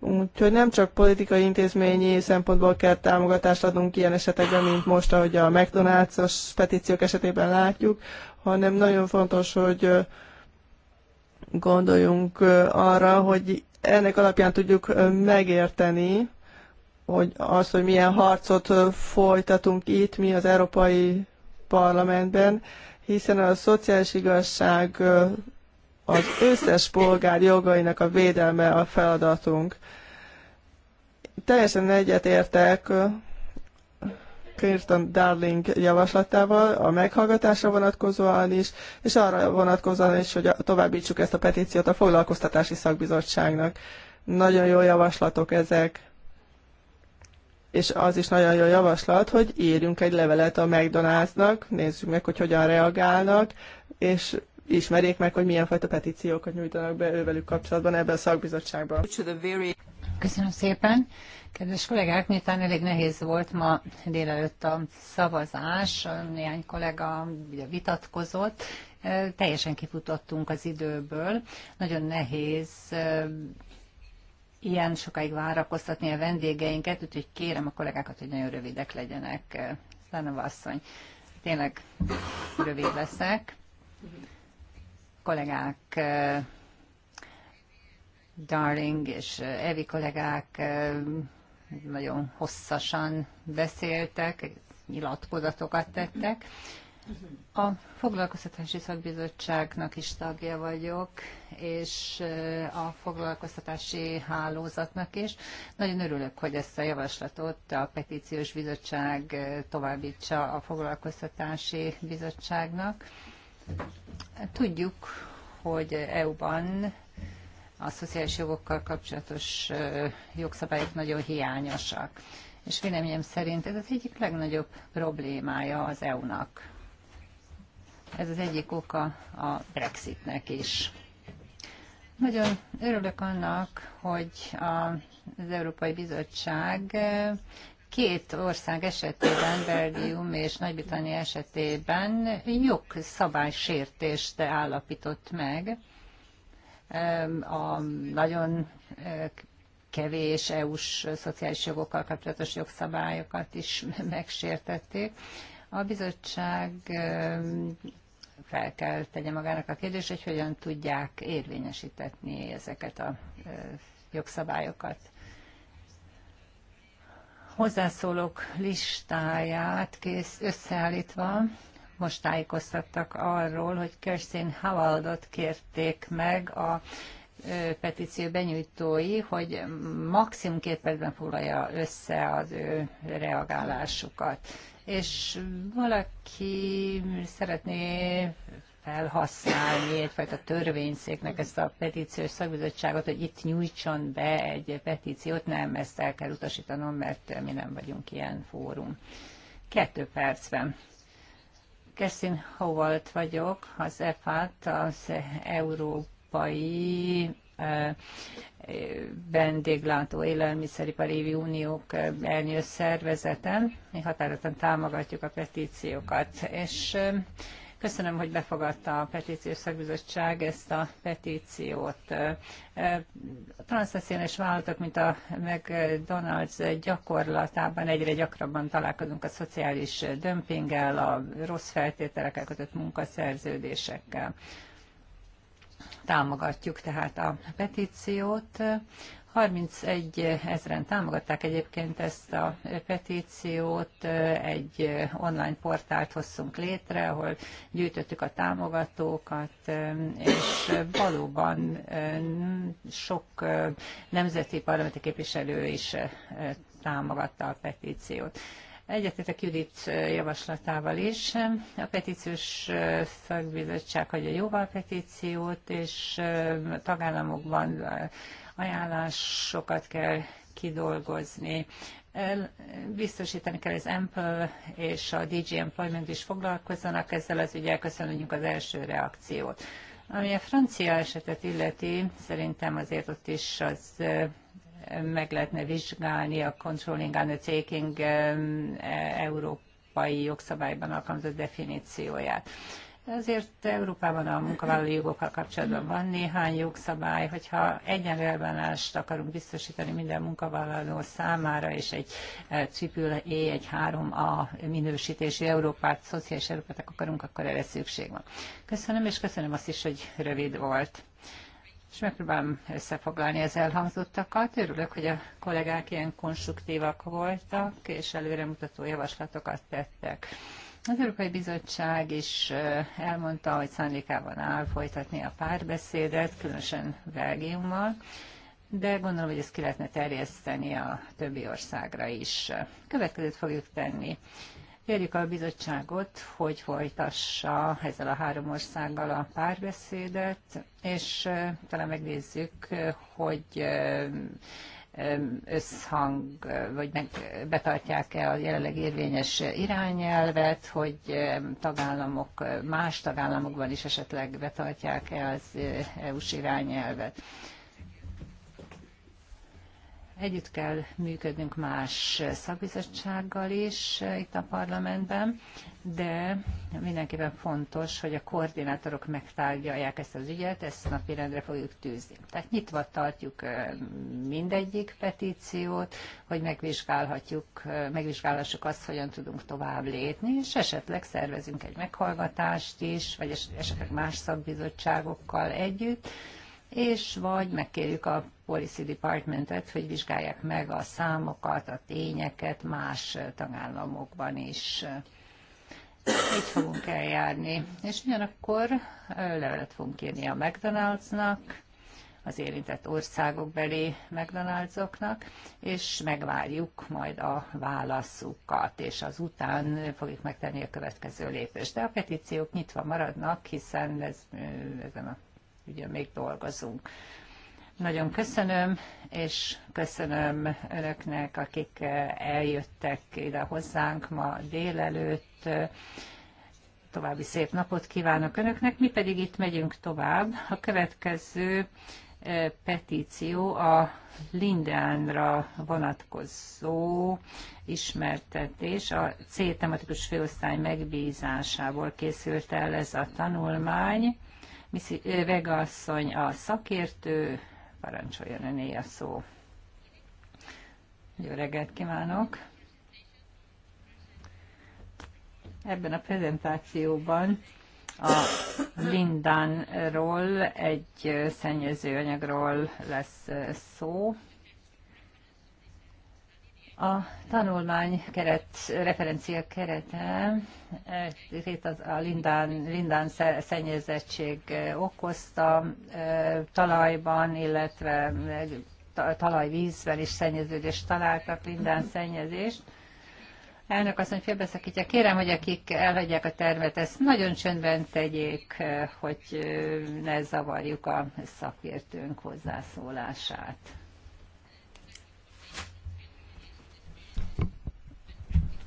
Úgyhogy nem csak politikai intézményi szempontból kell támogatást adnunk ilyen esetekben, mint most, ahogy a McDonald's-os petíciók esetében látjuk, hanem nagyon fontos, hogy gondoljunk arra, hogy ennek alapján tudjuk megérteni, hogy az, hogy milyen harcot folytatunk itt, mi az Európai Parlamentben, hiszen a szociális igazság az összes polgár jogainak a védelme a feladatunk. Teljesen egyetértek Kirsten Darling javaslatával, a meghallgatásra vonatkozóan is, és arra vonatkozóan is, hogy továbbítsuk ezt a petíciót a foglalkoztatási szakbizottságnak. Nagyon jó javaslatok ezek, és az is nagyon jó javaslat, hogy írjunk egy levelet a McDonald'snak, nézzük meg, hogy hogyan reagálnak, és ismerjék meg, hogy milyen fajta petíciókat nyújtanak be ővelük kapcsolatban ebben a szakbizottságban. Köszönöm szépen. Kedves kollégák, miután elég nehéz volt ma délelőtt a szavazás, néhány kollega ugye vitatkozott, eh, teljesen kifutottunk az időből. Nagyon nehéz eh, ilyen sokáig várakoztatni a vendégeinket, úgyhogy kérem a kollégákat, hogy nagyon rövidek legyenek. Eh, Szánova asszony, tényleg rövid leszek kollégák, Darling és Evi kollégák nagyon hosszasan beszéltek, nyilatkozatokat tettek. A Foglalkoztatási Szakbizottságnak is tagja vagyok, és a foglalkoztatási hálózatnak is. Nagyon örülök, hogy ezt a javaslatot a Petíciós Bizottság továbbítsa a Foglalkoztatási Bizottságnak Tudjuk, hogy EU-ban a szociális jogokkal kapcsolatos jogszabályok nagyon hiányosak. És véleményem szerint ez az egyik legnagyobb problémája az EU-nak. Ez az egyik oka a Brexitnek is. Nagyon örülök annak, hogy az Európai Bizottság két ország esetében, Belgium és Nagy-Britannia esetében jogszabálysértést állapított meg. A nagyon e, kevés EU-s szociális jogokkal kapcsolatos jogszabályokat is megsértették. A bizottság fel kell tegye magának a kérdést, hogy hogyan tudják érvényesítetni ezeket a e, jogszabályokat hozzászólók listáját kész összeállítva, most tájékoztattak arról, hogy Kerstin Havaldot kérték meg a petíció benyújtói, hogy maximum két percben foglalja össze az ő reagálásukat. És valaki szeretné felhasználni egyfajta törvényszéknek ezt a petíciós szakbizottságot, hogy itt nyújtson be egy petíciót, nem, ezt el kell utasítanom, mert mi nem vagyunk ilyen fórum. Kettő percben. Kessin Howalt vagyok, az EFAT, az Európai vendéglátó élelmiszeripari uniók elnyős szervezeten. Mi határozottan támogatjuk a petíciókat, és Köszönöm, hogy befogadta a petíciós szakbizottság ezt a petíciót. Transzacionális vállalatok, mint a McDonald's gyakorlatában egyre gyakrabban találkozunk a szociális dömpinggel, a rossz feltételekkel kötött munkaszerződésekkel támogatjuk tehát a petíciót. 31 ezeren támogatták egyébként ezt a petíciót, egy online portált hoztunk létre, ahol gyűjtöttük a támogatókat, és valóban eh, sok eh, nemzeti parlamenti képviselő is eh, támogatta a petíciót. Egyetértek Judit javaslatával is. A petíciós szakbizottság hagyja jóval a petíciót, és tagállamokban ajánlásokat kell kidolgozni. Biztosítani kell, az Ample és a DG Employment is foglalkozzanak ezzel az ügyel. Köszönjük az első reakciót. Ami a francia esetet illeti, szerintem azért ott is az meg lehetne vizsgálni a Controlling Undertaking e, európai jogszabályban alkalmazott definícióját. Ezért Európában a munkavállalói jogokkal kapcsolatban van néhány jogszabály, hogyha egyenlőellenást akarunk biztosítani minden munkavállaló számára, és egy eh, cipül E, egy 3A minősítési Európát, szociális Európát akarunk, akkor erre szükség van. Köszönöm, és köszönöm azt is, hogy rövid volt. És megpróbálom összefoglalni az elhangzottakat. Örülök, hogy a kollégák ilyen konstruktívak voltak, és előremutató javaslatokat tettek. Az Európai Bizottság is elmondta, hogy szándékában áll folytatni a párbeszédet, különösen Belgiummal, de gondolom, hogy ezt ki lehetne terjeszteni a többi országra is. Következőt fogjuk tenni. Kérjük a bizottságot, hogy folytassa ezzel a három országgal a párbeszédet, és talán megnézzük, hogy összhang, vagy meg betartják-e a jelenleg érvényes irányelvet, hogy tagállamok, más tagállamokban is esetleg betartják-e az EU-s irányelvet együtt kell működnünk más szakbizottsággal is eh, itt a parlamentben, de mindenképpen fontos, hogy a koordinátorok megtárgyalják ezt az ügyet, ezt napirendre fogjuk tűzni. Tehát nyitva tartjuk eh, mindegyik petíciót, hogy megvizsgálhatjuk, eh, megvizsgálhassuk azt, hogyan tudunk tovább lépni, és esetleg szervezünk egy meghallgatást is, vagy esetleg más szakbizottságokkal együtt, és vagy megkérjük a Policy Departmentet, hogy vizsgálják meg a számokat, a tényeket más tagállamokban is. Így fogunk eljárni. És ugyanakkor levelet fogunk írni a McDonald'snak, az érintett országok belé McDonald'soknak, és megvárjuk majd a válaszukat, és azután fogjuk megtenni a következő lépést. De a petíciók nyitva maradnak, hiszen ez, ezen a ügyön még dolgozunk. Nagyon köszönöm, és köszönöm önöknek, akik eh, eljöttek ide hozzánk ma délelőtt. További szép napot kívánok önöknek, mi pedig itt megyünk tovább. A következő eh, petíció a Lindánra vonatkozó ismertetés. A C tematikus főosztály megbízásából készült el ez a tanulmány. Vega asszony a szakértő, Parancsoljon öné a szó. Jó reggelt kívánok! Ebben a prezentációban a lindánról, egy szennyező anyagról lesz szó, a tanulmány keret, referencia kerete eh, a lindán, lindán szennyezettség eh, okozta eh, talajban, illetve talajvízben is szennyeződést találtak, lindán szennyezést. Elnök azt mondja, hogy kérem, hogy akik elhagyják a termet, ezt nagyon csöndben tegyék, hogy ne zavarjuk a szakértőnk hozzászólását.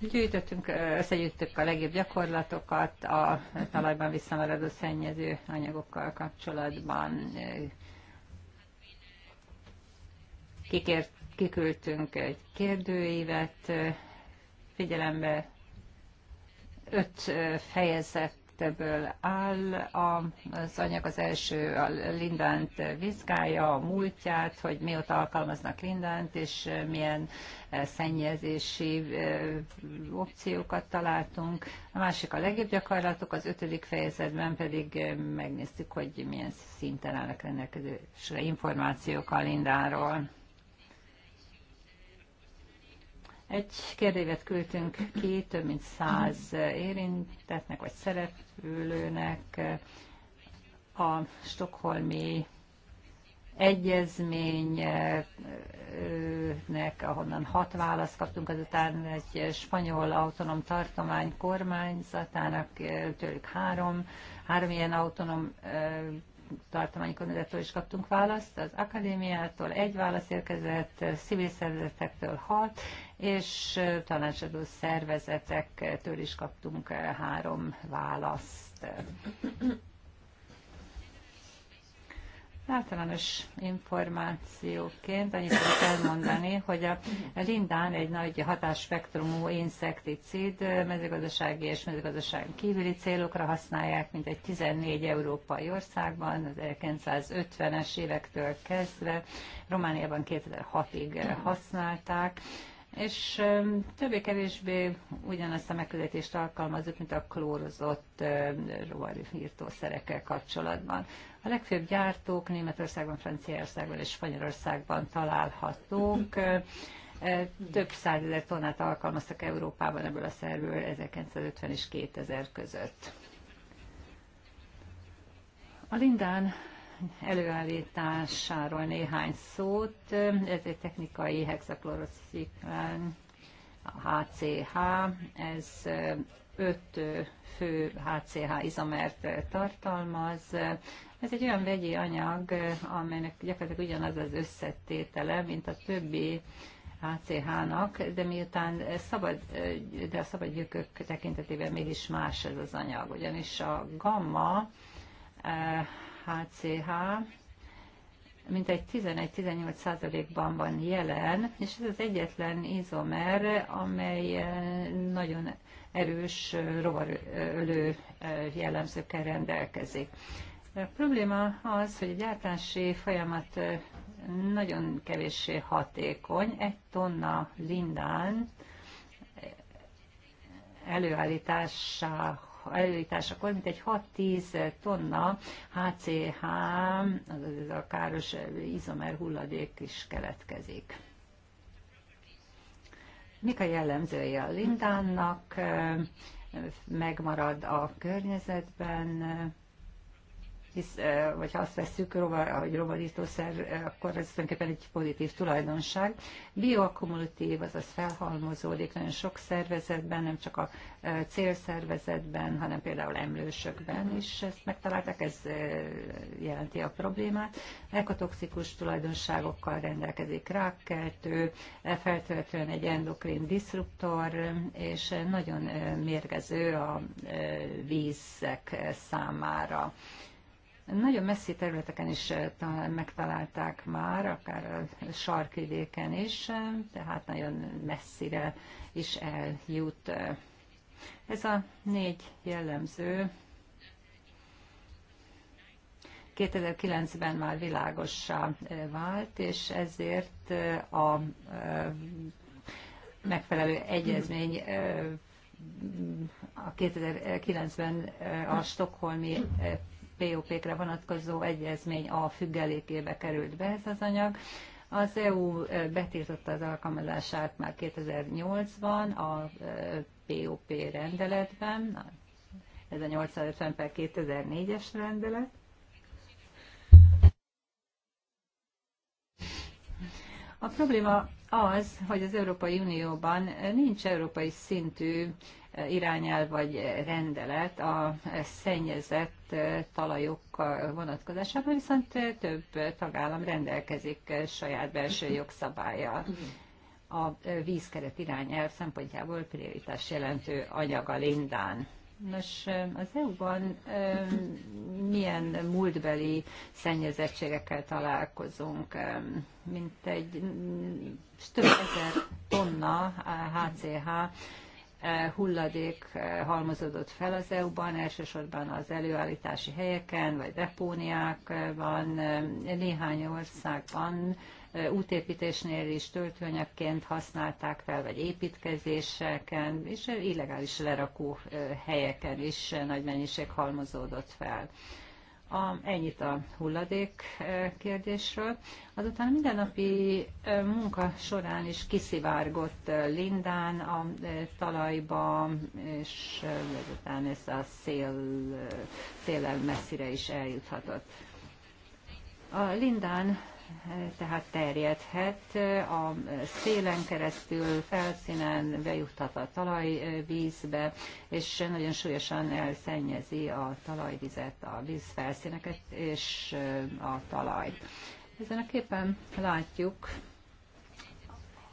gyűjtöttünk, összegyűjtöttük a legjobb gyakorlatokat a talajban visszamaradó szennyező anyagokkal kapcsolatban. Kikért, kiküldtünk egy kérdőívet, figyelembe öt fejezet projektből áll. A, az anyag az első, a Lindánt vizsgálja a múltját, hogy mióta alkalmaznak Lindánt, és milyen e, szennyezési e, opciókat találtunk. A másik a legjobb gyakorlatok, az ötödik fejezetben pedig e, megnéztük, hogy milyen szinten állnak rendelkezésre információk a lindáról. Egy kérdévet küldtünk ki több mint száz érintetnek vagy szereplőnek a stokholmi egyezménynek, ahonnan hat választ kaptunk, azután egy spanyol autonóm tartomány kormányzatának, tőlük három, három ilyen autonóm tartományi kormányzattól is kaptunk választ, az akadémiától egy válasz érkezett, civil szervezetektől hat, és tanácsadó szervezetektől is kaptunk három választ. Általános információként annyit kell elmondani, hogy a lindán egy nagy hatásspektrumú inszekticid mezőgazdasági és mezőgazdasági kívüli célokra használják, mint egy 14 európai országban, az 1950-es évektől kezdve, Romániában 2006-ig használták és többé-kevésbé ugyanazt a megközelítést alkalmazzuk, mint a klórozott rovarírtószerekkel kapcsolatban. A legfőbb gyártók Németországban, Franciaországban és Spanyolországban találhatók. Több százezer tonnát alkalmaztak Európában ebből a szerből 1950 és 2000 között. A Lindán előállításáról néhány szót. Ez egy technikai hexakloroszikán, a HCH, ez öt fő HCH izomert tartalmaz. Ez egy olyan vegyi anyag, amelynek gyakorlatilag ugyanaz az összetétele, mint a többi HCH-nak, de miután szabad, de a szabad gyökök tekintetében mégis más ez az anyag, ugyanis a gamma HCH mintegy 11-18 százalékban van jelen, és ez az egyetlen izomer, amely eh, nagyon erős eh, rovarölő eh, jellemzőkkel rendelkezik. A probléma az, hogy a gyártási folyamat nagyon kevéssé hatékony. Egy tonna lindán előállításához előállításakor egy 6-10 tonna HCH, azaz a káros izomer hulladék is keletkezik. Mik a jellemzői a lindánnak? Megmarad a környezetben, hisz, vagy ha azt veszük, hogy rovarítószer, akkor ez tulajdonképpen egy pozitív tulajdonság. Bioakkumulatív, azaz felhalmozódik nagyon sok szervezetben, nem csak a célszervezetben, hanem például emlősökben is ezt megtalálták, ez jelenti a problémát. Ekotoxikus tulajdonságokkal rendelkezik rákkeltő, feltöltően egy endokrin diszruptor, és nagyon mérgező a vízek számára. Nagyon messzi területeken is eh, megtalálták már, akár a sarkvidéken is, eh, tehát nagyon messzire is eljut. Eh. Ez a négy jellemző 2009-ben már világossá vált, és ezért a megfelelő egyezmény a 2009-ben a stokholmi POP-kre vonatkozó egyezmény a függelékébe került be ez az anyag. Az EU betiltotta az alkalmazását már 2008-ban a POP rendeletben, ez a 850 per 2004-es rendelet, A probléma az, hogy az Európai Unióban nincs európai szintű irányel vagy rendelet a szennyezett talajok vonatkozásában, viszont több tagállam rendelkezik saját belső jogszabálya A vízkeret irányelv szempontjából prioritás jelentő anyaga Lindán. Nos, az EU-ban milyen múltbeli szennyezettségekkel találkozunk? Mint egy több ezer tonna HCH hulladék eh, halmozódott fel az EU-ban, elsősorban az előállítási helyeken, vagy depóniákban, eh, néhány országban eh, útépítésnél is töltőanyagként használták fel, vagy építkezéseken, és illegális lerakó helyeken is nagy mennyiség halmozódott fel. A, ennyit a hulladék kérdésről. Azután a mindennapi munka során is kiszivárgott lindán a talajba, és ezután ez a szél, széllel messzire is eljuthatott. A lindán tehát terjedhet a szélen keresztül, felszínen bejuthat a talajvízbe, és nagyon súlyosan elszennyezi a talajvizet, a vízfelszíneket és a talajt. Ezen a képen látjuk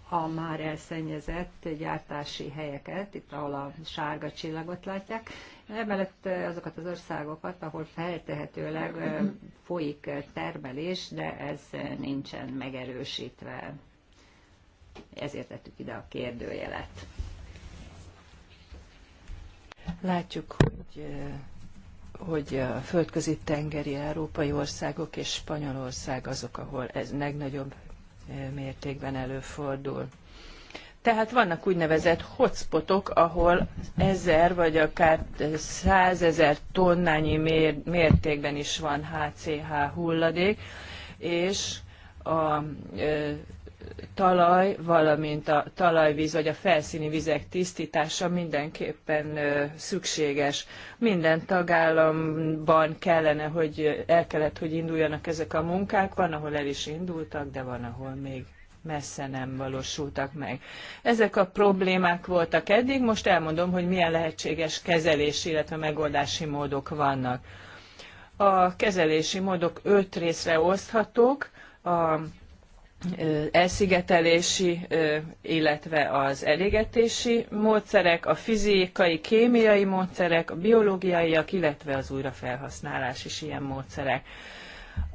a már elszennyezett gyártási helyeket, itt ahol a sárga csillagot látják, Emellett eh, azokat az országokat, ahol feltehetőleg eh, folyik eh, termelés, de ez nincsen megerősítve. Ezért tettük ide a kérdőjelet. Látjuk, hogy hogy a földközi tengeri európai országok és Spanyolország azok, ahol ez legnagyobb mértékben előfordul. Tehát vannak úgynevezett hotspotok, ahol ezer vagy akár százezer tonnányi mértékben is van HCH hulladék, és a e, talaj, valamint a talajvíz vagy a felszíni vizek tisztítása mindenképpen e, szükséges. Minden tagállamban kellene, hogy el kellett, hogy induljanak ezek a munkák, van, ahol el is indultak, de van, ahol még messze nem valósultak meg. Ezek a problémák voltak eddig, most elmondom, hogy milyen lehetséges kezelési, illetve megoldási módok vannak. A kezelési módok öt részre oszthatók, a elszigetelési, illetve az elégetési módszerek, a fizikai, kémiai módszerek, a biológiaiak, illetve az újrafelhasználás is ilyen módszerek.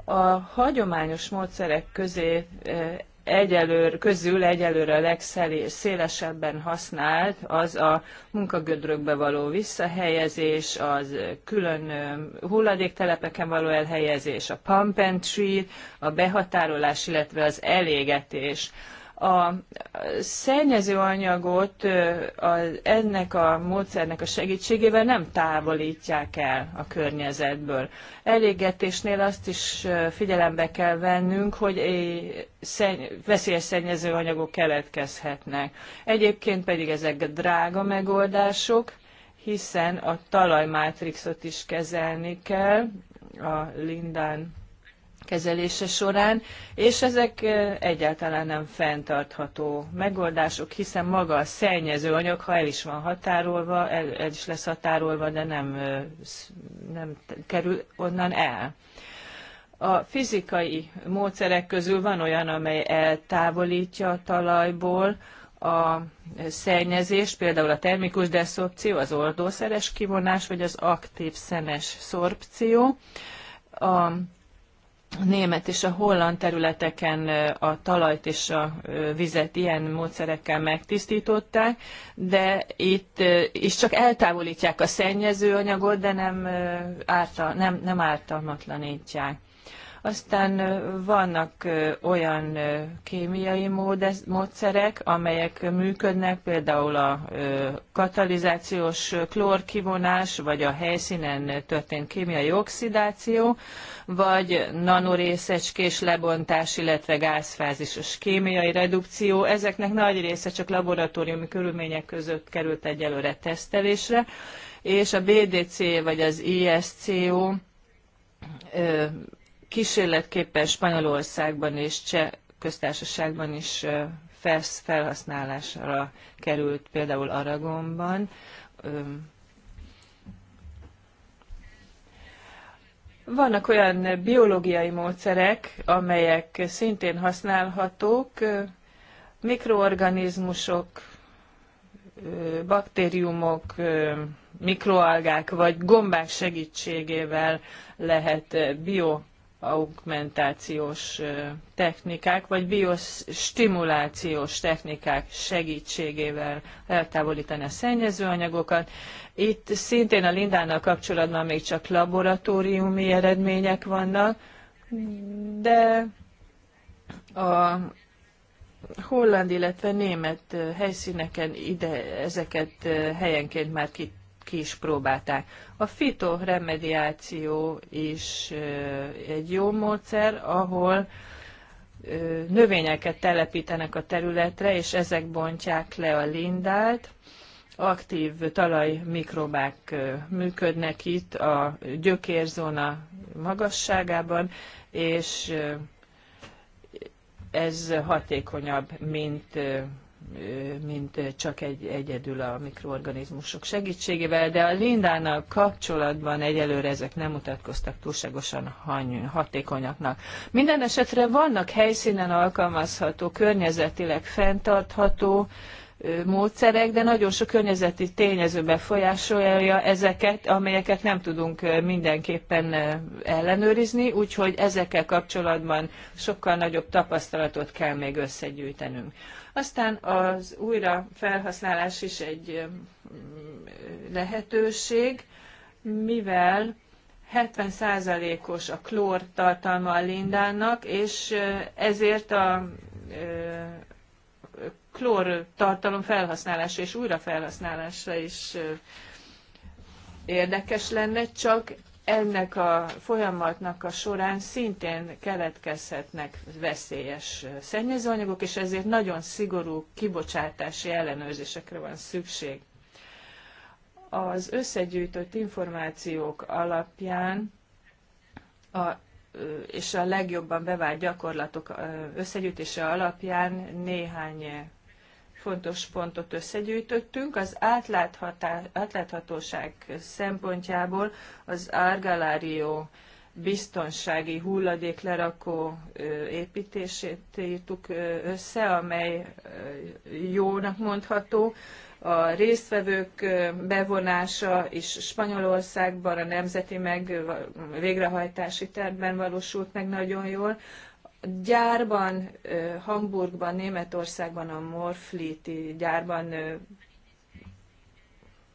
A hagyományos módszerek közé egyelőr, közül egyelőre a legszélesebben használt az a munkagödrökbe való visszahelyezés, az külön hulladéktelepeken való elhelyezés, a pump and treat, a behatárolás, illetve az elégetés a szennyezőanyagot ennek a módszernek a segítségével nem távolítják el a környezetből. Elégetésnél azt is figyelembe kell vennünk, hogy veszélyes szennyezőanyagok keletkezhetnek. Egyébként pedig ezek drága megoldások, hiszen a talajmátrixot is kezelni kell a lindán kezelése során, és ezek egyáltalán nem fenntartható megoldások, hiszen maga a szennyező anyag, ha el is van határolva, el, el is lesz határolva, de nem, nem kerül onnan el. A fizikai módszerek közül van olyan, amely eltávolítja a talajból a szennyezést, például a termikus deszorpció, az oldószeres kivonás, vagy az aktív szenes szorpció. A a német és a holland területeken a talajt és a vizet ilyen módszerekkel megtisztították, de itt is csak eltávolítják a szennyező anyagot, de nem, ártal, nem, nem ártalmatlanítják. Aztán vannak olyan kémiai módszerek, amelyek működnek, például a katalizációs klórkivonás, vagy a helyszínen történt kémiai oxidáció, vagy nanorészecskés lebontás, illetve gázfázisos kémiai redukció. Ezeknek nagy része csak laboratóriumi körülmények között került egyelőre tesztelésre, és a BDC vagy az ISCO kísérletképpen Spanyolországban és Cseh köztársaságban is felhasználásra került, például Aragonban. Vannak olyan biológiai módszerek, amelyek szintén használhatók, mikroorganizmusok, baktériumok, mikroalgák vagy gombák segítségével lehet bio augmentációs technikák, vagy biostimulációs technikák segítségével eltávolítani a szennyezőanyagokat. Itt szintén a Lindánnal kapcsolatban még csak laboratóriumi eredmények vannak, de a holland, illetve német helyszíneken ide ezeket helyenként már ki ki is próbálták. A fitoremediáció is egy jó módszer, ahol növényeket telepítenek a területre, és ezek bontják le a lindát. Aktív talajmikrobák működnek itt a gyökérzóna magasságában, és ez hatékonyabb, mint mint csak egy, egyedül a mikroorganizmusok segítségével, de a lindánnal kapcsolatban egyelőre ezek nem mutatkoztak túlságosan hatékonyaknak. Minden esetre vannak helyszínen alkalmazható, környezetileg fenntartható, módszerek, de nagyon sok környezeti tényező befolyásolja ezeket, amelyeket nem tudunk mindenképpen ellenőrizni, úgyhogy ezekkel kapcsolatban sokkal nagyobb tapasztalatot kell még összegyűjtenünk. Aztán az újra felhasználás is egy mm, lehetőség, mivel 70%-os a klór tartalma a lindának, és ezért a klór tartalom felhasználása és újrafelhasználása is érdekes lenne, csak ennek a folyamatnak a során szintén keletkezhetnek veszélyes szennyezőanyagok, és ezért nagyon szigorú kibocsátási ellenőrzésekre van szükség. Az összegyűjtött információk alapján a, és a legjobban bevált gyakorlatok összegyűjtése alapján néhány fontos pontot összegyűjtöttünk. Az átláthatóság szempontjából az Argalárió biztonsági hulladéklerakó lerakó építését írtuk össze, amely jónak mondható. A résztvevők bevonása is Spanyolországban a nemzeti meg végrehajtási tervben valósult meg nagyon jól gyárban, Hamburgban, Németországban, a Morfliti gyárban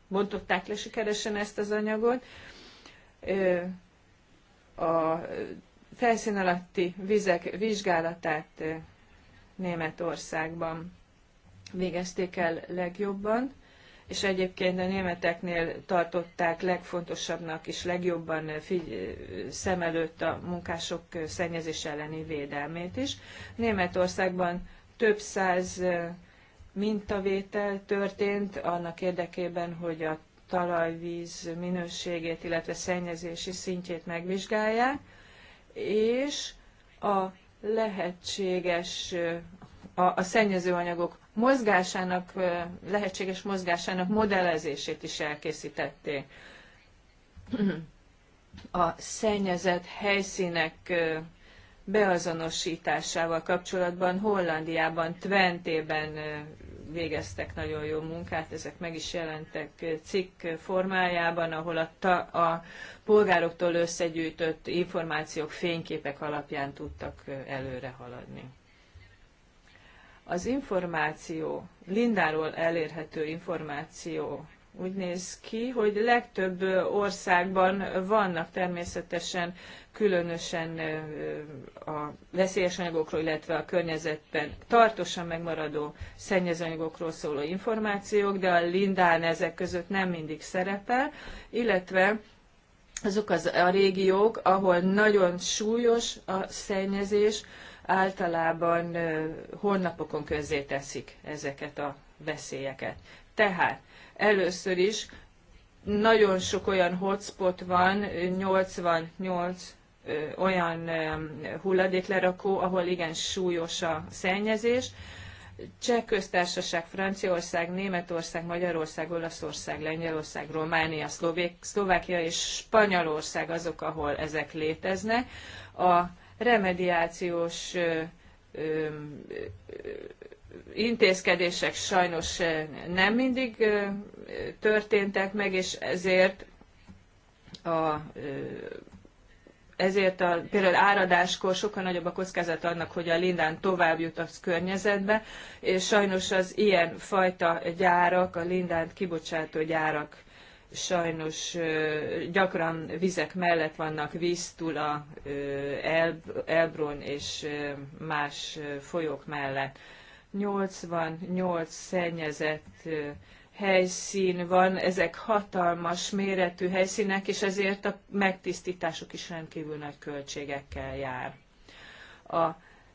bontották le sikeresen ezt az anyagot. A felszín alatti vizek vizsgálatát Németországban végezték el legjobban és egyébként a németeknél tartották legfontosabbnak és legjobban szem előtt a munkások szennyezés elleni védelmét is. Németországban több száz mintavétel történt annak érdekében, hogy a talajvíz minőségét, illetve szennyezési szintjét megvizsgálják, és a lehetséges a, a szennyezőanyagok mozgásának, lehetséges mozgásának modellezését is elkészítették. A szennyezett helyszínek beazonosításával kapcsolatban Hollandiában, Twentében végeztek nagyon jó munkát, ezek meg is jelentek cikk formájában, ahol a, ta, a polgároktól összegyűjtött információk, fényképek alapján tudtak előre haladni. Az információ, Lindáról elérhető információ úgy néz ki, hogy legtöbb országban vannak természetesen különösen a veszélyes anyagokról, illetve a környezetben tartósan megmaradó szennyezőanyagokról szóló információk, de a Lindán ezek között nem mindig szerepel, illetve azok az, a régiók, ahol nagyon súlyos a szennyezés, általában közzé teszik ezeket a veszélyeket. Tehát először is nagyon sok olyan hotspot van, 88 olyan hulladéklerakó, ahol igen súlyos a szennyezés. Cseh köztársaság, Franciaország, Németország, Magyarország, Olaszország, Lengyelország, Románia, Szlovék, Szlovákia és Spanyolország azok, ahol ezek léteznek. A remediációs intézkedések sajnos nem mindig történtek meg, és ezért a ezért a, például áradáskor sokkal nagyobb a kockázat annak, hogy a lindán tovább jut a környezetbe, és sajnos az ilyen fajta gyárak, a lindánt kibocsátó gyárak sajnos gyakran vizek mellett vannak víztula, Elbrun és más folyók mellett. 88 szennyezett helyszín van, ezek hatalmas méretű helyszínek, és ezért a megtisztításuk is rendkívül nagy költségekkel jár. A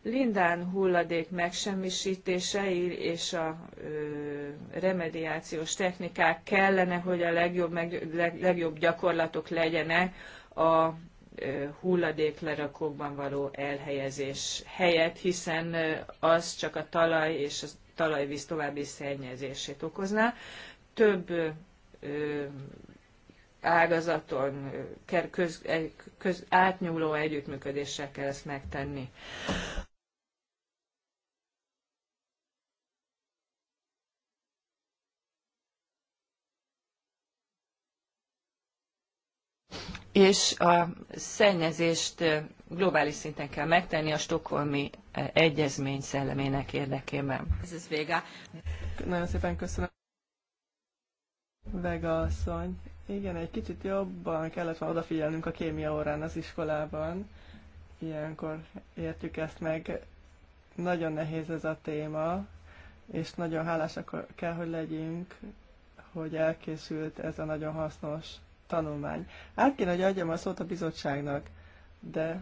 Lindán hulladék megsemmisítése és a ö, remediációs technikák kellene, hogy a legjobb, meg, leg, legjobb gyakorlatok legyenek a hulladéklerakókban való elhelyezés helyett, hiszen az csak a talaj és a talajvíz további szennyezését okozná. Több ö, ágazaton köz, köz, átnyúló együttműködéssel kell ezt megtenni. és a szennyezést globális szinten kell megtenni a stokholmi egyezmény szellemének érdekében. Ez is vége. Nagyon szépen köszönöm. Vega asszony. Igen, egy kicsit jobban kellett volna odafigyelnünk a kémia órán az iskolában. Ilyenkor értjük ezt meg. Nagyon nehéz ez a téma, és nagyon hálásak kell, hogy legyünk, hogy elkészült ez a nagyon hasznos tanulmány. Át kéne, hogy adjam a szót a bizottságnak, de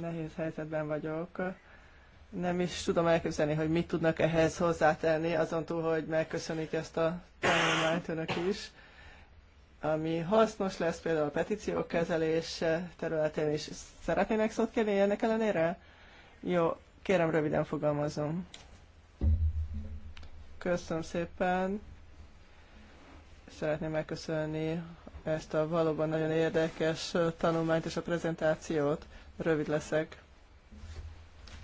nehéz helyzetben vagyok. Nem is tudom elképzelni, hogy mit tudnak ehhez hozzátenni, azon túl, hogy megköszönik ezt a tanulmányt önök is ami hasznos lesz például a petíciók kezelés területén is. Szeretnének szót kérni ennek ellenére? Jó, kérem röviden fogalmazom. Köszönöm szépen. Szeretném megköszönni ezt a valóban nagyon érdekes tanulmányt és a prezentációt. Rövid leszek.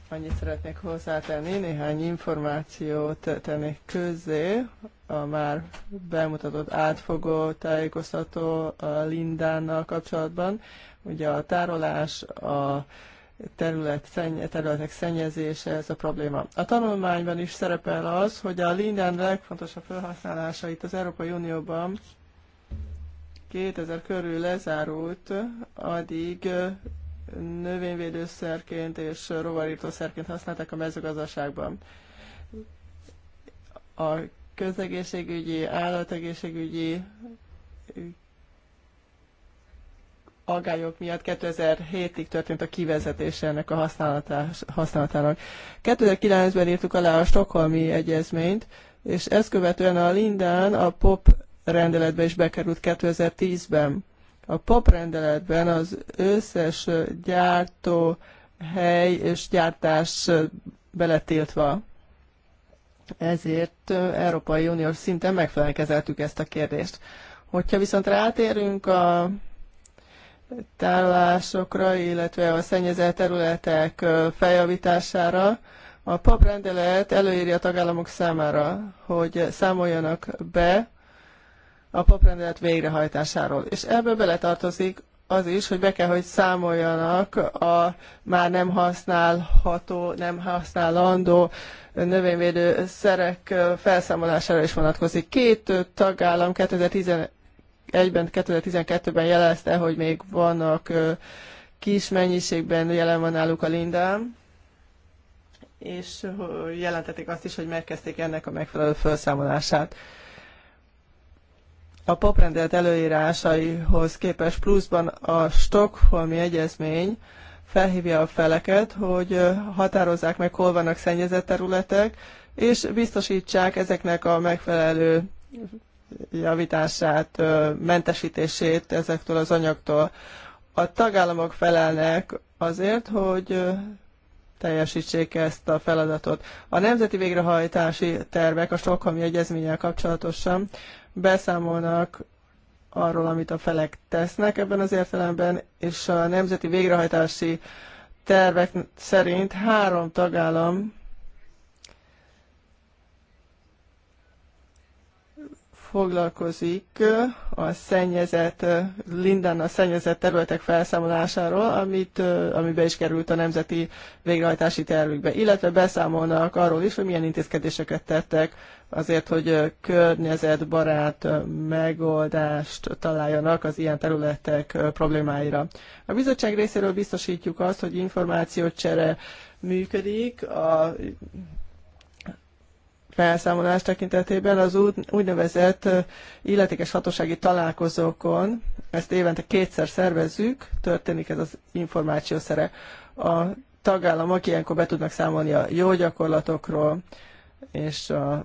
Annyit szeretnék hozzátenni, néhány információt tenni közé, a már bemutatott átfogó tájékoztató a Lindánnal kapcsolatban. Ugye a tárolás, a terület, szenny, területek szennyezése, ez a probléma. A tanulmányban is szerepel az, hogy a Lindán legfontosabb itt az Európai Unióban 2000 körül lezárult, addig növényvédőszerként és rovarítószerként használták a mezőgazdaságban. A közegészségügyi, állategészségügyi aggályok miatt 2007-ig történt a kivezetése ennek a használatának. 2009-ben írtuk alá a Stockholmi Egyezményt, és ezt követően a Lindán a POP rendeletbe is bekerült 2010-ben. A POP rendeletben az összes gyártó hely és gyártás beletiltva. Ezért Európai Uniós szinten megfelelkezeltük ezt a kérdést. Hogyha viszont rátérünk a tárolásokra, illetve a szennyezett területek feljavítására, a PAP rendelet előírja a tagállamok számára, hogy számoljanak be a paprendelet végrehajtásáról. És ebből beletartozik az is, hogy be kell, hogy számoljanak a már nem használható, nem használandó növényvédő szerek felszámolására is vonatkozik. Két tagállam 2011-ben, 2012-ben jelezte, hogy még vannak kis mennyiségben jelen van náluk a lindám, és jelentették azt is, hogy megkezdték ennek a megfelelő felszámolását a POP előírásaihoz képest pluszban a Stockholmi Egyezmény felhívja a feleket, hogy határozzák meg, hol vannak szennyezett területek, és biztosítsák ezeknek a megfelelő javítását, mentesítését ezektől az anyagtól. A tagállamok felelnek azért, hogy teljesítsék ezt a feladatot. A nemzeti végrehajtási tervek a Stockholmi Egyezménnyel kapcsolatosan beszámolnak arról, amit a felek tesznek ebben az értelemben, és a nemzeti végrehajtási tervek szerint három tagállam foglalkozik a szennyezett, Lindán a szennyezett területek felszámolásáról, amit, amiben is került a nemzeti végrehajtási tervükbe, illetve beszámolnak arról is, hogy milyen intézkedéseket tettek azért, hogy környezetbarát megoldást találjanak az ilyen területek problémáira. A bizottság részéről biztosítjuk azt, hogy információcsere működik a felszámolás tekintetében az úgynevezett illetékes hatósági találkozókon, ezt évente kétszer szervezzük, történik ez az információszere. A tagállamok ilyenkor be tudnak számolni a jó gyakorlatokról, és a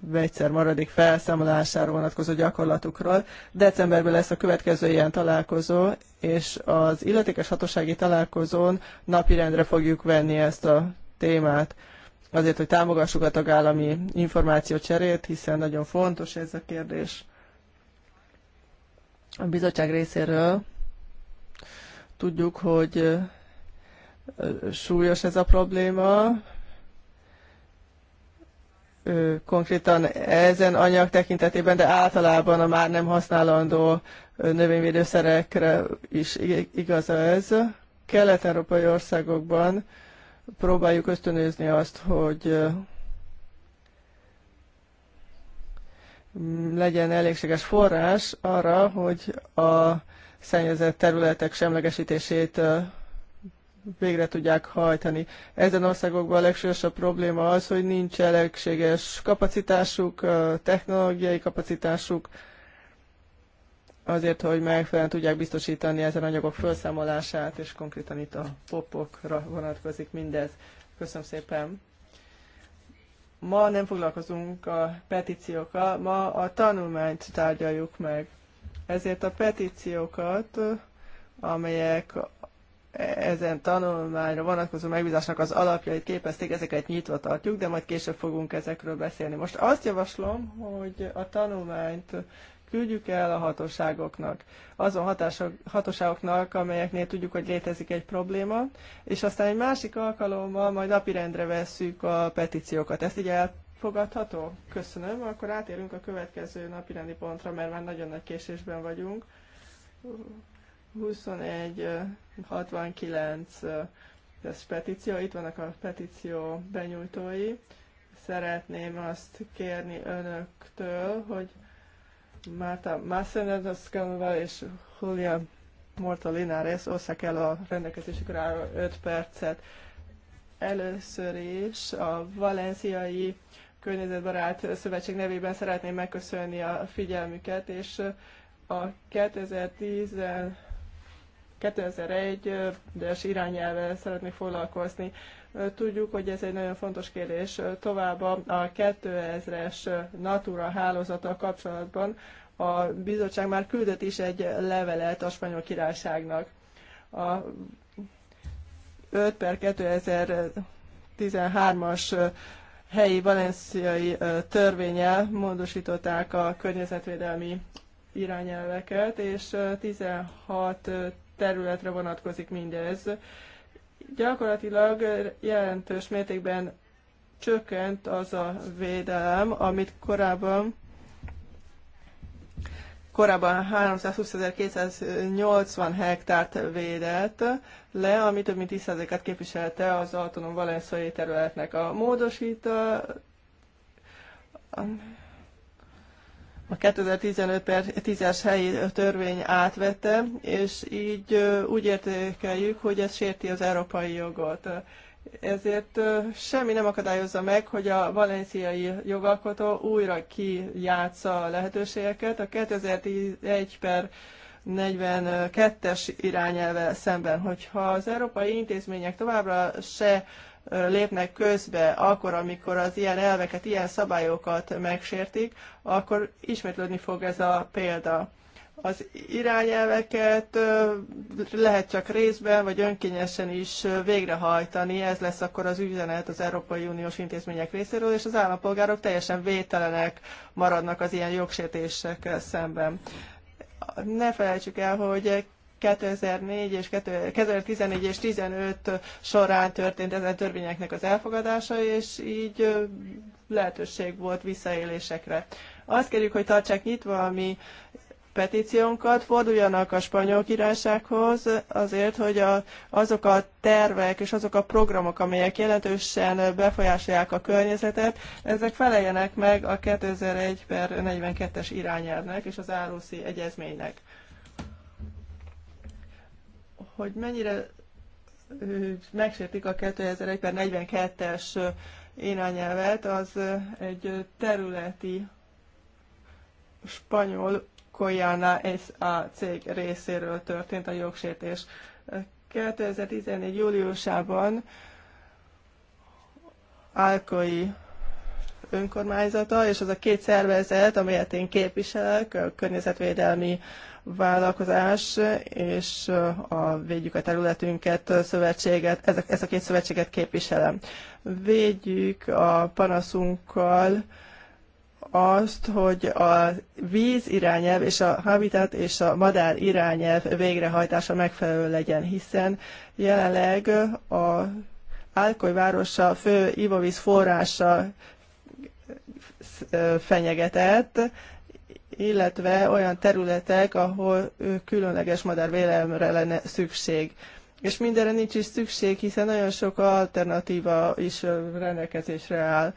vegyszer maradék felszámolására vonatkozó gyakorlatukról. Decemberben lesz a következő ilyen találkozó, és az illetékes hatósági találkozón napirendre fogjuk venni ezt a témát azért, hogy támogassuk a tagállami információcserét, hiszen nagyon fontos ez a kérdés. A bizottság részéről tudjuk, hogy súlyos ez a probléma. Konkrétan ezen anyag tekintetében, de általában a már nem használandó növényvédőszerekre is igaz ez. Kelet-európai országokban próbáljuk ösztönözni azt, hogy legyen elégséges forrás arra, hogy a szennyezett területek semlegesítését végre tudják hajtani. Ezen országokban a legsúlyosabb probléma az, hogy nincs elégséges kapacitásuk, technológiai kapacitásuk, azért, hogy megfelelően tudják biztosítani ezen anyagok felszámolását, és konkrétan itt a popokra vonatkozik mindez. Köszönöm szépen! Ma nem foglalkozunk a petíciókkal, ma a tanulmányt tárgyaljuk meg. Ezért a petíciókat, amelyek ezen tanulmányra vonatkozó megbízásnak az alapjait képezték, ezeket nyitva tartjuk, de majd később fogunk ezekről beszélni. Most azt javaslom, hogy a tanulmányt küldjük el a hatóságoknak, azon hatások, hatóságoknak, amelyeknél tudjuk, hogy létezik egy probléma, és aztán egy másik alkalommal majd napirendre vesszük a petíciókat. Ezt így elfogadható? Köszönöm. Akkor átérünk a következő napirendi pontra, mert már nagyon nagy késésben vagyunk. 21, 69, ez petíció, itt vannak a petíció benyújtói szeretném azt kérni önöktől, hogy Márta Massenedeszkanova és Julia Morta Linares osszák el a rendelkezésükre álló 5 percet. Először is a Valenciai Környezetbarát Szövetség nevében szeretném megköszönni a figyelmüket, és a 2010 2001-es irányelvvel szeretnék foglalkozni. Tudjuk, hogy ez egy nagyon fontos kérdés. Továbbá a 2000-es Natura hálózattal kapcsolatban a bizottság már küldött is egy levelet a spanyol királyságnak. A 5 per 2013-as helyi valenciai törvényel módosították a környezetvédelmi irányelveket, és 16 területre vonatkozik mindez gyakorlatilag jelentős mértékben csökkent az a védelem, amit korábban korábban 320.280 hektárt védett le, ami több mint 10%-át képviselte az autonóm valenszai területnek. A módosítása a 2015 per 10-es helyi törvény átvette, és így úgy értékeljük, hogy ez sérti az európai jogot. Ezért semmi nem akadályozza meg, hogy a valenciai jogalkotó újra kijátsza a lehetőségeket. A 2011 per 42-es irányelve szemben, hogyha az európai intézmények továbbra se lépnek közbe, akkor, amikor az ilyen elveket, ilyen szabályokat megsértik, akkor ismétlődni fog ez a példa. Az irányelveket lehet csak részben, vagy önkényesen is végrehajtani, ez lesz akkor az üzenet az Európai Uniós intézmények részéről, és az állampolgárok teljesen vételenek maradnak az ilyen jogsértésekkel szemben ne felejtsük el, hogy 2004 és 2014 és 15 során történt ezen törvényeknek az elfogadása, és így lehetőség volt visszaélésekre. Azt kérjük, hogy tartsák nyitva a mi petíciónkat, forduljanak a spanyol királysághoz azért, hogy a, azok a tervek és azok a programok, amelyek jelentősen befolyásolják a környezetet, ezek feleljenek meg a 2001 per 42-es irányelvnek és az árusi egyezménynek hogy mennyire megsértik a 2001 42-es énanyelvet az egy területi spanyol Koyana S.A. cég részéről történt a jogsértés. 2014. júliusában Alkoi önkormányzata, és az a két szervezet, amelyet én képviselek, a környezetvédelmi vállalkozás, és a Védjük a területünket szövetséget, ezek, ezt a két szövetséget képviselem. Védjük a panaszunkkal azt, hogy a víz irányelv és a habitat és a madár irányelv végrehajtása megfelelő legyen, hiszen jelenleg a Álkoly városa fő ivóvíz forrása fenyegetett, illetve olyan területek, ahol különleges madárvélelemre lenne szükség. És mindenre nincs is szükség, hiszen nagyon sok alternatíva is rendelkezésre áll.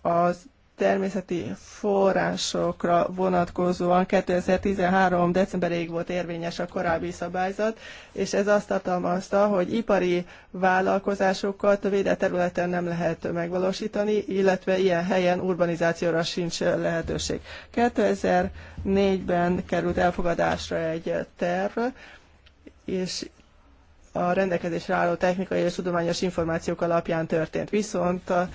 Az természeti forrásokra vonatkozóan 2013. decemberéig volt érvényes a korábbi szabályzat, és ez azt tartalmazta, hogy ipari vállalkozásokat védett területen nem lehet megvalósítani, illetve ilyen helyen urbanizációra sincs lehetőség. 2004-ben került elfogadásra egy terv, és a rendelkezésre álló technikai és tudományos információk alapján történt. Viszont a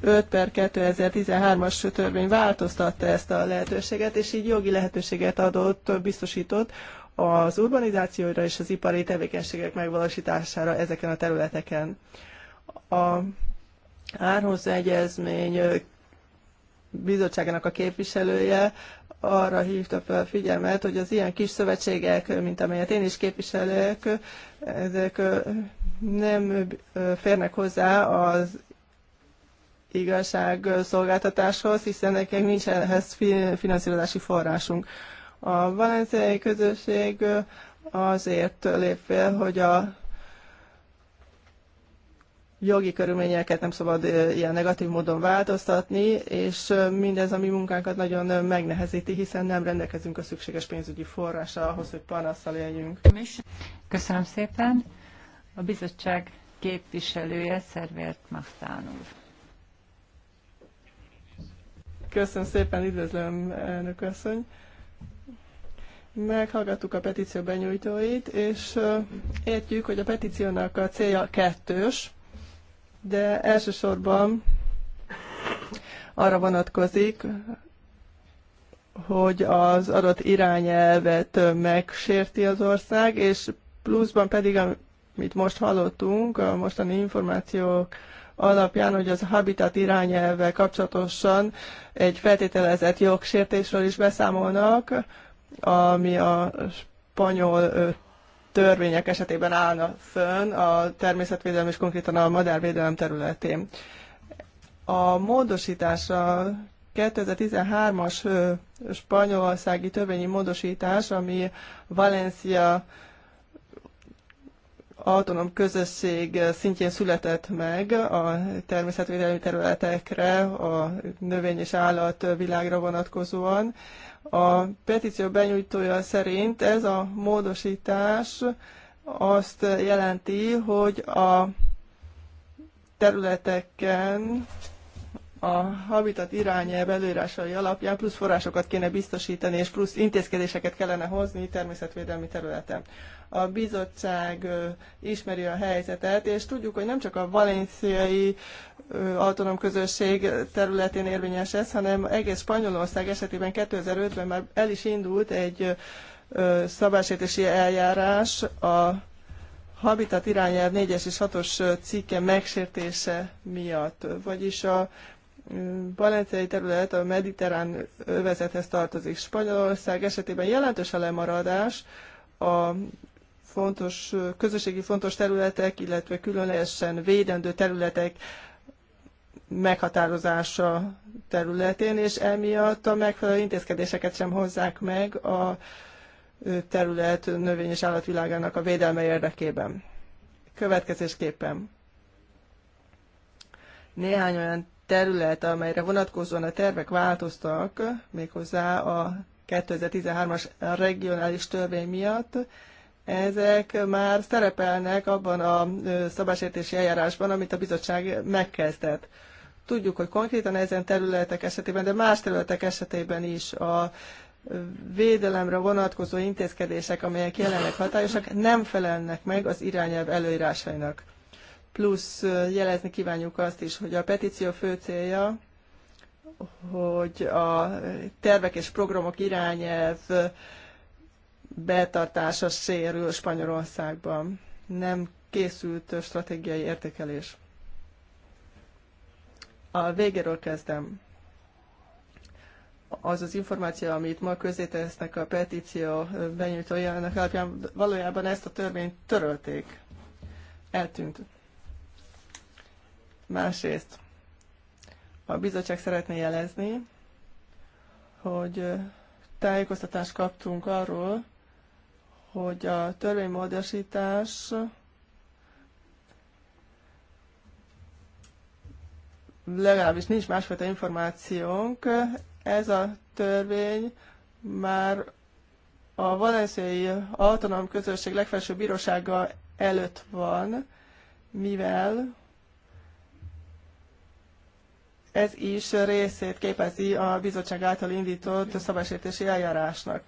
5 per 2013-as törvény változtatta ezt a lehetőséget, és így jogi lehetőséget adott, biztosított az urbanizációra és az ipari tevékenységek megvalósítására ezeken a területeken. A Árhoz Egyezmény bizottságának a képviselője arra hívta fel figyelmet, hogy az ilyen kis szövetségek, mint amelyet én is képviselek, ezek nem férnek hozzá az igazságszolgáltatáshoz, hiszen nekünk nincs ehhez finanszírozási forrásunk. A valenciai közösség azért lép fel, hogy a jogi körülményeket nem szabad ilyen negatív módon változtatni, és mindez a mi munkánkat nagyon megnehezíti, hiszen nem rendelkezünk a szükséges pénzügyi forrásra ahhoz, hogy panaszsal éljünk. Köszönöm szépen. A bizottság képviselője Szervért Machtán úr. Köszönöm szépen, üdvözlöm, elnök asszony. Meghallgattuk a petíció benyújtóit, és értjük, hogy a petíciónak a célja kettős, de elsősorban arra vonatkozik, hogy az adott irányelvet megsérti az ország, és pluszban pedig, amit most hallottunk, a mostani információk alapján, hogy az Habitat irányelvvel kapcsolatosan egy feltételezett jogsértésről is beszámolnak, ami a spanyol törvények esetében állna fönn a természetvédelem és konkrétan a madárvédelem területén. A módosítása 2013-as spanyolországi törvényi módosítás, ami Valencia autonóm közösség szintjén született meg a természetvédelmi területekre, a növény és állat világra vonatkozóan. A petíció benyújtója szerint ez a módosítás azt jelenti, hogy a területeken a habitat irányelv előírásai alapján plusz forrásokat kéne biztosítani, és plusz intézkedéseket kellene hozni természetvédelmi területen a bizottság ismeri a helyzetet, és tudjuk, hogy nem csak a valenciai autonóm közösség területén érvényes ez, hanem egész Spanyolország esetében 2005-ben már el is indult egy szabásértési eljárás a Habitat irányelv 4-es és 6-os cikke megsértése miatt, vagyis a valenciai terület a mediterrán övezethez tartozik. Spanyolország esetében jelentős a lemaradás a fontos, közösségi fontos területek, illetve különösen védendő területek meghatározása területén, és emiatt a megfelelő intézkedéseket sem hozzák meg a terület növény és állatvilágának a védelme érdekében. Következésképpen néhány olyan terület, amelyre vonatkozóan a tervek változtak, méghozzá a 2013-as regionális törvény miatt, ezek már szerepelnek abban a szabásértési eljárásban, amit a bizottság megkezdett. Tudjuk, hogy konkrétan ezen területek esetében, de más területek esetében is a védelemre vonatkozó intézkedések, amelyek jelenleg hatályosak, nem felelnek meg az irányelv előírásainak. Plusz jelezni kívánjuk azt is, hogy a petíció fő célja, hogy a tervek és programok irányelv betartása sérül Spanyolországban. Nem készült stratégiai értékelés. A végéről kezdem. Az az információ, amit ma közzétesznek a petíció benyújtójának alapján, valójában ezt a törvényt törölték. Eltűnt. Másrészt, a bizottság szeretné jelezni, hogy tájékoztatást kaptunk arról, hogy a törvénymódosítás legalábbis nincs másfajta információnk. Ez a törvény már a valenciai autonóm közösség legfelsőbb bírósága előtt van, mivel ez is részét képezi a bizottság által indított szabásértési eljárásnak.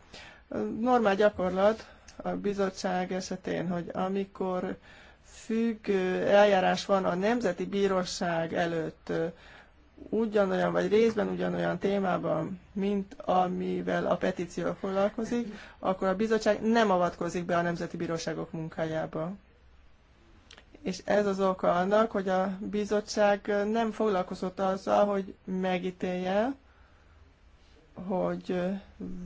Normál gyakorlat, a bizottság esetén, hogy amikor függ eljárás van a Nemzeti Bíróság előtt ugyanolyan, vagy részben ugyanolyan témában, mint amivel a petíció foglalkozik, akkor a bizottság nem avatkozik be a Nemzeti Bíróságok munkájába. És ez az oka annak, hogy a bizottság nem foglalkozott azzal, hogy megítélje, hogy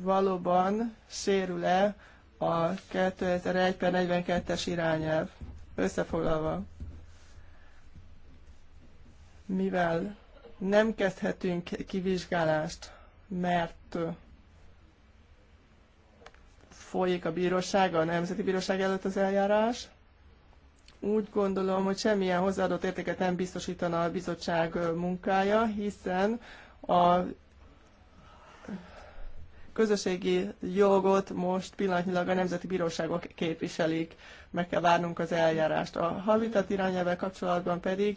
valóban sérül-e a 2001 per 42-es irányelv összefoglalva. Mivel nem kezdhetünk kivizsgálást, mert folyik a bíróság, a Nemzeti Bíróság előtt az eljárás, úgy gondolom, hogy semmilyen hozzáadott értéket nem biztosítana a bizottság munkája, hiszen a közösségi jogot most pillanatnyilag a nemzeti bíróságok képviselik, meg kell várnunk az eljárást. A habitat irányelvvel kapcsolatban pedig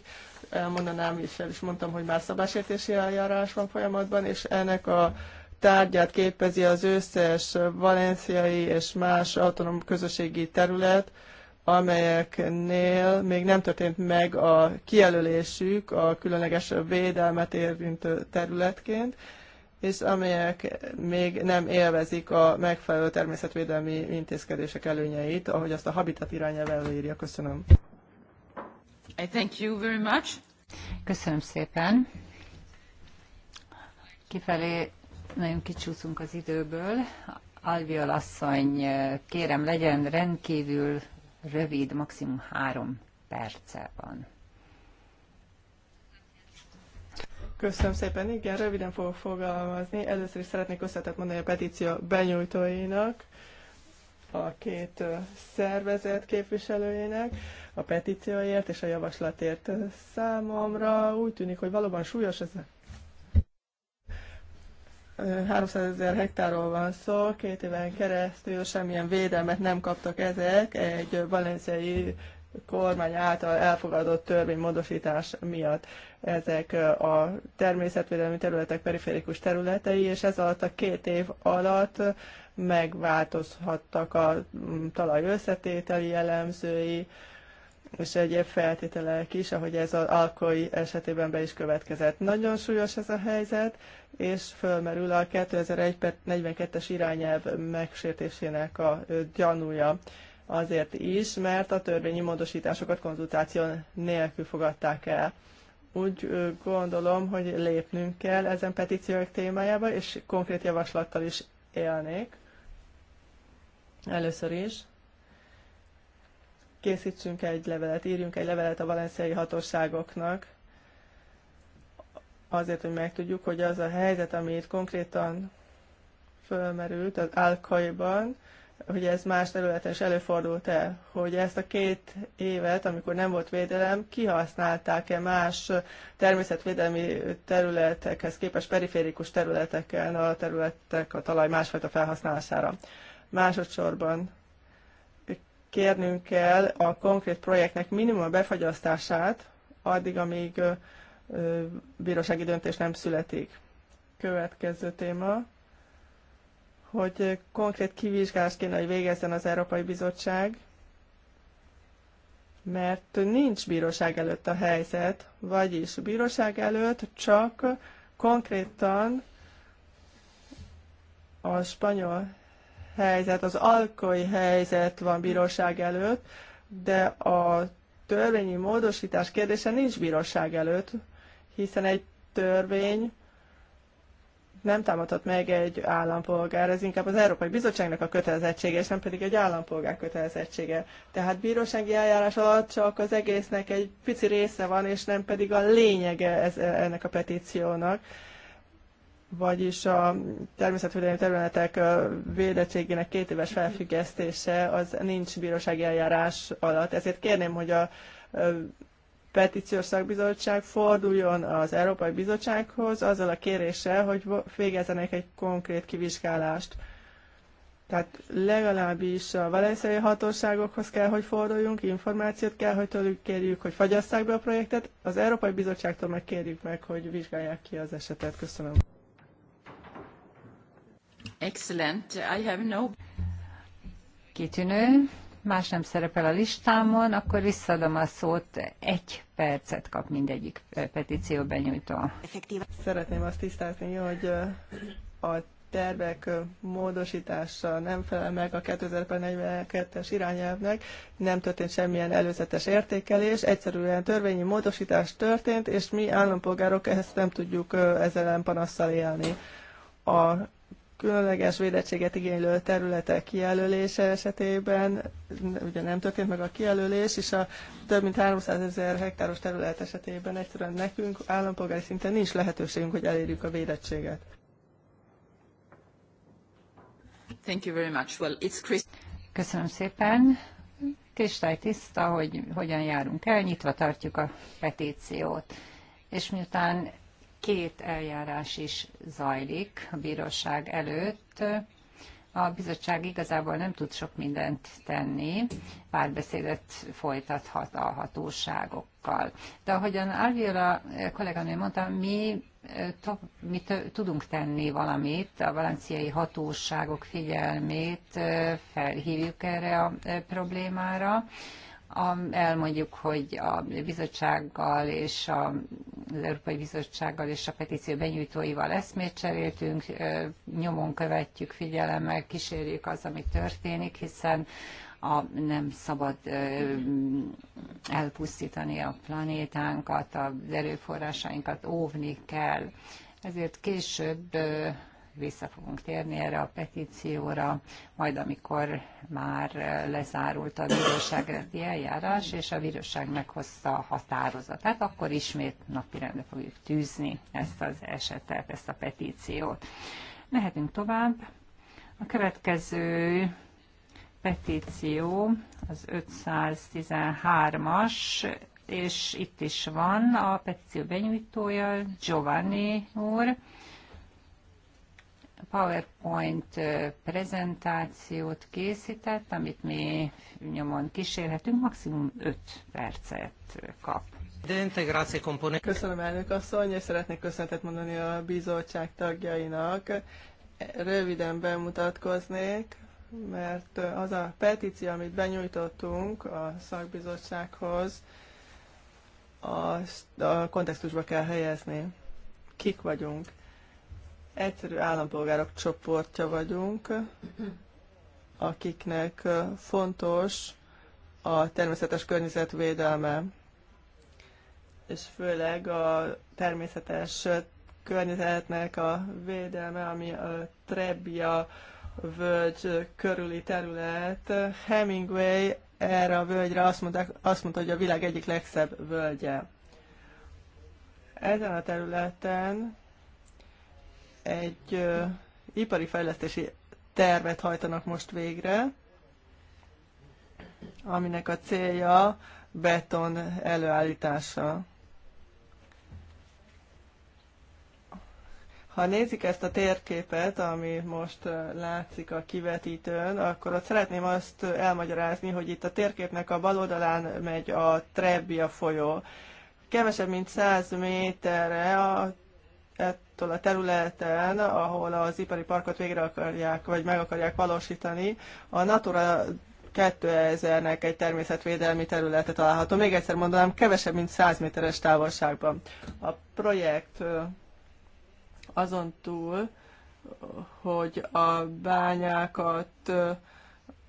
elmondanám is, el is mondtam, hogy már szabásértési eljárás van folyamatban, és ennek a tárgyát képezi az összes valenciai és más autonóm közösségi terület, amelyeknél még nem történt meg a kijelölésük a különleges védelmet érintő területként, és amelyek még nem élvezik a megfelelő természetvédelmi intézkedések előnyeit, ahogy azt a Habitat irányelv előírja. Köszönöm. I thank you very much. Köszönöm szépen. Kifelé nagyon kicsúszunk az időből. Alvia asszony, kérem legyen rendkívül rövid, maximum három perce van. Köszönöm szépen. Igen, röviden fogok fogalmazni. Először is szeretnék köszönetet mondani a petíció benyújtóinak, a két szervezet képviselőjének, a petícióért és a javaslatért számomra. Úgy tűnik, hogy valóban súlyos ez 300 ezer hektáról van szó, két éven keresztül semmilyen védelmet nem kaptak ezek egy valenciai kormány által elfogadott törvénymódosítás miatt. Ezek a természetvédelmi területek periférikus területei, és ez alatt a két év alatt megváltozhattak a mm, talaj összetételi jellemzői, és egyéb feltételek is, ahogy ez az alkoi esetében be is következett. Nagyon súlyos ez a helyzet, és fölmerül a 2001 42-es irányelv megsértésének a gyanúja azért is, mert a törvényi módosításokat konzultáció nélkül fogadták el. Úgy gondolom, hogy lépnünk kell ezen petíciók témájába, és konkrét javaslattal is élnék. Először is készítsünk egy levelet, írjunk egy levelet a valenciai hatóságoknak, azért, hogy megtudjuk, hogy az a helyzet, ami itt konkrétan fölmerült az Alkaiban, hogy ez más területen is előfordult el, hogy ezt a két évet, amikor nem volt védelem, kihasználták-e más természetvédelmi területekhez képest periférikus területeken a területek a talaj másfajta felhasználására. Másodszorban kérnünk kell a konkrét projektnek minimum befagyasztását, addig, amíg bírósági döntés nem születik. Következő téma hogy konkrét kivizsgálást kéne, hogy végezzen az Európai Bizottság, mert nincs bíróság előtt a helyzet, vagyis bíróság előtt csak konkrétan a spanyol helyzet, az alkoi helyzet van bíróság előtt, de a törvényi módosítás kérdése nincs bíróság előtt, hiszen egy törvény nem támadhat meg egy állampolgár, ez inkább az Európai Bizottságnak a kötelezettsége, és nem pedig egy állampolgár kötelezettsége. Tehát bírósági eljárás alatt csak az egésznek egy pici része van, és nem pedig a lényege ez, ennek a petíciónak vagyis a természetvédelmi területek védettségének két éves felfüggesztése az nincs bírósági eljárás alatt. Ezért kérném, hogy a petíciós szakbizottság forduljon az Európai Bizottsághoz azzal a kéréssel, hogy végezzenek egy konkrét kivizsgálást. Tehát legalábbis a valenciai hatóságokhoz kell, hogy forduljunk, információt kell, hogy tőlük kérjük, hogy fagyasszák be a projektet. Az Európai Bizottságtól meg kérjük meg, hogy vizsgálják ki az esetet. Köszönöm. Excellent. I have no... Kitűnő más nem szerepel a listámon, akkor visszadom a szót, egy percet kap mindegyik petíció benyújtó. Szeretném azt tisztázni, hogy a tervek módosítása nem felel meg a 2042-es irányelvnek, nem történt semmilyen előzetes értékelés, egyszerűen törvényi módosítás történt, és mi állampolgárok ezt nem tudjuk ezzel panasszal élni. A különleges védettséget igénylő területek kijelölése esetében ugye nem történt meg a kijelölés, és a több mint 300 ezer hektáros terület esetében egyszerűen nekünk állampolgári szinten nincs lehetőségünk, hogy elérjük a védettséget. Thank you very much. Well, it's Chris. Köszönöm szépen. Kristály tiszta, hogy hogyan járunk el, nyitva tartjuk a petíciót. És miután két eljárás is zajlik a bíróság előtt. A bizottság igazából nem tud sok mindent tenni, párbeszédet folytathat a hatóságokkal. De ahogyan a kolléganő mondta, mi, mi tudunk tenni valamit, a valenciai hatóságok figyelmét felhívjuk erre a problémára, a, elmondjuk, hogy a bizottsággal és a, az Európai Bizottsággal és a petíció benyújtóival eszmét cseréltünk, nyomon követjük figyelemmel, kísérjük az, ami történik, hiszen a, nem szabad ö, elpusztítani a planétánkat, az erőforrásainkat óvni kell. Ezért később vissza fogunk térni erre a petícióra, majd amikor már lezárult a bíróságreti eljárás, és a bíróság meghozta a határozatát, akkor ismét napirendre fogjuk tűzni ezt az esetet, ezt a petíciót. Mehetünk tovább. A következő petíció az 513-as, és itt is van a petíció benyújtója, Giovanni úr. PowerPoint prezentációt készített, amit mi nyomon kísérhetünk, maximum 5 percet kap. Köszönöm elnök asszony, és szeretnék köszönetet mondani a bizottság tagjainak. Röviden bemutatkoznék, mert az a petíció, amit benyújtottunk a szakbizottsághoz, azt a kontextusba kell helyezni. Kik vagyunk? egyszerű állampolgárok csoportja vagyunk, akiknek fontos a természetes környezetvédelme, és főleg a természetes környezetnek a védelme, ami a Trebbia völgy körüli terület. Hemingway erre a völgyre azt, mondta, azt mondta, hogy a világ egyik legszebb völgye. Ezen a területen egy ipari fejlesztési tervet hajtanak most végre, aminek a célja beton előállítása. Ha nézik ezt a térképet, ami most látszik a kivetítőn, akkor ott szeretném azt elmagyarázni, hogy itt a térképnek a bal oldalán megy a Trebbia folyó. Kevesebb, mint 100 méterre a ettől a területen, ahol az ipari parkot végre akarják, vagy meg akarják valósítani, a Natura 2000-nek egy természetvédelmi területe található. Még egyszer mondanám, kevesebb, mint 100 méteres távolságban. A projekt azon túl, hogy a bányákat,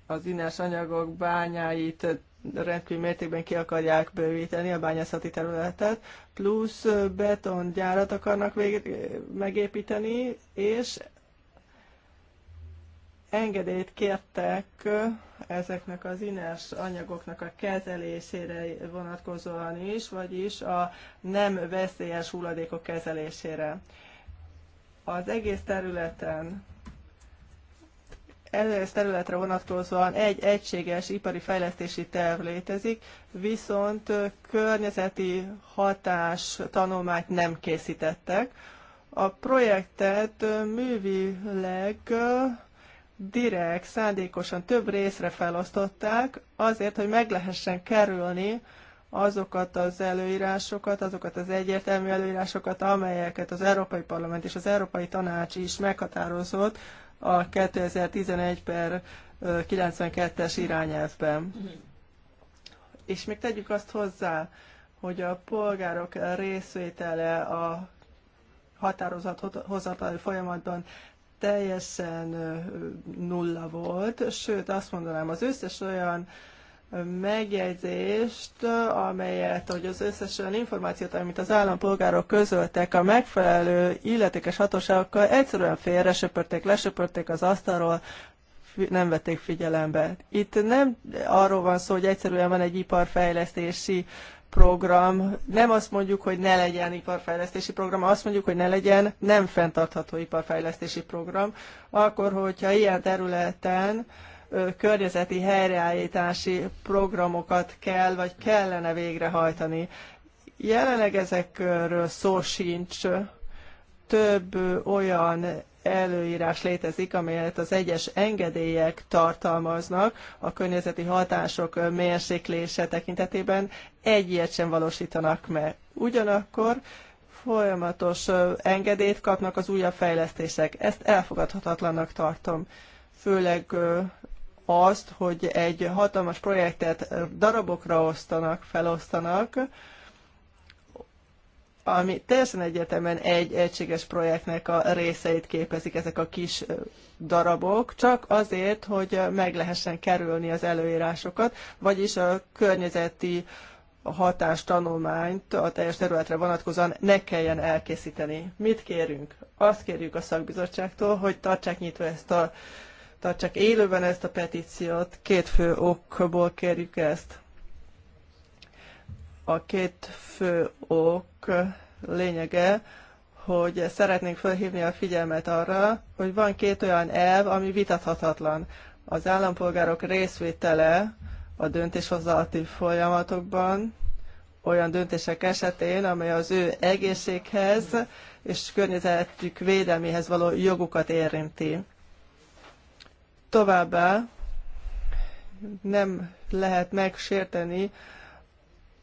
az ines anyagok bányáit rendkívül mértékben ki akarják bővíteni a bányászati területet, plusz betongyárat akarnak vég- megépíteni, és engedélyt kértek ezeknek az iners anyagoknak a kezelésére vonatkozóan is, vagyis a nem veszélyes hulladékok kezelésére. Az egész területen ez területre vonatkozóan egy egységes ipari fejlesztési terv létezik, viszont környezeti hatás tanulmányt nem készítettek. A projektet művileg direkt, szándékosan több részre felosztották, azért, hogy meg lehessen kerülni azokat az előírásokat, azokat az egyértelmű előírásokat, amelyeket az Európai Parlament és az Európai Tanács is meghatározott a 2011 per 92-es irányelvben. És még tegyük azt hozzá, hogy a polgárok részvétele a határozat hozatali folyamatban teljesen nulla volt, sőt azt mondanám, az összes olyan megjegyzést, amelyet, hogy az összes olyan információt, amit az állampolgárok közöltek a megfelelő illetékes hatóságokkal, egyszerűen félre söpörték, lesöpörték az asztalról, nem vették figyelembe. Itt nem arról van szó, hogy egyszerűen van egy iparfejlesztési program. Nem azt mondjuk, hogy ne legyen iparfejlesztési program, azt mondjuk, hogy ne legyen nem fenntartható iparfejlesztési program. Akkor, hogyha ilyen területen környezeti helyreállítási programokat kell, vagy kellene végrehajtani. Jelenleg ezekről szó sincs. Több olyan előírás létezik, amelyet az egyes engedélyek tartalmaznak a környezeti hatások mérséklése tekintetében, egy ilyet sem valósítanak meg. Ugyanakkor folyamatos engedélyt kapnak az újabb fejlesztések. Ezt elfogadhatatlannak tartom, főleg azt, hogy egy hatalmas projektet darabokra osztanak, felosztanak, ami teljesen egyértelműen egy egységes projektnek a részeit képezik ezek a kis darabok, csak azért, hogy meg lehessen kerülni az előírásokat, vagyis a környezeti hatástanulmányt a teljes területre vonatkozóan ne kelljen elkészíteni. Mit kérünk? Azt kérjük a szakbizottságtól, hogy tartsák nyitva ezt a tartsák élőben ezt a petíciót. Két fő okból kérjük ezt. A két fő ok lényege, hogy szeretnénk felhívni a figyelmet arra, hogy van két olyan elv, ami vitathatatlan. Az állampolgárok részvétele a döntéshozati folyamatokban, olyan döntések esetén, amely az ő egészséghez és környezetük védelméhez való jogukat érinti. Továbbá nem lehet megsérteni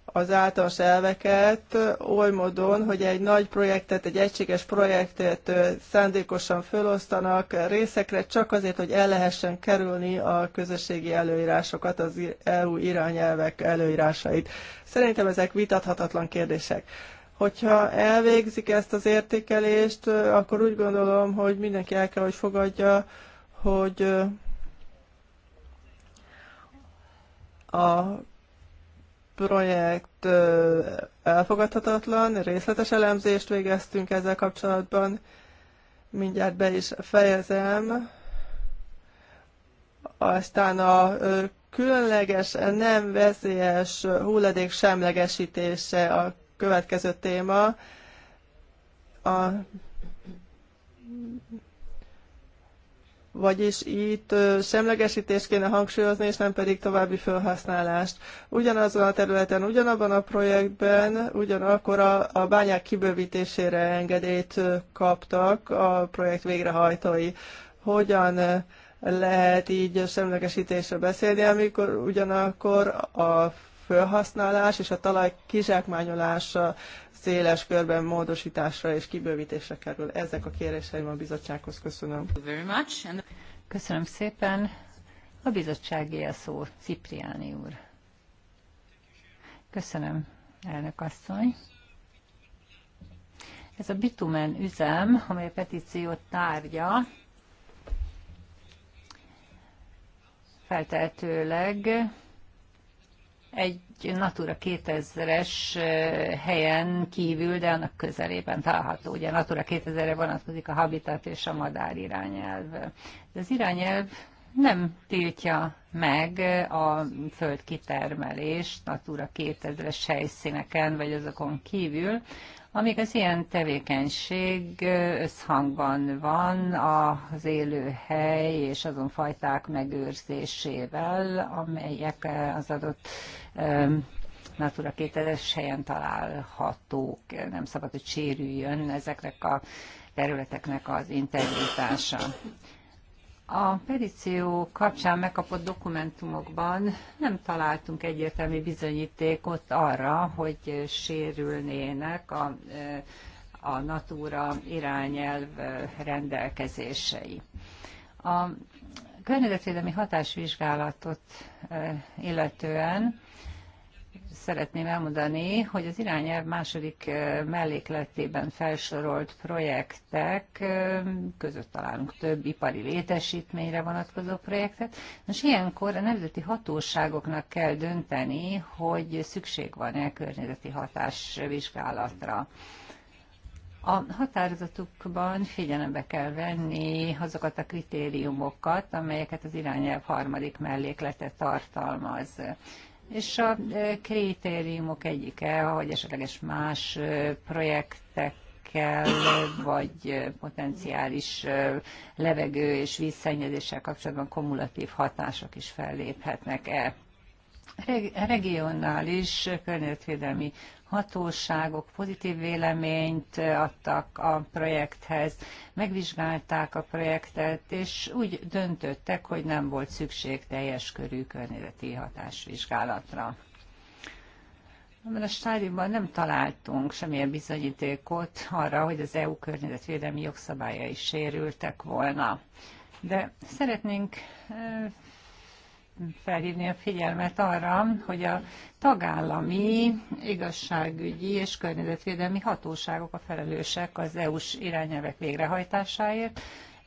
az általános elveket oly módon, hogy egy nagy projektet, egy egységes projektet szándékosan fölosztanak részekre, csak azért, hogy el lehessen kerülni a közösségi előírásokat, az EU irányelvek előírásait. Szerintem ezek vitathatatlan kérdések. Hogyha elvégzik ezt az értékelést, akkor úgy gondolom, hogy mindenki el kell, hogy fogadja, hogy a projekt elfogadhatatlan, részletes elemzést végeztünk ezzel kapcsolatban. Mindjárt be is fejezem. Aztán a különleges, nem veszélyes hulladék semlegesítése a következő téma. A vagyis itt semlegesítést kéne hangsúlyozni, és nem pedig további felhasználást. Ugyanazon a területen, ugyanabban a projektben, ugyanakkor a, a bányák kibővítésére engedélyt kaptak a projekt végrehajtói. Hogyan lehet így semlegesítésre beszélni, amikor ugyanakkor a felhasználás és a talaj kizsákmányolása széles körben módosításra és kibővítésre kerül. Ezek a kéréseim a bizottsághoz. Köszönöm. Köszönöm szépen. A bizottságé a szó, Cipriáni úr. Köszönöm, elnök asszony. Ez a bitumen üzem, amely a petíciót tárgya, feltehetőleg egy Natura 2000-es helyen kívül, de annak közelében található. Ugye Natura 2000-re vonatkozik a habitat és a madár irányelv. De az irányelv nem tiltja meg a föld kitermelést Natura 2000-es helyszíneken, vagy azokon kívül, amíg az ilyen tevékenység összhangban van az élőhely és azon fajták megőrzésével, amelyek az adott Natura 2000-es helyen találhatók. Nem szabad, hogy sérüljön ezeknek a területeknek az integritása. A petíció kapcsán megkapott dokumentumokban nem találtunk egyértelmű bizonyítékot arra, hogy sérülnének a, a Natura irányelv rendelkezései. A környezetvédelmi hatásvizsgálatot eh, illetően szeretném elmondani, hogy az irányelv második mellékletében felsorolt projektek között találunk több ipari létesítményre vonatkozó projektet. Most ilyenkor a nemzeti hatóságoknak kell dönteni, hogy szükség van-e környezeti hatásvizsgálatra. A határozatukban figyelembe kell venni azokat a kritériumokat, amelyeket az irányelv harmadik melléklete tartalmaz és a e, kritériumok egyike, hogy esetleges más e, projektek kell, vagy e, potenciális levegő és vízszennyezéssel kapcsolatban kumulatív hatások is felléphetnek-e regionális környezetvédelmi hatóságok pozitív véleményt adtak a projekthez, megvizsgálták a projektet, és úgy döntöttek, hogy nem volt szükség teljes körű környezeti hatásvizsgálatra. a stádiumban nem találtunk semmilyen bizonyítékot arra, hogy az EU környezetvédelmi jogszabályai sérültek volna. De szeretnénk eh, felhívni a figyelmet arra, hogy a tagállami igazságügyi és környezetvédelmi hatóságok a felelősek az EU-s irányelvek végrehajtásáért,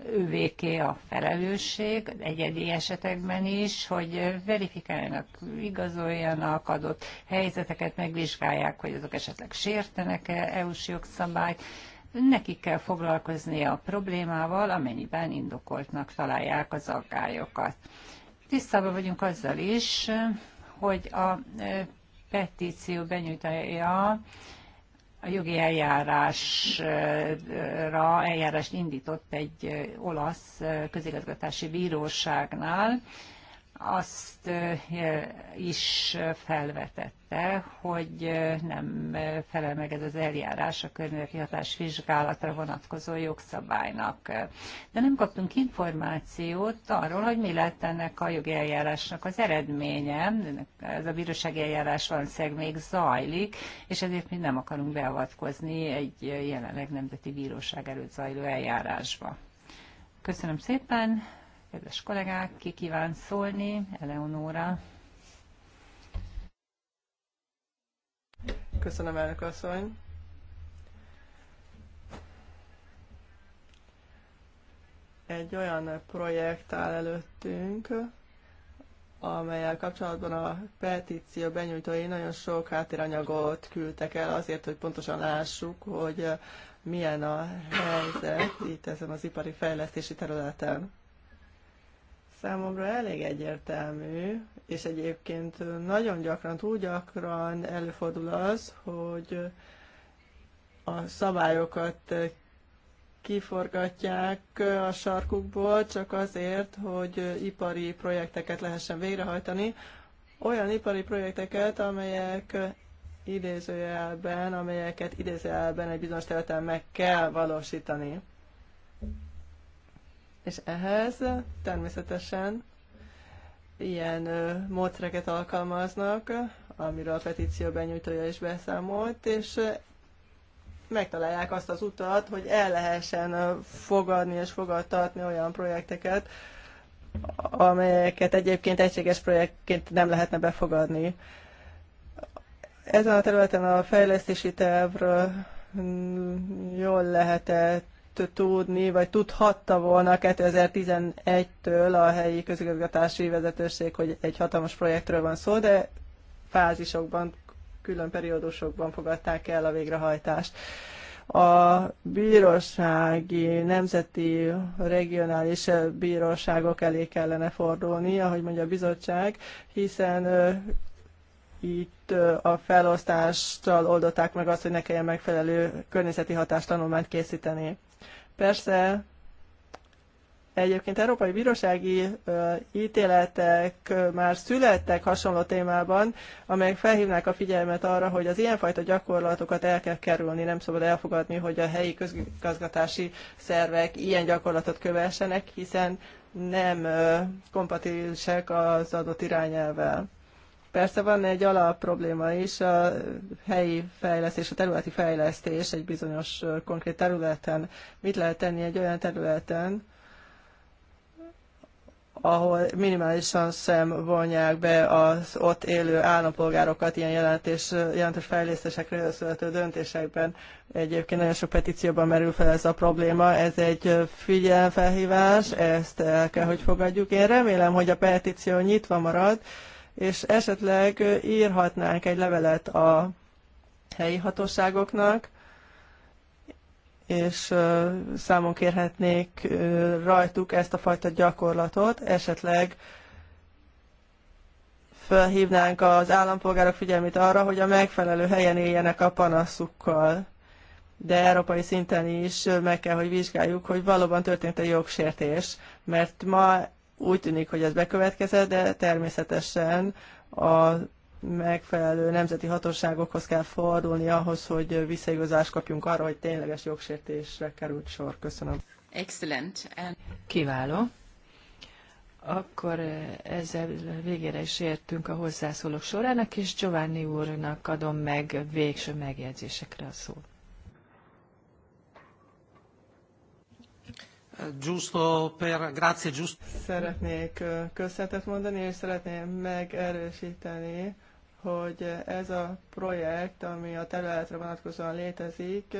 ővéké a felelősség, az egyedi esetekben is, hogy verifikáljanak, igazoljanak adott helyzeteket, megvizsgálják, hogy azok esetleg sértenek-e EU-s jogszabályt. Nekik kell foglalkozni a problémával, amennyiben indokoltnak találják az aggályokat. Tisztában vagyunk azzal is, hogy a e, petíció benyújtója a jogi eljárásra, eljárást indított egy e, olasz e, közigazgatási bíróságnál, azt is felvetette, hogy nem felel meg ez az eljárás a környezeti hatás vizsgálatra vonatkozó jogszabálynak. De nem kaptunk információt arról, hogy mi lett ennek a jogi eljárásnak az eredménye. Ez a bírósági eljárás valószínűleg még zajlik, és ezért mi nem akarunk beavatkozni egy jelenleg nemzeti bíróság előtt zajló eljárásba. Köszönöm szépen! Kedves kollégák, ki kíván szólni? Eleonóra. Köszönöm, elnök asszony. Egy olyan projekt áll előttünk, amelyel kapcsolatban a petíció benyújtói nagyon sok háttéranyagot küldtek el azért, hogy pontosan lássuk, hogy milyen a helyzet itt ezen az ipari fejlesztési területen. Számomra elég egyértelmű, és egyébként nagyon gyakran, túl gyakran előfordul az, hogy a szabályokat kiforgatják a sarkukból csak azért, hogy ipari projekteket lehessen végrehajtani, olyan ipari projekteket, amelyek idézőjelben, amelyeket idézőjelben egy bizonyos területen meg kell valósítani. És ehhez természetesen ilyen módszereket alkalmaznak, amiről a petíció benyújtója is beszámolt, és megtalálják azt az utat, hogy el lehessen fogadni és fogadtatni olyan projekteket, amelyeket egyébként egységes projektként nem lehetne befogadni. Ezen a területen a fejlesztési tervről mm, jól lehetett tudni, vagy tudhatta volna 2011-től a helyi közigazgatási vezetőség, hogy egy hatalmas projektről van szó, de fázisokban, külön periódusokban fogadták el a végrehajtást. A bírósági, nemzeti, regionális bíróságok elé kellene fordulni, ahogy mondja a bizottság, hiszen itt a felosztással oldották meg azt, hogy ne kelljen megfelelő környezeti hatástanulmányt készíteni. Persze egyébként Európai Bírósági ítéletek már születtek hasonló témában, amelyek felhívnák a figyelmet arra, hogy az ilyenfajta gyakorlatokat el kell kerülni, nem szabad elfogadni, hogy a helyi közgazgatási szervek ilyen gyakorlatot kövessenek, hiszen nem kompatibilisek az adott irányelvel. Persze van egy alap probléma is, a helyi fejlesztés, a területi fejlesztés egy bizonyos konkrét területen. Mit lehet tenni egy olyan területen, ahol minimálisan szem vonják be az ott élő állampolgárokat ilyen jelentés, jelentős fejlesztésekre születő döntésekben. Egyébként nagyon sok petícióban merül fel ez a probléma. Ez egy figyelemfelhívás, ezt el kell, hogy fogadjuk. Én remélem, hogy a petíció nyitva marad, és esetleg írhatnánk egy levelet a helyi hatóságoknak, és számon kérhetnék rajtuk ezt a fajta gyakorlatot, esetleg felhívnánk az állampolgárok figyelmét arra, hogy a megfelelő helyen éljenek a panaszukkal. De európai szinten is meg kell, hogy vizsgáljuk, hogy valóban történt-e jogsértés, mert ma úgy tűnik, hogy ez bekövetkezett, de természetesen a megfelelő nemzeti hatóságokhoz kell fordulni ahhoz, hogy visszaigazást kapjunk arra, hogy tényleges jogsértésre került sor. Köszönöm. Excellent. Kiváló. Akkor eh, ezzel végére is értünk a hozzászólók sorának, és Giovanni úrnak adom meg végső megjegyzésekre a szót. giusto per, grazie, giusto. Szeretnék köszönetet mondani, és szeretném megerősíteni, hogy ez a projekt, ami a területre vonatkozóan létezik,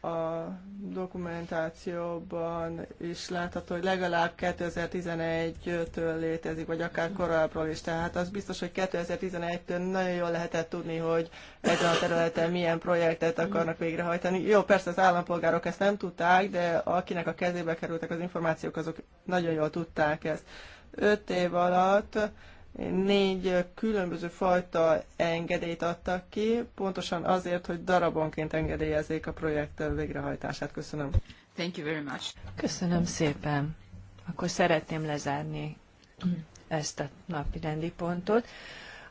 a dokumentációban is látható, hogy legalább 2011-től létezik, vagy akár korábbról is. Tehát az biztos, hogy 2011-től nagyon jól lehetett tudni, hogy ezen a területen milyen projektet akarnak végrehajtani. Jó, persze az állampolgárok ezt nem tudták, de akinek a kezébe kerültek az információk, azok nagyon jól tudták ezt. Öt év alatt négy különböző fajta engedélyt adtak ki, pontosan azért, hogy darabonként engedélyezzék a projekt végrehajtását. Köszönöm. Thank you very much. Köszönöm szépen. Akkor szeretném lezárni ezt a napi rendi pontot.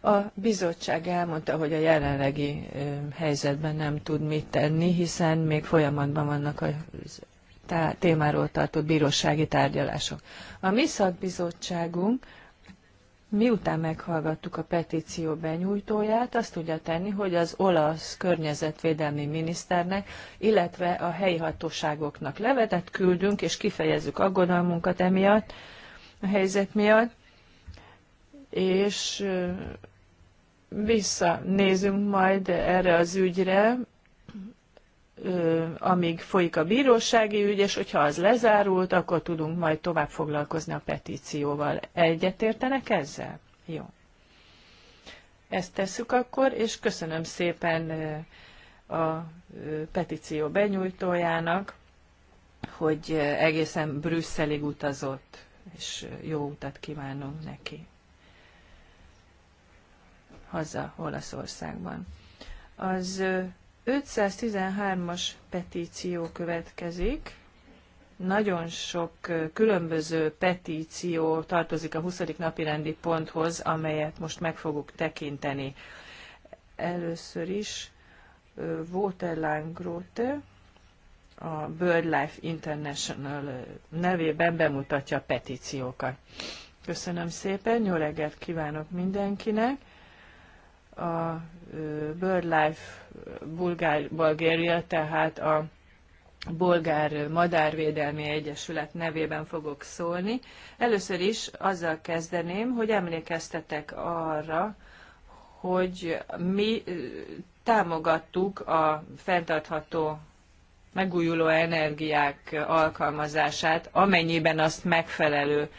A bizottság elmondta, hogy a jelenlegi helyzetben nem tud mit tenni, hiszen még folyamatban vannak a témáról tartott bírósági tárgyalások. A mi szakbizottságunk Miután meghallgattuk a petíció benyújtóját, azt tudja tenni, hogy az olasz környezetvédelmi miniszternek, illetve a helyi hatóságoknak levetet küldünk, és kifejezzük aggodalmunkat emiatt, a helyzet miatt, és visszanézünk majd erre az ügyre, amíg folyik a bírósági ügy, és hogyha az lezárult, akkor tudunk majd tovább foglalkozni a petícióval. Egyetértenek ezzel? Jó. Ezt tesszük akkor, és köszönöm szépen a petíció benyújtójának, hogy egészen Brüsszelig utazott, és jó utat kívánunk neki haza Olaszországban. Az 513-as petíció következik. Nagyon sok különböző petíció tartozik a 20. napi rendi ponthoz, amelyet most meg fogok tekinteni. Először is Grote a BirdLife International nevében bemutatja a petíciókat. Köszönöm szépen, jó reggelt kívánok mindenkinek! a BirdLife Bulgár, Bulgária, tehát a Bolgár Madárvédelmi Egyesület nevében fogok szólni. Először is azzal kezdeném, hogy emlékeztetek arra, hogy mi támogattuk a fenntartható megújuló energiák alkalmazását, amennyiben azt megfelelő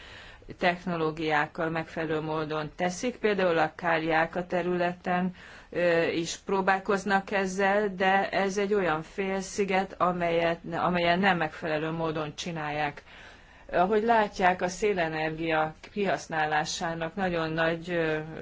technológiákkal megfelelő módon teszik. Például a kárják területen is próbálkoznak ezzel, de ez egy olyan félsziget, amelyet, amelyen nem megfelelő módon csinálják ahogy látják, a szélenergia kihasználásának nagyon nagy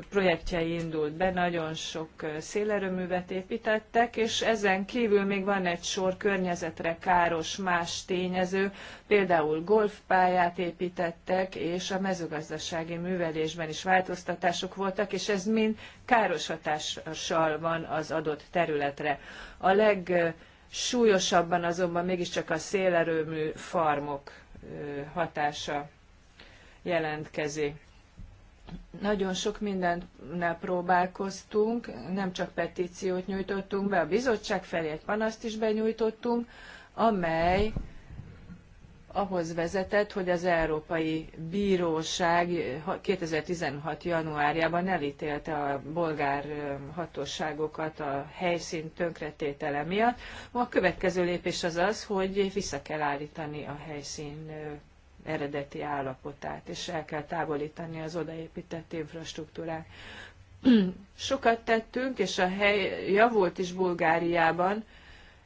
projektje indult be, nagyon sok szélerőművet építettek, és ezen kívül még van egy sor környezetre káros más tényező, például golfpályát építettek, és a mezőgazdasági művelésben is változtatások voltak, és ez mind káros hatással van az adott területre. A leg Súlyosabban azonban mégiscsak a szélerőmű farmok hatása jelentkezik. Nagyon sok mindent próbálkoztunk, nem csak petíciót nyújtottunk be, a bizottság felé egy panaszt is benyújtottunk, amely ahhoz vezetett, hogy az Európai Bíróság 2016. januárjában elítélte a bolgár hatóságokat a helyszín tönkretétele miatt. A következő lépés az az, hogy vissza kell állítani a helyszín eredeti állapotát, és el kell távolítani az odaépített infrastruktúrát. Sokat tettünk, és a hely javult is Bulgáriában,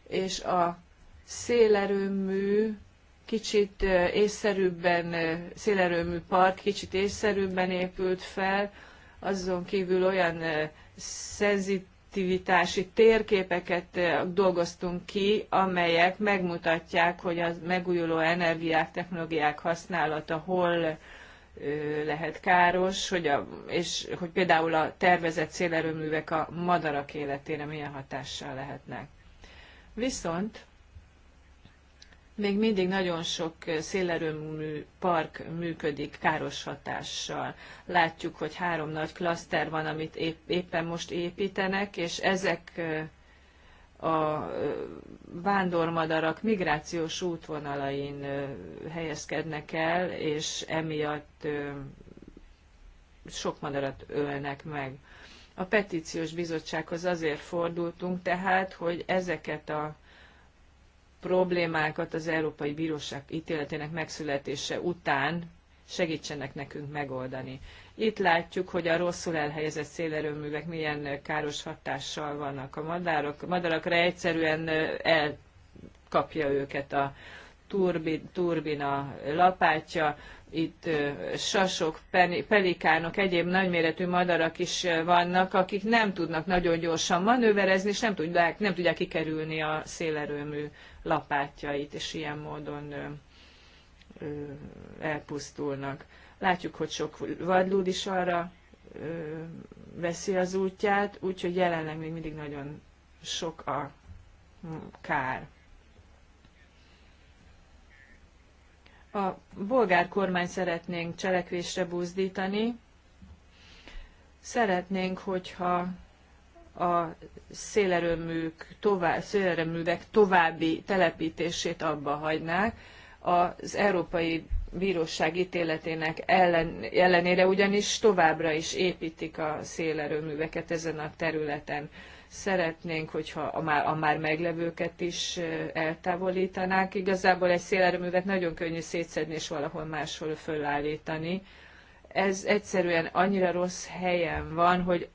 és a szélerőmű kicsit észszerűbben, szélerőmű park kicsit észszerűbben épült fel, azon kívül olyan szenzitivitási térképeket dolgoztunk ki, amelyek megmutatják, hogy az megújuló energiák, technológiák használata hol lehet káros, hogy a, és hogy például a tervezett szélerőművek a madarak életére milyen hatással lehetnek. Viszont még mindig nagyon sok szélerőmű park működik káros hatással. Látjuk, hogy három nagy klaszter van, amit épp, éppen most építenek, és ezek a vándormadarak migrációs útvonalain helyezkednek el, és emiatt sok madarat ölnek meg. A petíciós bizottsághoz azért fordultunk tehát, hogy ezeket a problémákat az Európai Bíróság ítéletének megszületése után segítsenek nekünk megoldani. Itt látjuk, hogy a rosszul elhelyezett szélerőművek milyen káros hatással vannak a madarak, madarakra egyszerűen elkapja őket a, turbin, turbina lapátja, itt sasok, pelikánok, egyéb nagyméretű madarak is vannak, akik nem tudnak nagyon gyorsan manőverezni, és nem tudják, nem tudják kikerülni a szélerőmű lapátjait, és ilyen módon elpusztulnak. Látjuk, hogy sok vadlúd is arra veszi az útját, úgyhogy jelenleg még mindig nagyon sok a kár. A bolgár kormány szeretnénk cselekvésre buzdítani. Szeretnénk, hogyha a szélerőműk tovább, szélerőművek további telepítését abba hagynák. Az Európai Bíróság ítéletének ellen, ellenére ugyanis továbbra is építik a szélerőműveket ezen a területen szeretnénk, hogyha a már, a már meglevőket is eltávolítanák. Igazából egy szélerőművet nagyon könnyű szétszedni és valahol máshol fölállítani. Ez egyszerűen annyira rossz helyen van, hogy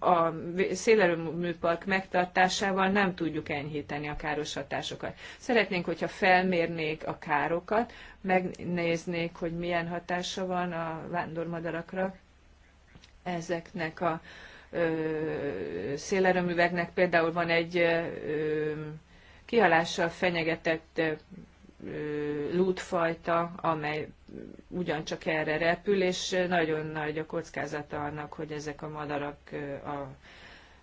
a szélerőműpark megtartásával nem tudjuk enyhíteni a káros hatásokat. Szeretnénk, hogyha felmérnék a károkat, megnéznék, hogy milyen hatása van a vándormadarakra ezeknek a szélerőműveknek például van egy kihalással fenyegetett lútfajta, amely ugyancsak erre repül, és nagyon nagy a kockázata annak, hogy ezek a madarak a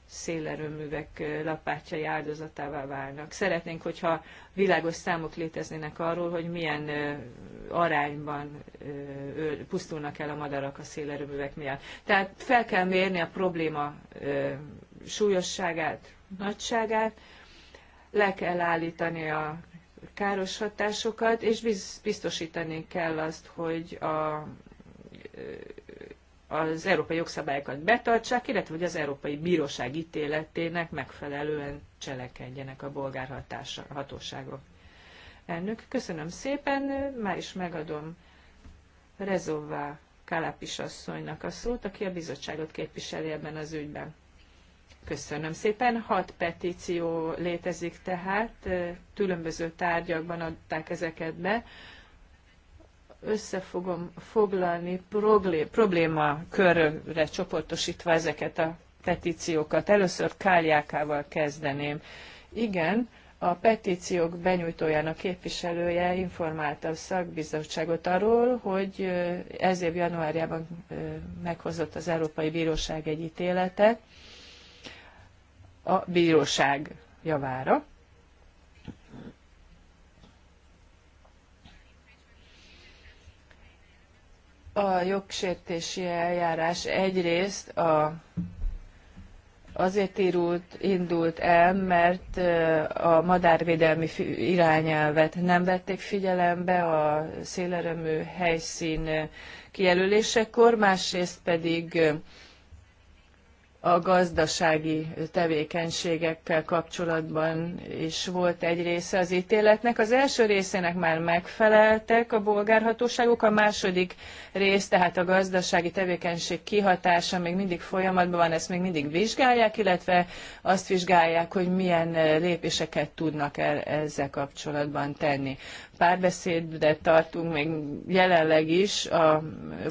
szélerőművek lapátjai áldozatává válnak. Szeretnénk, hogyha világos számok léteznének arról, hogy milyen arányban pusztulnak el a madarak a szélerőművek miatt. Tehát fel kell mérni a probléma súlyosságát, nagyságát, le kell állítani a káros hatásokat, és biztosítani kell azt, hogy a az európai jogszabályokat betartsák, illetve hogy az Európai Bíróság ítéletének megfelelően cselekedjenek a bolgár hatóságok. Elnök, köszönöm szépen, már is megadom Rezová Kalapis asszonynak a szót, aki a bizottságot képviseli ebben az ügyben. Köszönöm szépen. Hat petíció létezik tehát, különböző tárgyakban adták ezeket be össze fogom foglalni körre csoportosítva ezeket a petíciókat. Először Káliákával kezdeném. Igen, a petíciók benyújtójának képviselője informálta a szakbizottságot arról, hogy ez év januárjában meghozott az Európai Bíróság egy ítéletet a bíróság javára A jogsértési eljárás egyrészt a, azért írult, indult el, mert a madárvédelmi irányelvet nem vették figyelembe a szélerőmű helyszín kijelölésekor, másrészt pedig a gazdasági tevékenységekkel kapcsolatban is volt egy része az ítéletnek. Az első részének már megfeleltek a bolgárhatóságok, a második rész, tehát a gazdasági tevékenység kihatása még mindig folyamatban van, ezt még mindig vizsgálják, illetve azt vizsgálják, hogy milyen lépéseket tudnak el ezzel kapcsolatban tenni párbeszédet tartunk még jelenleg is a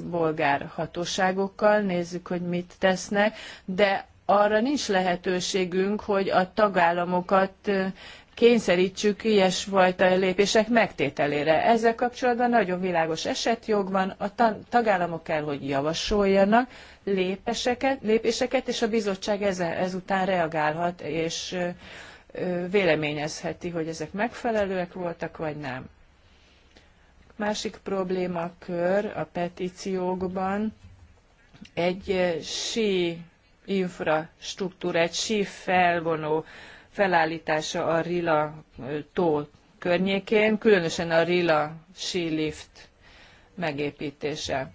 bolgár hatóságokkal, nézzük, hogy mit tesznek, de arra nincs lehetőségünk, hogy a tagállamokat kényszerítsük ilyesfajta lépések megtételére. Ezzel kapcsolatban nagyon világos esetjog van, a tagállamok kell, hogy javasoljanak lépéseket, lépéseket és a bizottság ezután reagálhat, és véleményezheti, hogy ezek megfelelőek voltak, vagy nem. Másik problémakör a petíciókban egy sí infrastruktúra, egy sí felvonó felállítása a Rila tó környékén, különösen a Rila lift megépítése.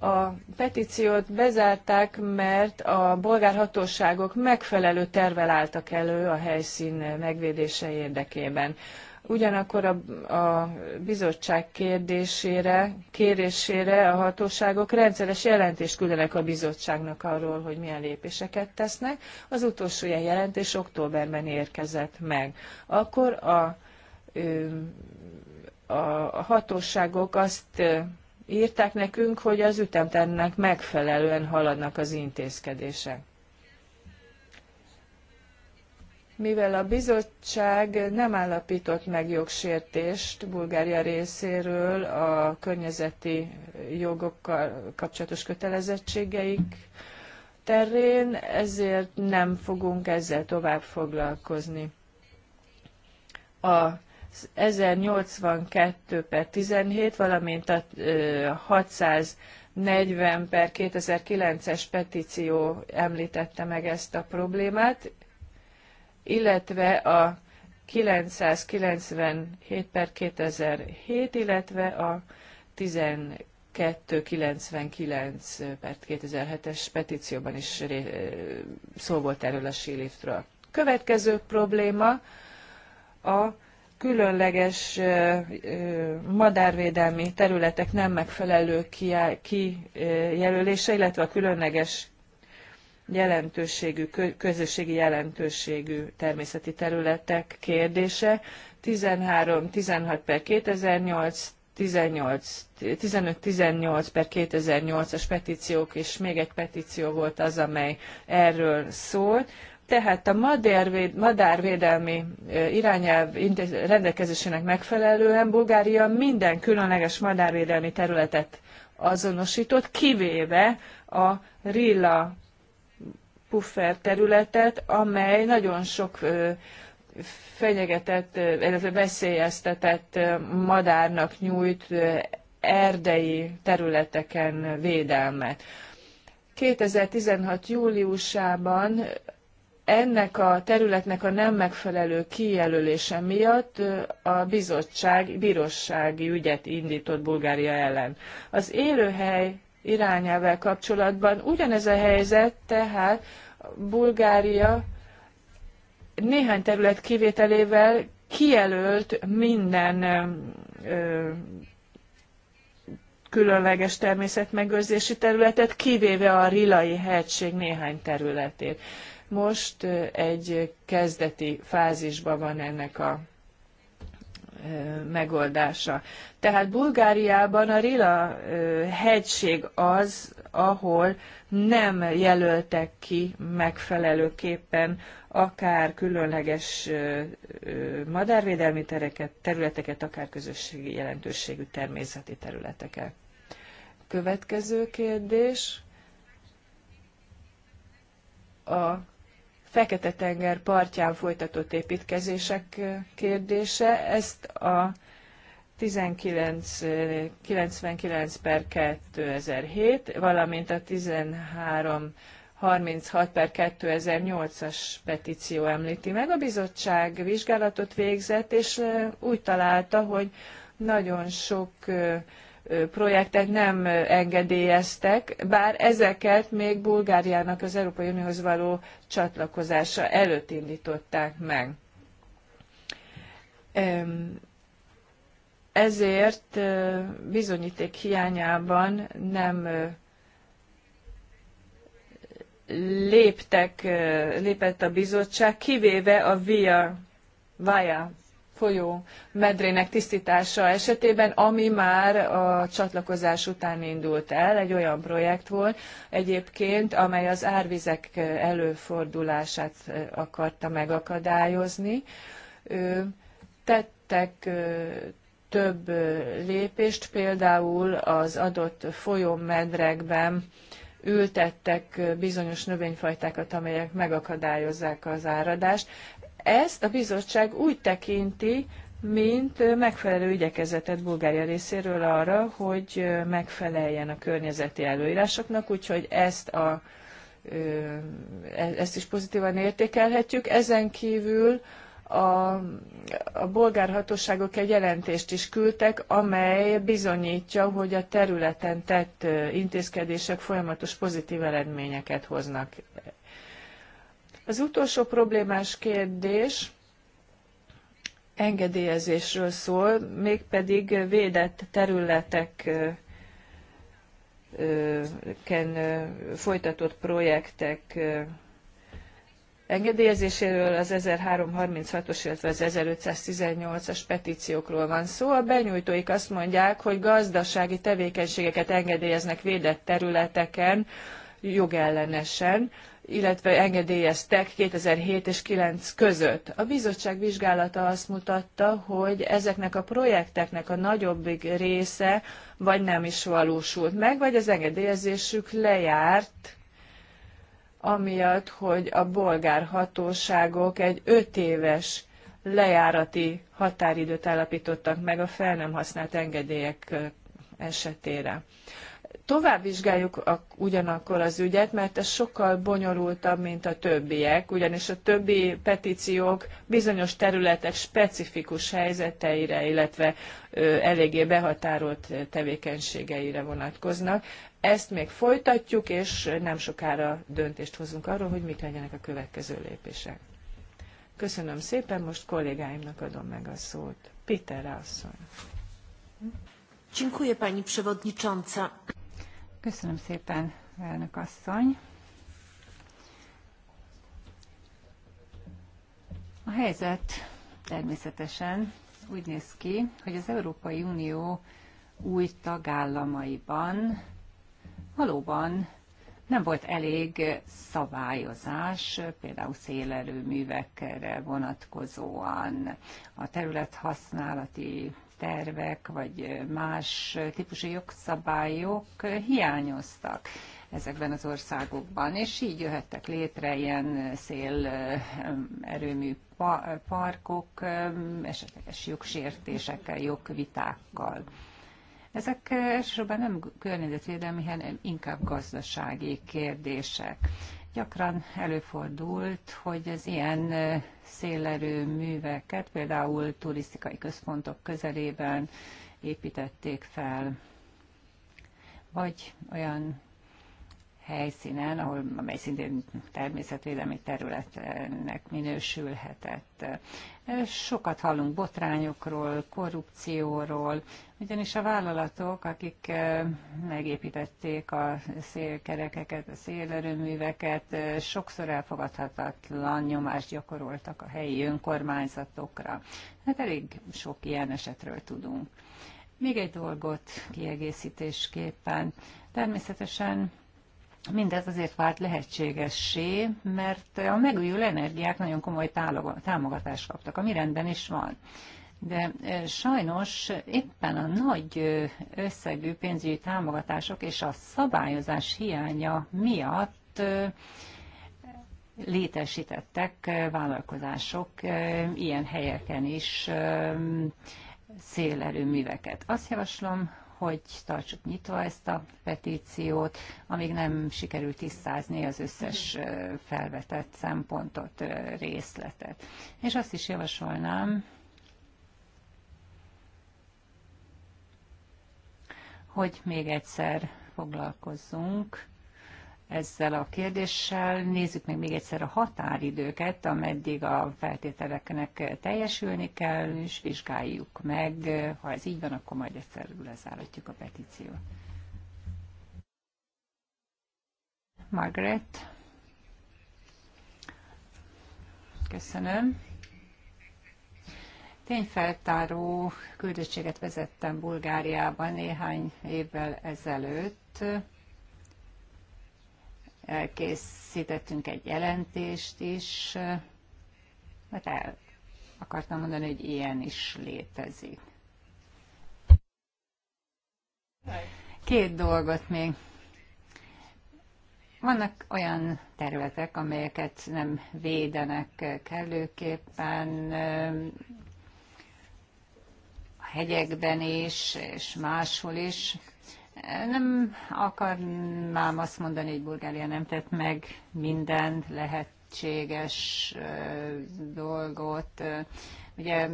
A petíciót bezárták, mert a bolgár hatóságok megfelelő tervel álltak elő a helyszín megvédése érdekében. Ugyanakkor a, a bizottság kérdésére, kérésére a hatóságok rendszeres jelentést küldenek a bizottságnak arról, hogy milyen lépéseket tesznek. Az utolsó ilyen jelentés októberben érkezett meg. Akkor a, a hatóságok azt írták nekünk, hogy az ütemtennek megfelelően haladnak az intézkedések. mivel a bizottság nem állapított meg jogsértést Bulgária részéről a környezeti jogokkal kapcsolatos kötelezettségeik terén, ezért nem fogunk ezzel tovább foglalkozni. A 1082 per 17, valamint a 640 per 2009-es petíció említette meg ezt a problémát, illetve a 997 per 2007, illetve a 1299 per 2007-es petícióban is szó volt erről a síliftről. Következő probléma a különleges madárvédelmi területek nem megfelelő kijelölése, illetve a különleges jelentőségű, közösségi jelentőségű természeti területek kérdése. 13-16 per 2008, 15-18 per 2008-as petíciók, és még egy petíció volt az, amely erről szólt. Tehát a madárvéd, madárvédelmi irányelv rendelkezésének megfelelően Bulgária minden különleges madárvédelmi területet azonosított, kivéve a Rilla puffer területet, amely nagyon sok fenyegetett, illetve veszélyeztetett madárnak nyújt erdei területeken védelmet. 2016. júliusában ennek a területnek a nem megfelelő kijelölése miatt a bizottság bírósági ügyet indított Bulgária ellen. Az élőhely irányával kapcsolatban. Ugyanez a helyzet, tehát Bulgária néhány terület kivételével kijelölt minden ö, különleges természetmegőrzési területet, kivéve a Rilai hegység néhány területét. Most egy kezdeti fázisban van ennek a megoldása. Tehát Bulgáriában a Rila hegység az, ahol nem jelöltek ki megfelelőképpen akár különleges madárvédelmi tereket, területeket, akár közösségi jelentőségű természeti területeket. Következő kérdés. A Fekete-tenger partján folytatott építkezések kérdése. Ezt a 1999 per 2007, valamint a 1336 per 2008-as petíció említi meg. A bizottság vizsgálatot végzett, és úgy találta, hogy nagyon sok projektet nem engedélyeztek, bár ezeket még Bulgáriának az Európai Unióhoz való csatlakozása előtt indították meg. Ezért bizonyíték hiányában nem léptek, lépett a bizottság, kivéve a VIA, VIA folyó medrének tisztítása esetében, ami már a csatlakozás után indult el, egy olyan projekt volt egyébként, amely az árvizek előfordulását akarta megakadályozni. Tettek több lépést, például az adott folyómedrekben ültettek bizonyos növényfajtákat, amelyek megakadályozzák az áradást. Ezt a bizottság úgy tekinti, mint megfelelő igyekezetet Bulgária részéről arra, hogy megfeleljen a környezeti előírásoknak, úgyhogy ezt a e, ezt is pozitívan értékelhetjük. Ezen kívül a, a bolgár hatóságok egy jelentést is küldtek, amely bizonyítja, hogy a területen tett intézkedések folyamatos pozitív eredményeket hoznak az utolsó problémás kérdés engedélyezésről szól, mégpedig védett területek ken folytatott projektek engedélyezéséről az 1336-os, illetve az 1518-as petíciókról van szó. A benyújtóik azt mondják, hogy gazdasági tevékenységeket engedélyeznek védett területeken jogellenesen, illetve engedélyeztek 2007 és 2009 között. A bizottság vizsgálata azt mutatta, hogy ezeknek a projekteknek a nagyobbik része vagy nem is valósult meg, vagy az engedélyezésük lejárt, amiatt, hogy a bolgár hatóságok egy öt éves lejárati határidőt állapítottak meg a fel nem használt engedélyek esetére tovább vizsgáljuk a, ugyanakkor az ügyet, mert ez sokkal bonyolultabb, mint a többiek, ugyanis a többi petíciók bizonyos területek specifikus helyzeteire, illetve ö, eléggé behatárolt tevékenységeire vonatkoznak. Ezt még folytatjuk, és nem sokára döntést hozunk arról, hogy mit legyenek a következő lépések. Köszönöm szépen, most kollégáimnak adom meg a szót. Peter asszony. Dziękuję pani przewodnicząca. Köszönöm szépen, elnök asszony. A helyzet természetesen úgy néz ki, hogy az Európai Unió új tagállamaiban valóban nem volt elég szabályozás, például szélerőművekre vonatkozóan, a terület használati tervek, vagy más típusú jogszabályok hiányoztak ezekben az országokban, és így jöhettek létre ilyen szélerőmű parkok, esetleges jogsértésekkel, jogvitákkal. Ezek elsősorban nem környezetvédelmi, hanem inkább gazdasági kérdések. Gyakran előfordult, hogy az ilyen szélerőműveket, például turisztikai központok közelében építették fel, vagy olyan helyszínen, ahol, amely szintén természetvédelmi területnek minősülhetett. Sokat hallunk botrányokról, korrupcióról, ugyanis a vállalatok, akik megépítették a szélkerekeket, a szélerőműveket, sokszor elfogadhatatlan nyomást gyakoroltak a helyi önkormányzatokra. Hát elég sok ilyen esetről tudunk. Még egy dolgot kiegészítésképpen. Természetesen Mindez azért vált lehetségessé, mert a megújuló energiák nagyon komoly támogatást kaptak, ami rendben is van. De e, sajnos éppen a nagy összegű pénzügyi támogatások és a szabályozás hiánya miatt létesítettek vállalkozások ilyen helyeken is szélerőműveket. Azt javaslom, hogy tartsuk nyitva ezt a petíciót, amíg nem sikerül tisztázni az összes felvetett szempontot, részletet. És azt is javasolnám, hogy még egyszer foglalkozzunk ezzel a kérdéssel. Nézzük meg még egyszer a határidőket, ameddig a feltételeknek teljesülni kell, és vizsgáljuk meg. Ha ez így van, akkor majd egyszer lezáratjuk a petíciót. Margaret. Köszönöm. Tényfeltáró küldöttséget vezettem Bulgáriában néhány évvel ezelőtt készítettünk egy jelentést is, mert el akartam mondani, hogy ilyen is létezik. Két dolgot még. Vannak olyan területek, amelyeket nem védenek kellőképpen, a hegyekben is, és máshol is. Nem akarnám azt mondani, hogy Bulgária nem tett meg minden lehetséges dolgot. Ugye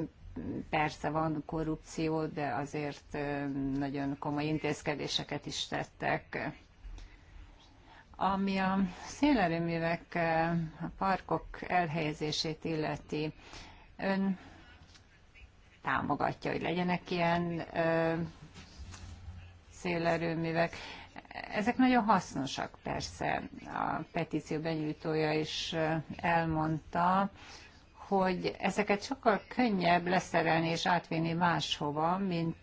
persze van korrupció, de azért nagyon komoly intézkedéseket is tettek. Ami a szélerőművek, a parkok elhelyezését illeti, ön támogatja, hogy legyenek ilyen szélerőművek. Ezek nagyon hasznosak persze. A petíció benyújtója is elmondta, hogy ezeket sokkal könnyebb leszerelni és átvinni máshova, mint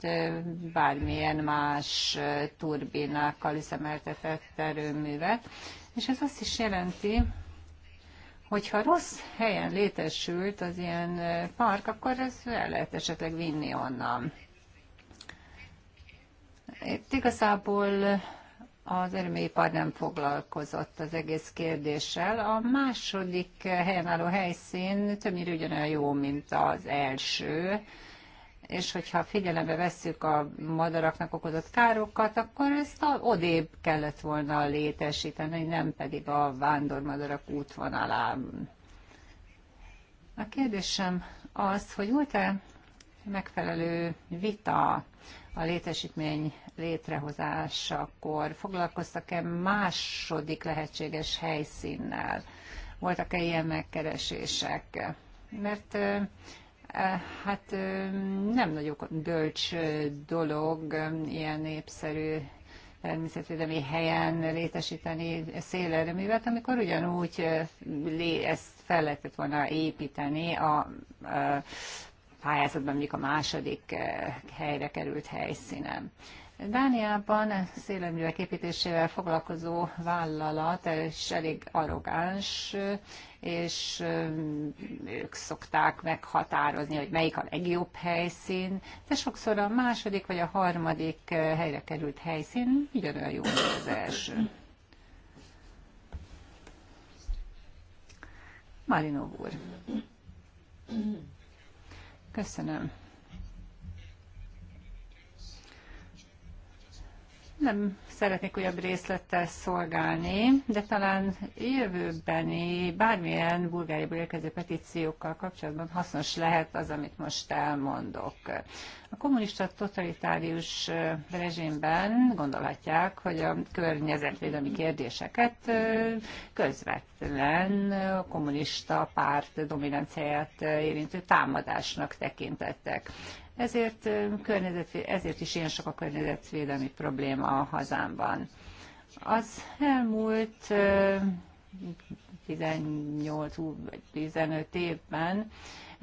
bármilyen más turbinákkal üzemeltetett erőművet. És ez azt is jelenti, hogyha rossz helyen létesült az ilyen park, akkor ez el lehet esetleg vinni onnan. Itt igazából az örömépar nem foglalkozott az egész kérdéssel. A második helyen álló helyszín többnyire ugyanolyan jó, mint az első, és hogyha figyelembe vesszük a madaraknak okozott károkat, akkor ezt a odébb kellett volna létesíteni, nem pedig a vándormadarak útvonalán. A kérdésem az, hogy volt-e megfelelő vita a létesítmény létrehozásakor foglalkoztak-e második lehetséges helyszínnel? Voltak-e ilyen megkeresések? Mert hát nem nagyon bölcs dolog ilyen népszerű természetvédelmi helyen létesíteni szélerőművet, amikor ugyanúgy ezt fel lehetett volna építeni a, a pályázatban mondjuk a második eh, helyre került helyszínen. Dániában széleművek építésével foglalkozó vállalat, eh, és elég arrogáns, eh, és ők szokták meghatározni, hogy melyik a legjobb helyszín, de sokszor a második vagy a harmadik helyre került helyszín ugyanolyan jó, mint az első. Marinov úr. Köszönöm. Nem szeretnék újabb részlettel szolgálni, de talán jövőbeni bármilyen Bulgáriából érkező petíciókkal kapcsolatban hasznos lehet az, amit most elmondok. A kommunista totalitárius rezsimben gondolhatják, hogy a környezetvédelmi kérdéseket közvetlen a kommunista párt dominanciáját érintő támadásnak tekintettek. Ezért, ezért is ilyen sok a környezetvédelmi probléma a hazámban. Az elmúlt 18-15 évben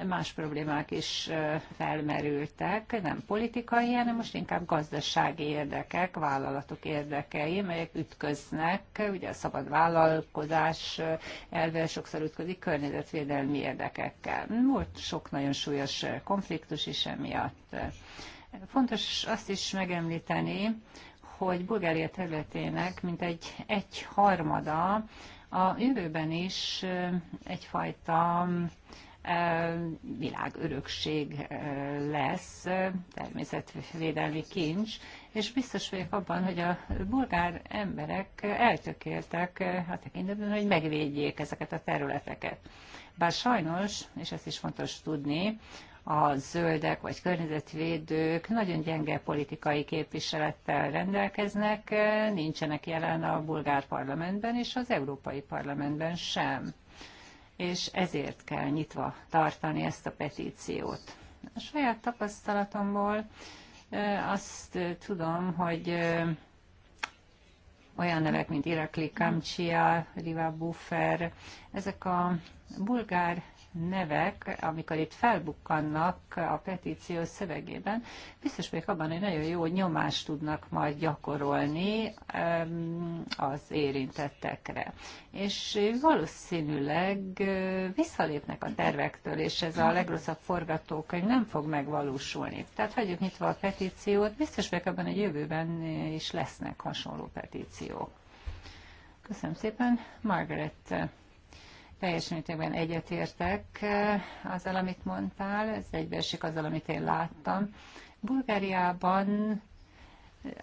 más problémák is felmerültek, nem politikai, hanem most inkább gazdasági érdekek, vállalatok érdekei, melyek ütköznek, ugye a szabad vállalkozás elve sokszor ütközik környezetvédelmi érdekekkel. Volt sok nagyon súlyos konfliktus is emiatt. Fontos azt is megemlíteni, hogy Bulgária területének mintegy egy harmada a jövőben is egyfajta világörökség lesz, természetvédelmi kincs, és biztos vagyok abban, hogy a bulgár emberek eltökéltek a tekintetben, hogy megvédjék ezeket a területeket. Bár sajnos, és ezt is fontos tudni, a zöldek vagy környezetvédők nagyon gyenge politikai képviselettel rendelkeznek, nincsenek jelen a bulgár parlamentben és az európai parlamentben sem és ezért kell nyitva tartani ezt a petíciót. A saját tapasztalatomból azt tudom, hogy olyan nevek, mint Irakli Kamcsia, Riva Buffer, ezek a bulgár nevek, amikor itt felbukkannak a petíció szövegében, biztos vagyok abban, hogy nagyon jó nyomást tudnak majd gyakorolni az érintettekre. És valószínűleg visszalépnek a tervektől, és ez a legrosszabb forgatókönyv nem fog megvalósulni. Tehát hagyjuk nyitva a petíciót, biztos vagyok abban, hogy jövőben is lesznek hasonló petíciók. Köszönöm szépen, Margaret. Teljes mértékben egyetértek eh, azzal, amit mondtál, ez egybeesik azzal, amit én láttam. Bulgáriában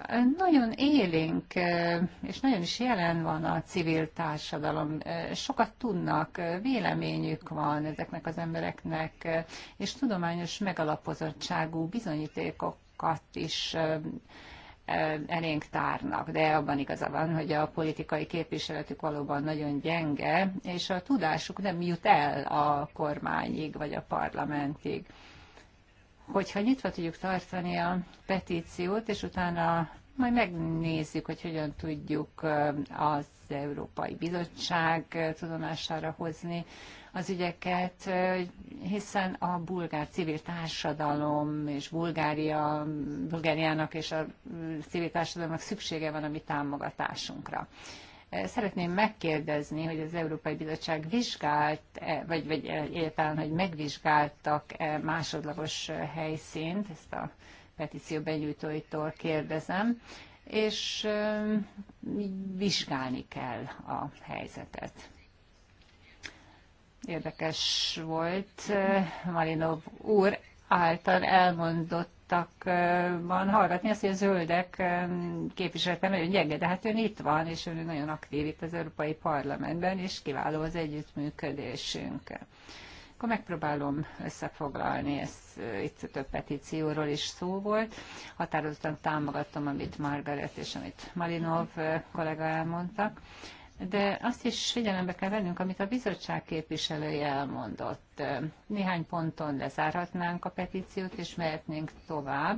eh, nagyon élénk, eh, és nagyon is jelen van a civil társadalom. Sokat tudnak, véleményük van ezeknek az embereknek, és tudományos megalapozottságú bizonyítékokat is elénk tárnak, de abban igaza van, hogy a politikai képviseletük valóban nagyon gyenge, és a tudásuk nem jut el a kormányig vagy a parlamentig. Hogyha nyitva tudjuk tartani a petíciót, és utána majd megnézzük, hogy hogyan tudjuk az Európai Bizottság tudomására hozni, az ügyeket, hiszen a bulgár civil társadalom és Bulgária, Bulgáriának és a civil társadalomnak szüksége van a mi támogatásunkra. Szeretném megkérdezni, hogy az Európai Bizottság vizsgált, vagy, vagy egyáltalán, hogy megvizsgáltak -e másodlagos helyszínt, ezt a petíció benyújtóitól kérdezem, és vizsgálni kell a helyzetet érdekes volt eh, Malinov úr által elmondottakban hallgatni azt, hogy a zöldek eh, képviselete nagyon gyenge, de hát ön itt van, és ön nagyon aktív itt az Európai Parlamentben, és kiváló az együttműködésünk. Akkor megpróbálom összefoglalni, ez eh, itt több petícióról is szó volt. Határozottan támogatom, amit Margaret és amit Malinov kollega elmondtak de azt is figyelembe kell vennünk, amit a bizottság képviselője elmondott. Néhány ponton lezárhatnánk a petíciót, és mehetnénk tovább,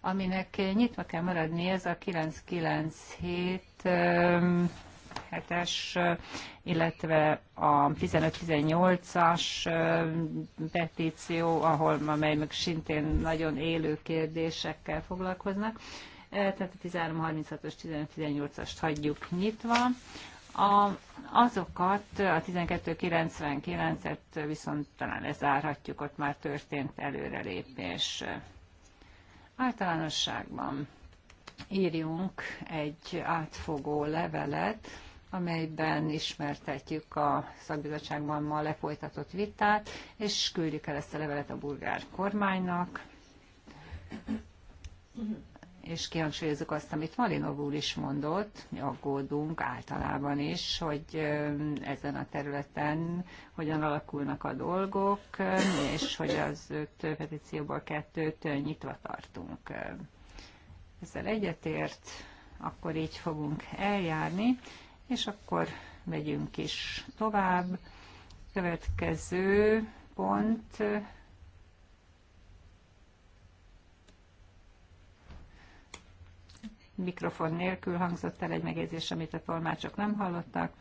aminek nyitva kell maradni ez a 997 7-es, illetve a 15-18-as petíció, ahol, amely meg szintén nagyon élő kérdésekkel foglalkoznak. E, tehát a 13-36-os, 18 ast hagyjuk nyitva. A, azokat, a 1299-et viszont talán lezárhatjuk, ott már történt előrelépés. Általánosságban írjunk egy átfogó levelet, amelyben ismertetjük a szakbizottságban ma lefolytatott vitát, és küldjük el ezt a levelet a bulgár kormánynak és kihangsúlyozzuk azt, amit Malinov úr is mondott, mi aggódunk általában is, hogy ezen a területen hogyan alakulnak a dolgok, és hogy az öt petícióból kettőt nyitva tartunk. Ezzel egyetért, akkor így fogunk eljárni, és akkor megyünk is tovább. Következő pont mikrofon nélkül hangzott el egy megjegyzés, amit a tolmácsok nem hallottak.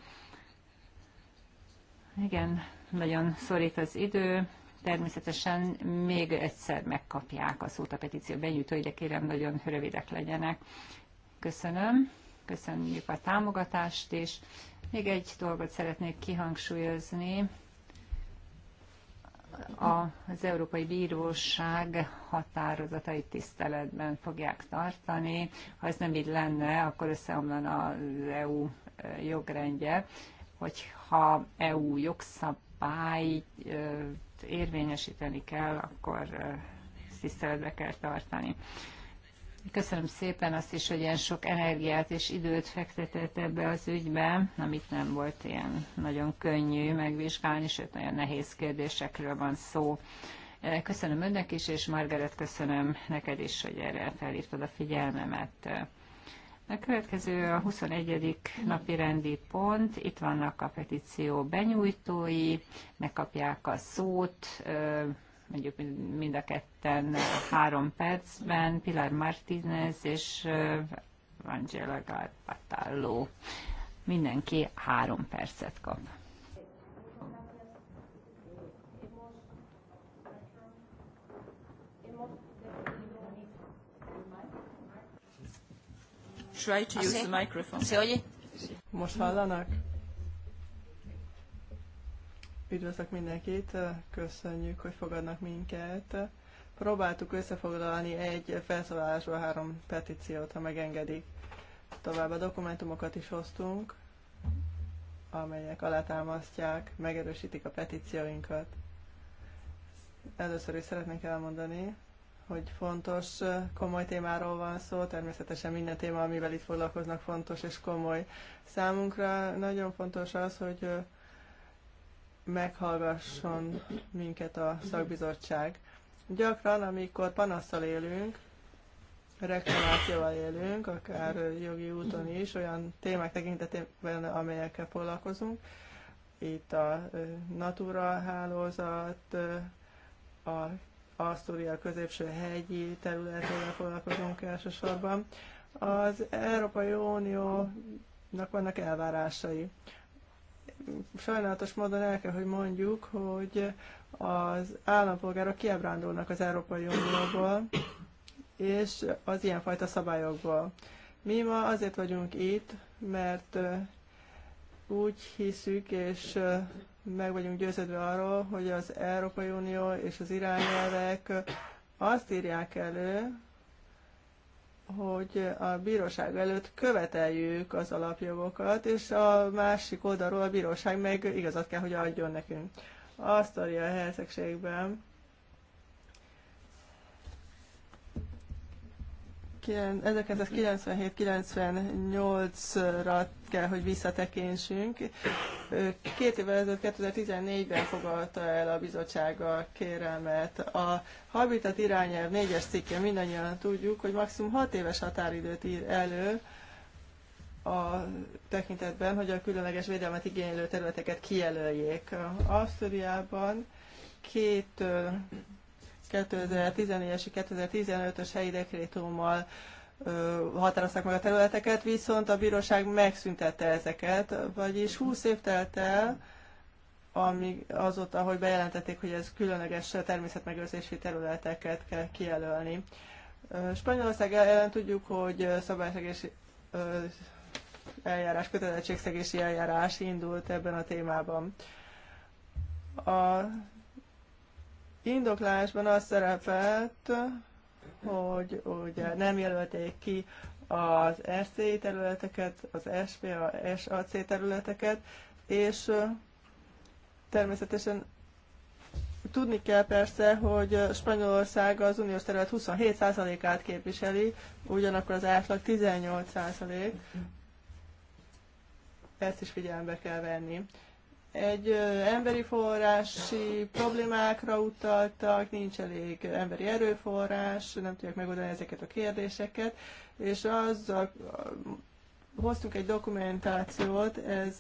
Igen, nagyon szorít az idő. Természetesen még egyszer megkapják a szót a petíció benyújtói, de kérem, nagyon rövidek legyenek. Köszönöm. Köszönjük a támogatást, és még egy dolgot szeretnék kihangsúlyozni az Európai Bíróság határozatait tiszteletben fogják tartani. Ha ez nem így lenne, akkor összeomlana az EU e, jogrendje, hogyha EU jogszabályt e, érvényesíteni kell, akkor e, tiszteletbe kell tartani. Köszönöm szépen azt is, hogy ilyen sok energiát és időt fektetett ebbe az ügybe, amit nem volt ilyen nagyon könnyű megvizsgálni, sőt nagyon nehéz kérdésekről van szó. Köszönöm önnek is, és Margaret, köszönöm neked is, hogy erre felhívtad a figyelmemet. A következő a 21. napi rendi pont, itt vannak a petíció benyújtói, megkapják a szót, mondjuk mind a ketten három percben, Pilar Martínez és Angela Garbatallo. Mindenki három percet kap. Try to use the microphone. Se oye? Most hallanak? Üdvözlök mindenkit, köszönjük, hogy fogadnak minket. Próbáltuk összefoglalni egy felszólalásba három petíciót, ha megengedik. Továbbá dokumentumokat is hoztunk, amelyek alátámasztják, megerősítik a petícióinkat. Először is szeretnék elmondani, hogy fontos, komoly témáról van szó, természetesen minden téma, amivel itt foglalkoznak, fontos és komoly. Számunkra nagyon fontos az, hogy meghallgasson minket a szakbizottság. Gyakran, amikor panaszsal élünk, reklamációval élünk, akár jogi úton is, olyan témák tekintetében, amelyekkel foglalkozunk, itt a Natura hálózat, a Asztúria középső hegyi területével foglalkozunk elsősorban. Az Európai Uniónak vannak elvárásai sajnálatos módon el kell, hogy mondjuk, hogy az állampolgárok kiábrándulnak az Európai Unióból, és az ilyenfajta szabályokból. Mi ma azért vagyunk itt, mert úgy hiszük, és meg vagyunk győződve arról, hogy az Európai Unió és az irányelvek azt írják elő, hogy a bíróság előtt követeljük az alapjogokat, és a másik oldalról a bíróság meg igazat kell, hogy adjon nekünk. Asztoria hercegségben 1997-98-ra kell, hogy visszatekintsünk. Két évvel ezelőtt 2014-ben fogadta el a bizottság a kérelmet. A Habitat irányelv négyes cikke mindannyian tudjuk, hogy maximum 6 éves határidőt ír elő, a tekintetben, hogy a különleges védelmet igénylő területeket kijelöljék. Ausztriában két 2014-es, 2015-ös helyi dekrétummal határozták meg a területeket, viszont a bíróság megszüntette ezeket, vagyis 20 év telt el, amíg azóta, hogy bejelentették, hogy ez különleges természetmegőrzési területeket kell kijelölni. Spanyolország ellen tudjuk, hogy szabályszegési eljárás, kötelezettségszegési eljárás indult ebben a témában. A indoklásban az szerepelt, hogy ugye nem jelölték ki az SC területeket, az SPA, SAC területeket, és természetesen tudni kell persze, hogy Spanyolország az uniós terület 27%-át képviseli, ugyanakkor az átlag 18%. Ezt is figyelembe kell venni egy emberi forrási problémákra utaltak, nincs elég emberi erőforrás, nem tudják megoldani ezeket a kérdéseket, és azzal hoztunk egy dokumentációt, ez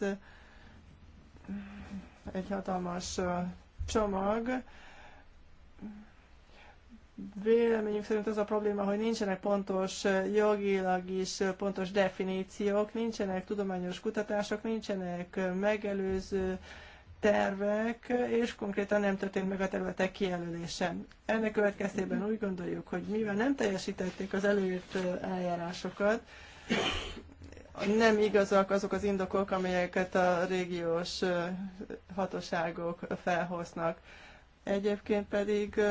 egy hatalmas csomag, Véleményünk szerint az a probléma, hogy nincsenek pontos, eh, jogilag is eh, pontos definíciók, nincsenek tudományos kutatások, nincsenek eh, megelőző tervek, és konkrétan nem történt meg a területek kijelölése. Ennek következtében úgy gondoljuk, hogy mivel nem teljesítették az előírt eljárásokat, nem igazak azok az indokok, amelyeket a régiós hatóságok felhoznak Egyébként pedig,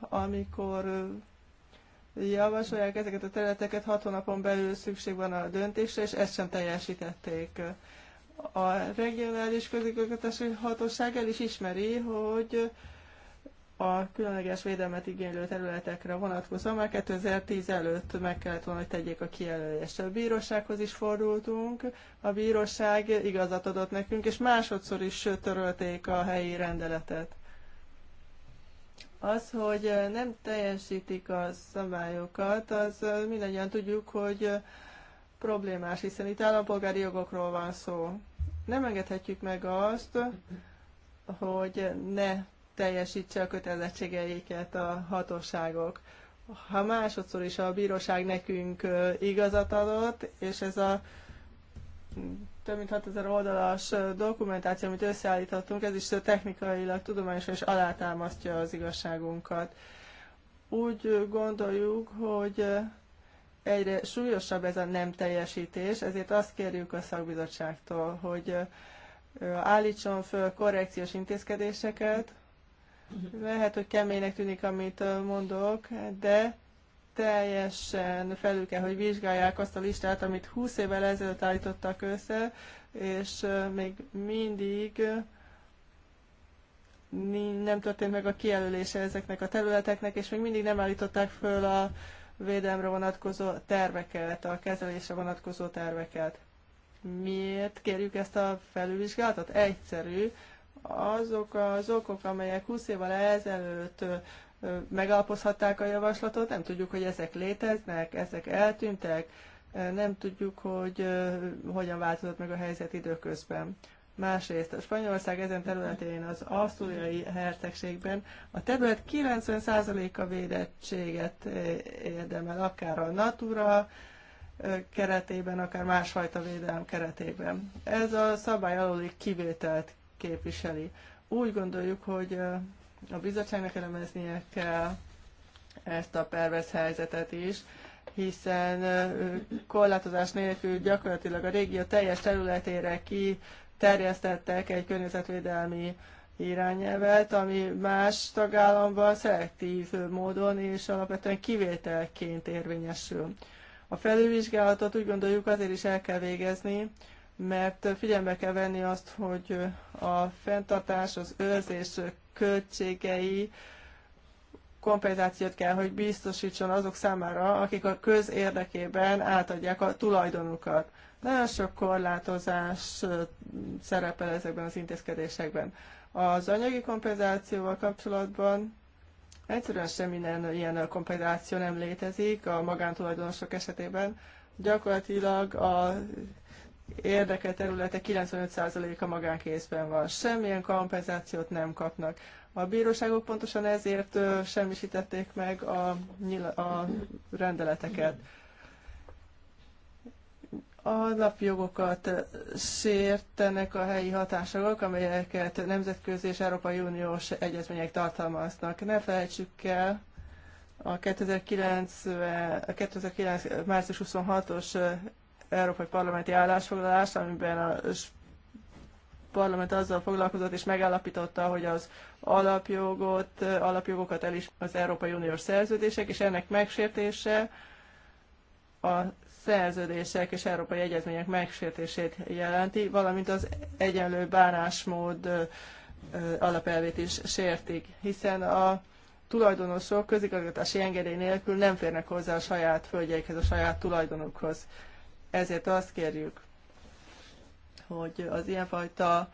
amikor javasolják ezeket a területeket, hat hónapon belül szükség van a döntésre, és ezt sem teljesítették. A regionális közigazgatási hatóság el is ismeri, hogy a különleges védelmet igénylő területekre vonatkozóan már 2010 előtt meg kellett volna, hogy tegyék a kijelölést. A bírósághoz is fordultunk, a bíróság igazat adott nekünk, és másodszor is törölték a helyi rendeletet. Az, hogy nem teljesítik a szabályokat, az mindannyian tudjuk, hogy problémás, hiszen itt állampolgári jogokról van szó. Nem engedhetjük meg azt, hogy ne teljesítse a kötelezettségeiket a hatóságok. Ha másodszor is a bíróság nekünk igazat adott, és ez a több mint 6000 oldalas dokumentáció, amit összeállítottunk, ez is technikailag, tudományosan is alátámasztja az igazságunkat. Úgy gondoljuk, hogy egyre súlyosabb ez a nem teljesítés, ezért azt kérjük a szakbizottságtól, hogy állítson föl korrekciós intézkedéseket. Mhm. Lehet, hogy keménynek tűnik, amit mondok, de teljesen felül kell, hogy vizsgálják azt a listát, amit 20 évvel ezelőtt állítottak össze, és még mindig nem történt meg a kijelölése ezeknek a területeknek, és még mindig nem állították föl a védelemre vonatkozó terveket, a kezelésre vonatkozó terveket. Miért kérjük ezt a felülvizsgálatot? Egyszerű. Azok az okok, amelyek 20 évvel ezelőtt megalapozhatták a javaslatot, nem tudjuk, hogy ezek léteznek, ezek eltűntek, nem tudjuk, hogy hogyan változott meg a helyzet időközben. Másrészt a Spanyolország ezen területén, az Asztúriai hercegségben a terület 90%-a védettséget érdemel, akár a Natura keretében, akár másfajta védelem keretében. Ez a szabály aluli kivételt képviseli. Úgy gondoljuk, hogy a bizottságnak elemeznie kell ezt a pervers helyzetet is, hiszen korlátozás nélkül gyakorlatilag a régió teljes területére ki terjesztettek egy környezetvédelmi irányelvet, ami más tagállamban szelektív módon és alapvetően kivételként érvényesül. A felülvizsgálatot úgy gondoljuk azért is el kell végezni, mert figyelme kell venni azt, hogy a fenntartás, az őrzés költségei kompenzációt kell, hogy biztosítson azok számára, akik a közérdekében átadják a tulajdonukat. Nagyon sok korlátozás szerepel ezekben az intézkedésekben. Az anyagi kompenzációval kapcsolatban egyszerűen semmilyen ilyen kompenzáció nem létezik a magántulajdonosok esetében. Gyakorlatilag a érdeke területe 95%-a magánkézben van. Semmilyen kompenzációt nem kapnak. A bíróságok pontosan ezért semmisítették meg a, a rendeleteket. A napjogokat sértenek a helyi hatásokok, amelyeket nemzetközi és Európai Uniós egyezmények tartalmaznak. Ne felejtsük el, a 2009, a 2009 március 26-os európai parlamenti állásfoglalás, amiben a parlament azzal foglalkozott és megállapította, hogy az alapjogot, alapjogokat is az Európai Uniós szerződések, és ennek megsértése a szerződések és európai egyezmények megsértését jelenti, valamint az egyenlő bánásmód alapelvét is sértik, hiszen a tulajdonosok közigazgatási engedély nélkül nem férnek hozzá a saját földjeikhez, a saját tulajdonukhoz. Ezért azt kérjük, hogy az ilyenfajta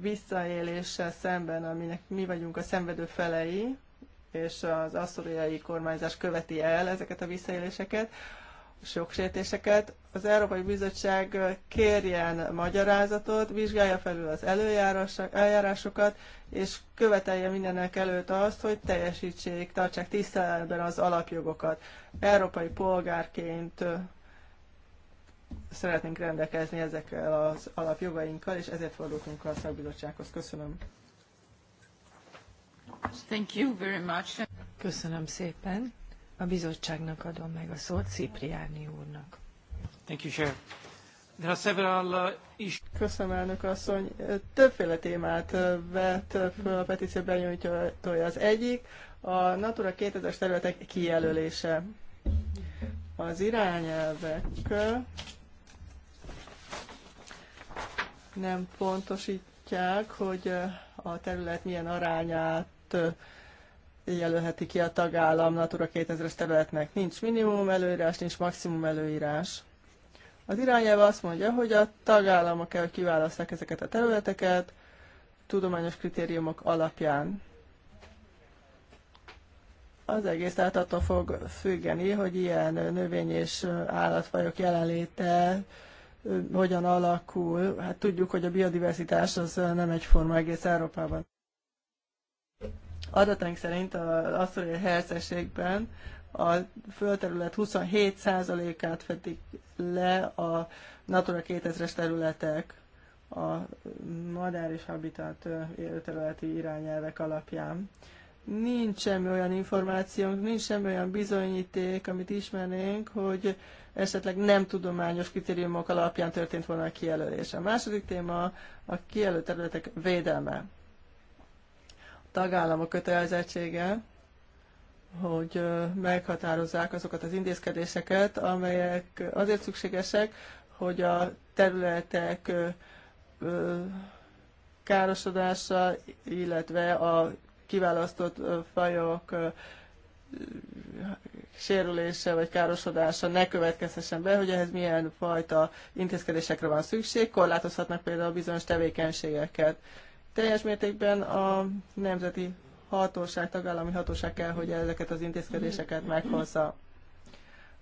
visszaéléssel szemben, aminek mi vagyunk a szenvedő felei, és az asztoriai kormányzás követi el ezeket a visszaéléseket, jogsértéseket. Az Európai Bizottság kérjen magyarázatot, vizsgálja felül az eljárásokat, és követelje mindenek előtt azt, hogy teljesítsék, tartsák tiszteletben az alapjogokat. Európai polgárként szeretnénk rendelkezni ezekkel az alapjogainkkal, és ezért fordultunk a szakbizottsághoz. Köszönöm. Thank you very much. Köszönöm szépen. A bizottságnak adom meg a szót Cipriáni úrnak. Thank you, Chair. There are several uh, is... Köszönöm, elnök asszony. Többféle témát uh, vett uh, föl a petíció benyújtója. Az egyik a Natura 2000-es területek kijelölése. Az irányelvek nem pontosítják, hogy a terület milyen arányát jelölheti ki a tagállam Natura 2000-es területnek. Nincs minimum előírás, nincs maximum előírás. Az irányelv azt mondja, hogy a tagállamok kell, kiválasztják ezeket a területeket tudományos kritériumok alapján. Az egész tehát attól fog függeni, hogy ilyen növény és állatfajok jelenléte hogyan alakul. Hát tudjuk, hogy a biodiverzitás az nem egyforma egész Európában. Adataink szerint a Asztori hercegségben a földterület 27%-át fedik le a Natura 2000-es területek a madár és habitat területi irányelvek alapján nincs semmi olyan információnk, nincs semmi olyan bizonyíték, amit ismernénk, hogy esetleg nem tudományos kritériumok alapján történt volna a kijelölés. A második téma a kijelölt területek védelme. A tagállamok kötelezettsége, hogy meghatározzák azokat az intézkedéseket, amelyek azért szükségesek, hogy a területek károsodása, illetve a kiválasztott fajok sérülése vagy károsodása ne következhessen be, hogy ehhez milyen fajta intézkedésekre van szükség, korlátozhatnak például bizonyos tevékenységeket. Teljes mértékben a nemzeti hatóság, tagállami hatóság kell, hogy ezeket az intézkedéseket meghozza.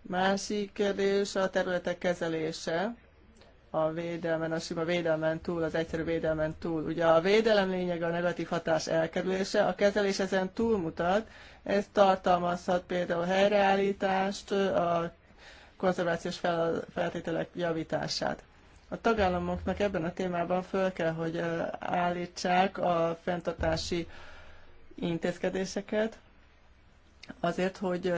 Másik kérdés a területek kezelése a védelmen, a sima védelmen túl, az egyszerű védelmen túl. Ugye a védelem lényege a negatív hatás elkerülése, a kezelés ezen túlmutat, ez tartalmazhat például helyreállítást, a konzervációs feltételek javítását. A tagállamoknak ebben a témában föl kell, hogy állítsák a fenntartási intézkedéseket, azért, hogy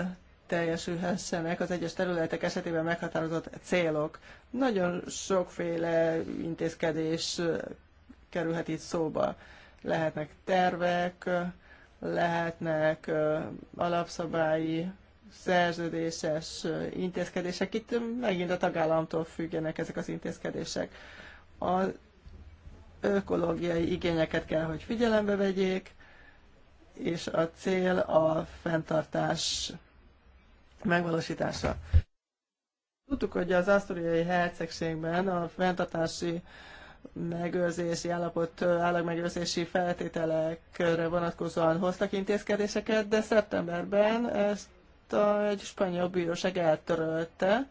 teljesülhessenek az egyes területek esetében meghatározott célok. Nagyon sokféle intézkedés kerülhet itt szóba. Lehetnek tervek, lehetnek alapszabályi, szerződéses intézkedések. Itt megint a tagállamtól függenek ezek az intézkedések. Az ökológiai igényeket kell, hogy figyelembe vegyék, és a cél a fenntartás megvalósítása. Tudtuk, hogy az asztoriai hercegségben a fenntartási megőrzési állapot, állagmegőrzési feltételekre vonatkozóan hoztak intézkedéseket, de szeptemberben ezt a, egy spanyol bíróság eltörölte,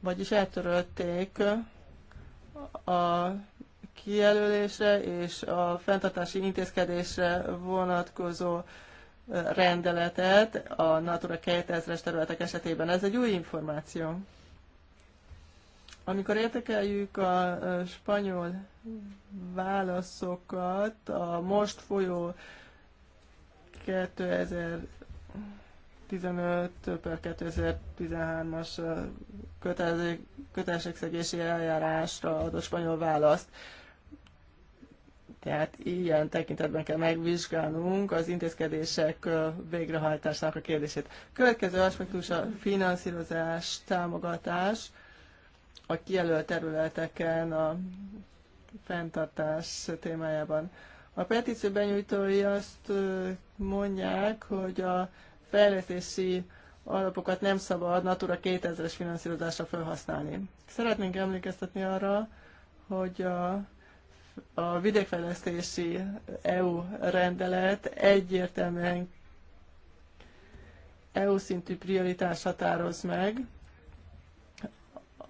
vagyis eltörölték a kijelölésre és a fenntartási intézkedésre vonatkozó rendeletet a Natura 2000-es területek esetében. Ez egy új információ. Amikor értekeljük a spanyol válaszokat, a most folyó 2015 2013-as kötelességszegési eljárásra adott spanyol választ, tehát ilyen tekintetben kell megvizsgálnunk az intézkedések végrehajtásának a kérdését. Következő aspektus a finanszírozás, támogatás, a kijelölt területeken a fenntartás témájában. A petíció benyújtói azt mondják, hogy a fejlesztési alapokat nem szabad Natura 2000-es finanszírozásra felhasználni. Szeretnénk emlékeztetni arra, hogy a a vidékfejlesztési EU rendelet egyértelműen EU szintű prioritás határoz meg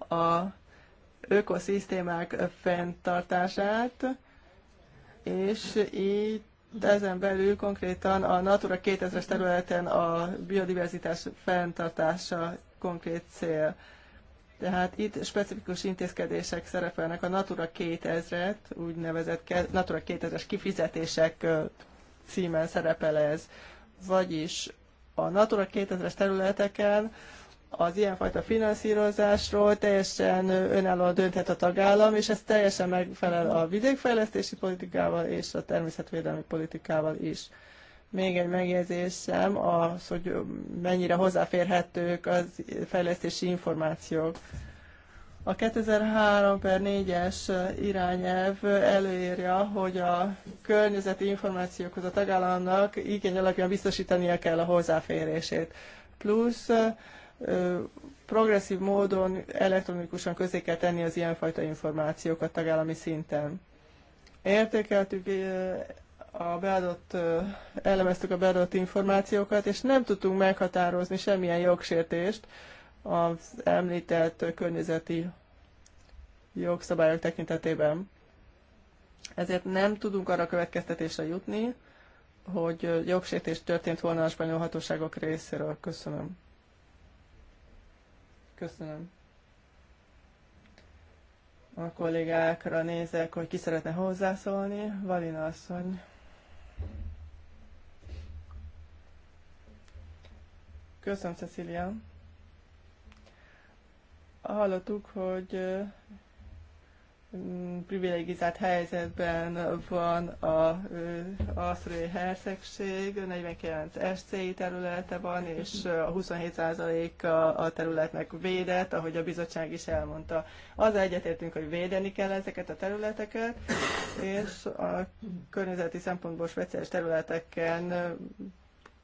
a ökoszisztémák fenntartását, és így ezen belül konkrétan a Natura 2000-es területen a biodiverzitás fenntartása konkrét cél. Tehát itt specifikus intézkedések szerepelnek a Natura 2000-et, úgynevezett Natura 2000-es kifizetések címen szerepel ez. Vagyis a Natura 2000-es területeken az ilyenfajta finanszírozásról teljesen önállóan dönthet a tagállam, és ez teljesen megfelel a vidékfejlesztési politikával és a természetvédelmi politikával is. Még egy megjegyzésem az, hogy mennyire hozzáférhetők az fejlesztési információk. A 2003 per 4-es irányelv előírja, hogy a környezeti információkhoz a tagállamnak igény alapján biztosítania kell a hozzáférését. Plusz progresszív módon elektronikusan közé kell tenni az ilyenfajta információkat tagállami szinten. Értékeltük a beadott, elemeztük a beadott információkat, és nem tudtunk meghatározni semmilyen jogsértést az említett környezeti jogszabályok tekintetében. Ezért nem tudunk arra következtetésre jutni, hogy jogsértés történt volna a spanyol hatóságok részéről. Köszönöm. Köszönöm. A kollégákra nézek, hogy ki szeretne hozzászólni. Valina asszony. Köszönöm, Cecília. Hallottuk, hogy mm, privilegizált helyzetben van a Asztrói Hercegség, 49 SCI területe van, és a 27% a, a területnek védett, ahogy a bizottság is elmondta. Az egyetértünk, hogy védeni kell ezeket a területeket, és a környezeti szempontból speciális területeken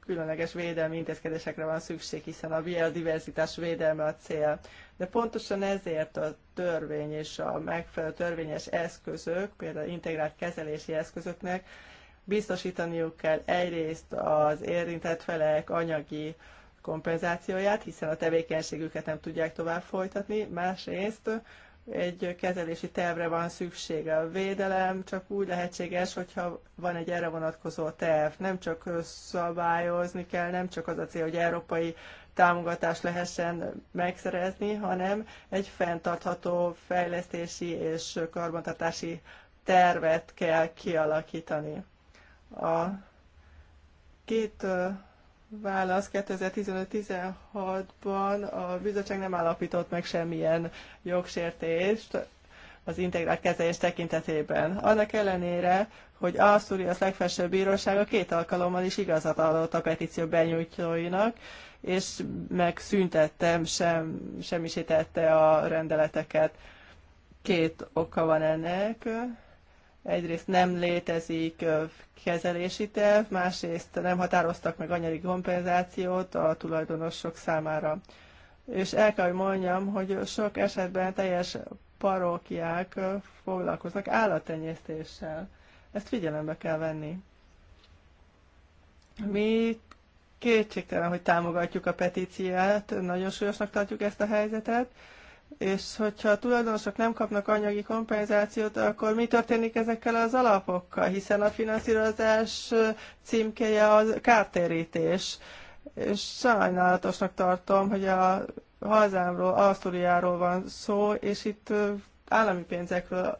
különleges védelmi intézkedésekre van szükség, hiszen a biodiverzitás védelme a cél. De pontosan ezért a törvény és a megfelelő törvényes eszközök, például integrált kezelési eszközöknek biztosítaniuk kell egyrészt az érintett felek anyagi kompenzációját, hiszen a tevékenységüket nem tudják tovább folytatni, másrészt egy kezelési tervre van szüksége. A védelem csak úgy lehetséges, hogyha van egy erre vonatkozó terv. Nem csak szabályozni kell, nem csak az a cél, hogy európai támogatást lehessen megszerezni, hanem egy fenntartható fejlesztési és karbantartási tervet kell kialakítani. A két válasz. 2015-16-ban a bizottság nem állapított meg semmilyen jogsértést az integrált kezelés tekintetében. Annak ellenére, hogy Asturias legfelsőbb bírósága két alkalommal is igazat adott a petíció benyújtóinak, és megszüntettem, sem, semmisítette a rendeleteket. Két oka van ennek egyrészt nem létezik kezelési terv, másrészt nem határoztak meg anyagi kompenzációt a tulajdonosok számára. És el kell, hogy mondjam, hogy sok esetben teljes parókiák foglalkoznak állattenyésztéssel. Ezt figyelembe kell venni. Mi kétségtelen, hogy támogatjuk a petíciát, nagyon súlyosnak tartjuk ezt a helyzetet, és hogyha a tulajdonosok nem kapnak anyagi kompenzációt, akkor mi történik ezekkel az alapokkal? Hiszen a finanszírozás címkéje a kártérítés. És sajnálatosnak tartom, hogy a hazámról, Asztúriáról van szó, és itt állami pénzekről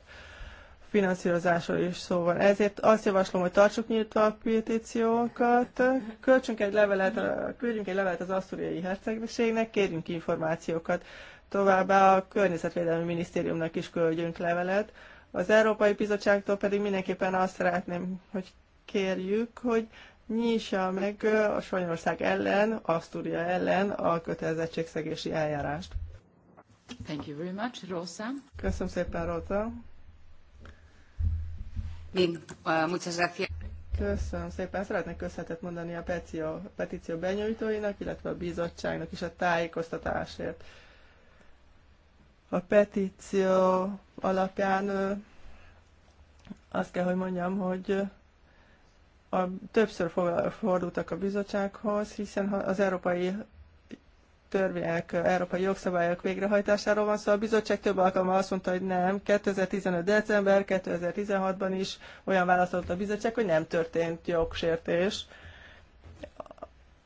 finanszírozásról is szó van. Ezért azt javaslom, hogy tartsuk nyitva a petíciókat, költsünk egy levelet, küldjünk egy levelet az asztúriai hercegségnek, kérjünk információkat. Továbbá a Környezetvédelmi Minisztériumnak is küldjünk levelet. Az Európai Bizottságtól pedig mindenképpen azt szeretném, hogy kérjük, hogy nyissa meg a Spanyolország ellen, Asztúria ellen a kötelezettségszegési eljárást. Thank you very much, Rosa. Köszönöm szépen, Rosa. Bien, eh, muchas gracias. Köszönöm szépen. Szeretnék köszönetet mondani a petíció, petíció benyújtóinak, illetve a bizottságnak is a tájékoztatásért. A petíció alapján azt kell, hogy mondjam, hogy a, többször fordultak a bizottsághoz, hiszen az európai törvények, európai jogszabályok végrehajtásáról van szó. Szóval a bizottság több alkalommal azt mondta, hogy nem. 2015. december, 2016-ban is olyan válaszolt a bizottság, hogy nem történt jogsértés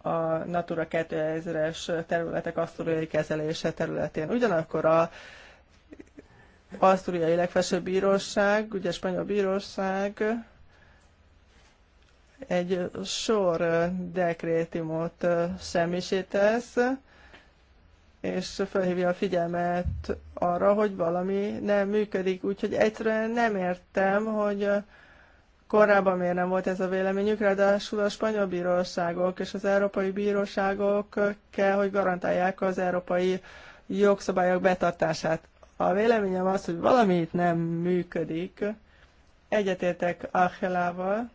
a Natura 2000-es területek asztoriai kezelése területén. Ugyanakkor a Asztúriai legfelsőbb bíróság, ugye a spanyol bíróság egy sor dekrétumot semmisítesz, és felhívja a figyelmet arra, hogy valami nem működik. Úgyhogy egyszerűen nem értem, hogy Korábban miért nem volt ez a véleményük, ráadásul a spanyol bíróságok és az európai bíróságok kell, hogy garantálják az európai jogszabályok betartását. A véleményem az, hogy valami itt nem működik. Egyetértek Achelával,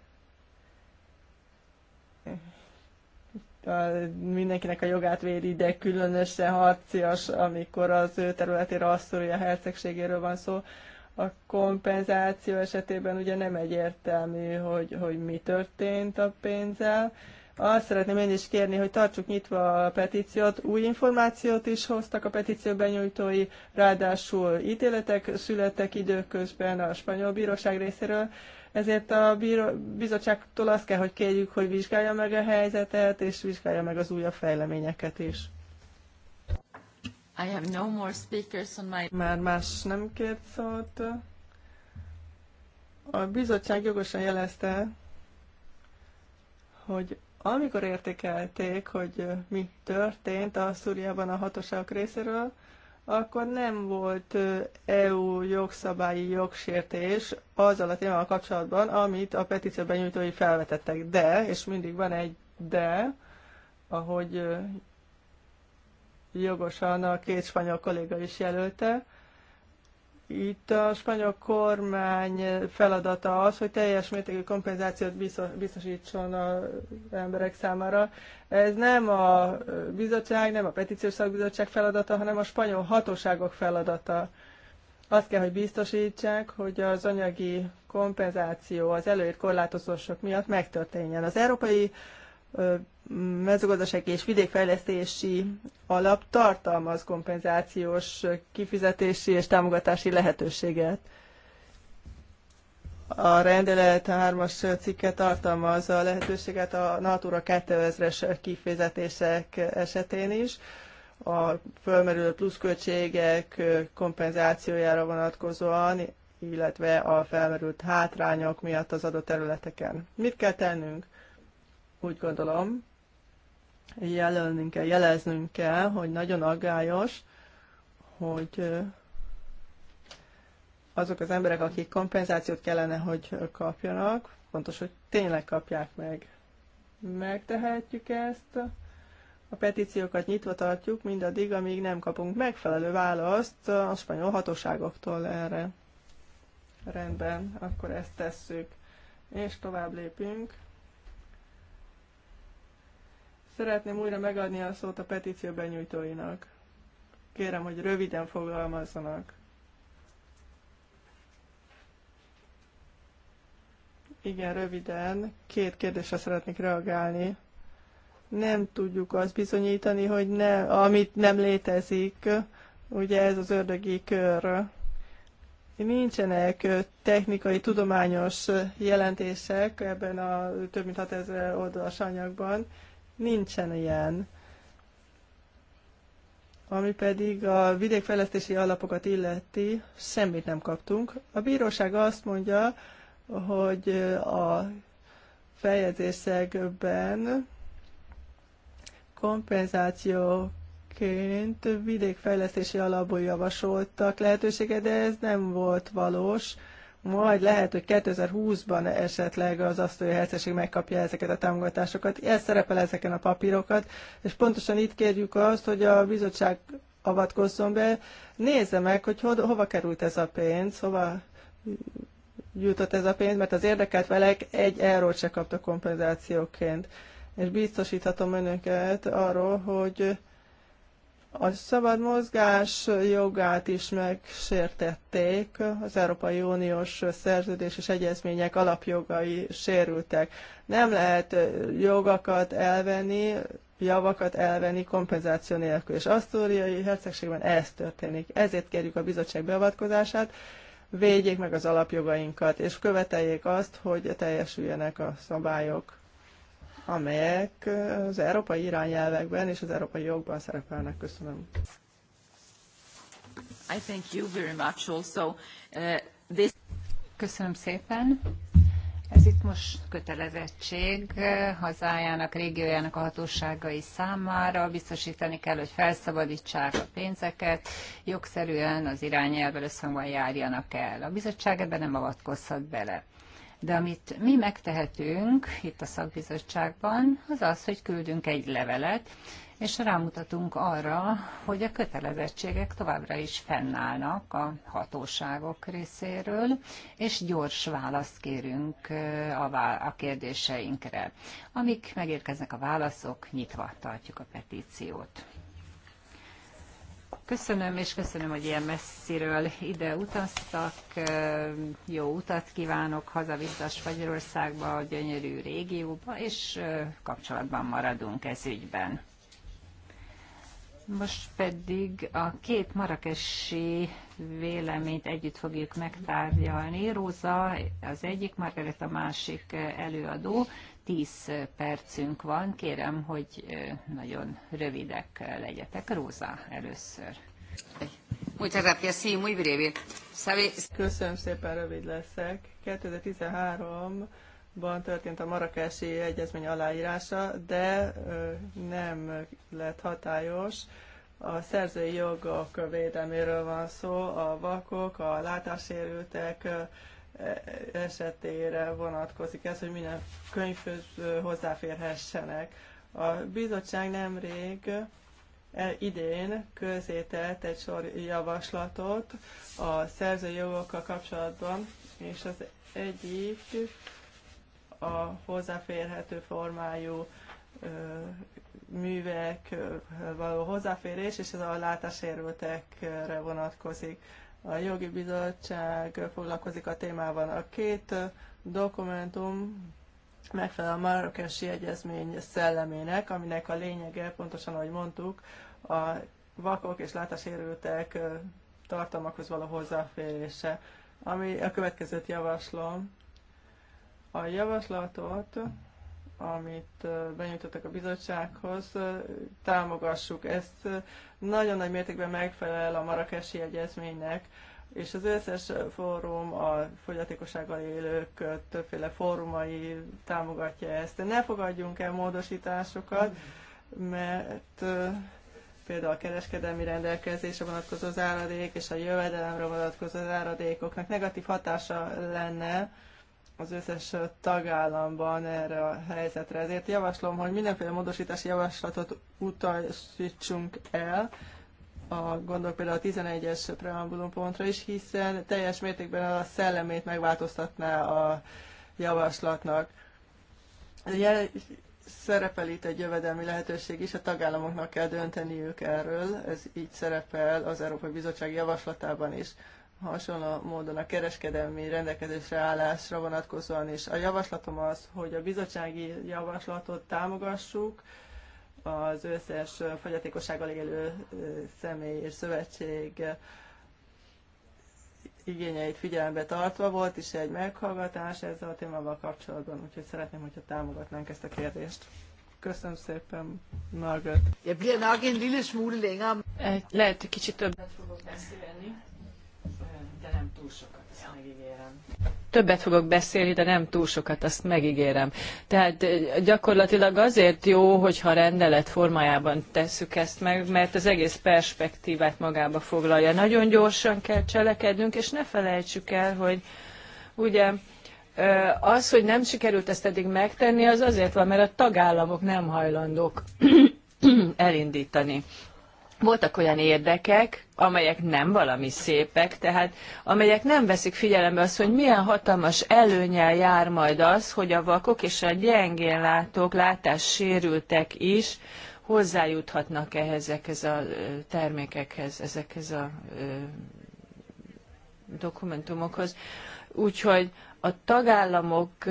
mindenkinek a jogát védi, de különösen harcias, amikor az ő területére Asztória hercegségéről van szó. A kompenzáció esetében ugye nem egyértelmű, hogy, hogy mi történt a pénzzel. Azt szeretném én is kérni, hogy tartsuk nyitva a petíciót. Új információt is hoztak a petíció benyújtói, ráadásul ítéletek születtek időközben a spanyol bíróság részéről, ezért a bíró, bizottságtól azt kell, hogy kérjük, hogy vizsgálja meg a helyzetet, és vizsgálja meg az újabb fejleményeket is. I have no more speakers on my... Már más nem kért szót. A bizottság jogosan jelezte, hogy amikor értékelték, hogy mi történt a Szúriában a hatóságok részéről, akkor nem volt EU jogszabályi jogsértés azzal a témával kapcsolatban, amit a petícióban nyújtói felvetettek. De, és mindig van egy de, ahogy jogosan a két spanyol kolléga is jelölte. Itt a spanyol kormány feladata az, hogy teljes mértékű kompenzációt biztosítson az emberek számára. Ez nem a bizottság, nem a petíciós szakbizottság feladata, hanem a spanyol hatóságok feladata. Azt kell, hogy biztosítsák, hogy az anyagi kompenzáció az előírt korlátozások miatt megtörténjen. Az európai mezőgazdasági és vidékfejlesztési alap tartalmaz kompenzációs kifizetési és támogatási lehetőséget. A rendelet 3-as cikke tartalmaz a lehetőséget a Natura 2000-es kifizetések esetén is, a fölmerülő pluszköltségek kompenzációjára vonatkozóan, illetve a felmerült hátrányok miatt az adott területeken. Mit kell tennünk? úgy gondolom, jelölnünk kell, jeleznünk kell, hogy nagyon aggályos, hogy azok az emberek, akik kompenzációt kellene, hogy kapjanak, fontos, hogy tényleg kapják meg. Megtehetjük ezt, a petíciókat nyitva tartjuk mindaddig, amíg nem kapunk megfelelő választ a spanyol hatóságoktól erre. Rendben, akkor ezt tesszük. És tovább lépünk. Szeretném újra megadni a szót a petíció benyújtóinak. Kérem, hogy röviden fogalmazzanak. Igen, röviden. Két kérdésre szeretnék reagálni. Nem tudjuk azt bizonyítani, hogy ne, amit nem létezik, ugye ez az ördögi kör. Nincsenek technikai, tudományos jelentések ebben a több mint 6000 oldalas anyagban, Nincsen ilyen. Ami pedig a vidékfejlesztési alapokat illeti, semmit nem kaptunk. A bíróság azt mondja, hogy a feljegyzésekben kompenzációként vidékfejlesztési alapból javasoltak lehetőséget, de ez nem volt valós majd lehet, hogy 2020-ban esetleg az asztói hercegség megkapja ezeket a támogatásokat. Ez szerepel ezeken a papírokat, és pontosan itt kérjük azt, hogy a bizottság avatkozzon be, nézze meg, hogy ho- hova került ez a pénz, hova jutott ez a pénz, mert az érdekelt velek egy eurót se kapta kompenzációként. És biztosíthatom önöket arról, hogy a szabad mozgás jogát is megsértették, az Európai Uniós szerződés és egyezmények alapjogai sérültek. Nem lehet jogakat elvenni, javakat elvenni kompenzáció nélkül, és Asztóriai hercegségben ez történik. Ezért kérjük a bizottság beavatkozását, védjék meg az alapjogainkat, és követeljék azt, hogy teljesüljenek a szabályok amelyek az európai irányelvekben és az európai jogban szerepelnek. Köszönöm. I thank you very much also. Uh, this... Köszönöm szépen. Ez itt most kötelezettség hazájának, régiójának a hatóságai számára. Biztosítani kell, hogy felszabadítsák a pénzeket, jogszerűen az irányelvvel összhangban járjanak el. A bizottság ebben nem avatkozhat bele. De amit mi megtehetünk itt a szakbizottságban, az az, hogy küldünk egy levelet, és rámutatunk arra, hogy a kötelezettségek továbbra is fennállnak a hatóságok részéről, és gyors választ kérünk a, a kérdéseinkre. Amik megérkeznek a válaszok, nyitva tartjuk a petíciót. Köszönöm, és köszönöm, hogy ilyen messziről ide utaztak. Jó utat kívánok haza-vissza Spanyolországba, a gyönyörű régióba, és kapcsolatban maradunk ez ügyben. Most pedig a két marakesi véleményt együtt fogjuk megtárgyalni. Róza az egyik, Margaret a másik előadó. 10 percünk van, kérem, hogy nagyon rövidek legyetek. Róza először. Muchas gracias, sí, muy breve. Köszönöm szépen, rövid leszek. 2013-ban történt a marakási egyezmény aláírása, de nem lett hatályos. A szerzői jogok védelméről van szó, a vakok, a látássérültek, esetére vonatkozik ez, hogy minden könyvhöz hozzáférhessenek. A bizottság nemrég e, idén közzétett egy sor javaslatot a szerzői jogokkal kapcsolatban, és az egyik a hozzáférhető formájú művek való hozzáférés, és ez a látásérültekre vonatkozik. A jogi bizottság foglalkozik a témával. A két dokumentum megfelel a marokesi egyezmény szellemének, aminek a lényege, pontosan ahogy mondtuk, a vakok és látásérültek tartalmakhoz való hozzáférése. Ami a következőt javaslom. A javaslatot amit benyújtottak a bizottsághoz, támogassuk. Ezt nagyon nagy mértékben megfelel a marakesi egyezménynek, és az összes fórum a fogyatékossággal élők többféle fórumai támogatja ezt. Ne fogadjunk el módosításokat, mert például a kereskedelmi rendelkezésre vonatkozó záradék és a jövedelemre vonatkozó záradékoknak negatív hatása lenne, az összes tagállamban erre a helyzetre. Ezért javaslom, hogy mindenféle módosítási javaslatot utasítsunk el, a, gondolok például a 11-es preambulum pontra is, hiszen teljes mértékben a szellemét megváltoztatná a javaslatnak. Jel szerepel itt egy jövedelmi lehetőség is, a tagállamoknak kell dönteniük erről, ez így szerepel az Európai Bizottság javaslatában is hasonló módon a kereskedelmi rendelkezésre állásra vonatkozóan is. A javaslatom az, hogy a bizottsági javaslatot támogassuk, az összes fogyatékossággal élő személy és szövetség igényeit figyelembe tartva volt is egy meghallgatás ezzel a témával kapcsolatban, úgyhogy szeretném, hogyha támogatnánk ezt a kérdést. Köszönöm szépen, Margaret. Egy, eh, Lehet, hogy kicsit többet fogok beszélni nem túl sokat, megígérem. Többet fogok beszélni, de nem túl sokat, azt megígérem. Tehát eh, gyakorlatilag azért jó, hogyha rendelet formájában tesszük ezt meg, mert az egész perspektívát magába foglalja. Nagyon gyorsan kell cselekednünk, és ne felejtsük el, hogy ugye eh, az, hogy nem sikerült ezt eddig megtenni, az azért van, mert a tagállamok nem hajlandók elindítani voltak olyan érdekek, amelyek nem valami szépek, tehát amelyek nem veszik figyelembe azt, hogy milyen hatalmas előnyel jár majd az, hogy a vakok és a gyengén látók, látássérültek is hozzájuthatnak ezekhez a termékekhez, ezekhez a dokumentumokhoz. Úgyhogy a tagállamok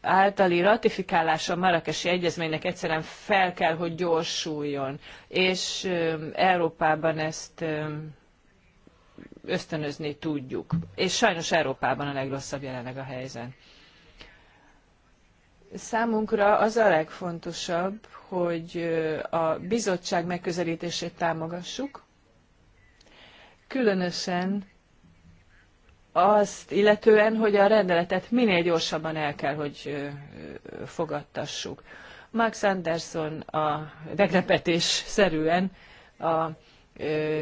általi ratifikálása a Marrakesi Egyezménynek egyszerűen fel kell, hogy gyorsuljon, és Európában ezt ösztönözni tudjuk. És sajnos Európában a legrosszabb jelenleg a helyzet. Számunkra az a legfontosabb, hogy a bizottság megközelítését támogassuk, különösen azt illetően, hogy a rendeletet minél gyorsabban el kell, hogy fogadtassuk. Max Anderson a meglepetés szerűen a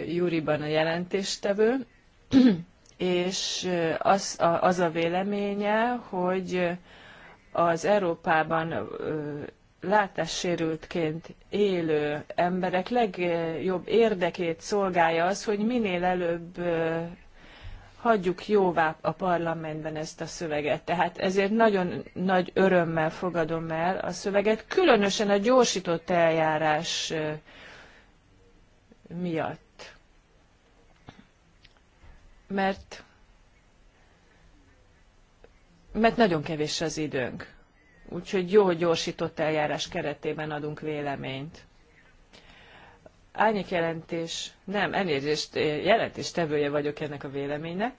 Júriban a jelentéstevő, és az a, az a véleménye, hogy az Európában látássérültként élő emberek legjobb érdekét szolgálja az, hogy minél előbb hagyjuk jóvá a parlamentben ezt a szöveget. Tehát ezért nagyon nagy örömmel fogadom el a szöveget, különösen a gyorsított eljárás miatt. Mert, mert nagyon kevés az időnk. Úgyhogy jó gyorsított eljárás keretében adunk véleményt. Árnyék jelentés, nem, elnézést, jelentéstevője vagyok ennek a véleménynek.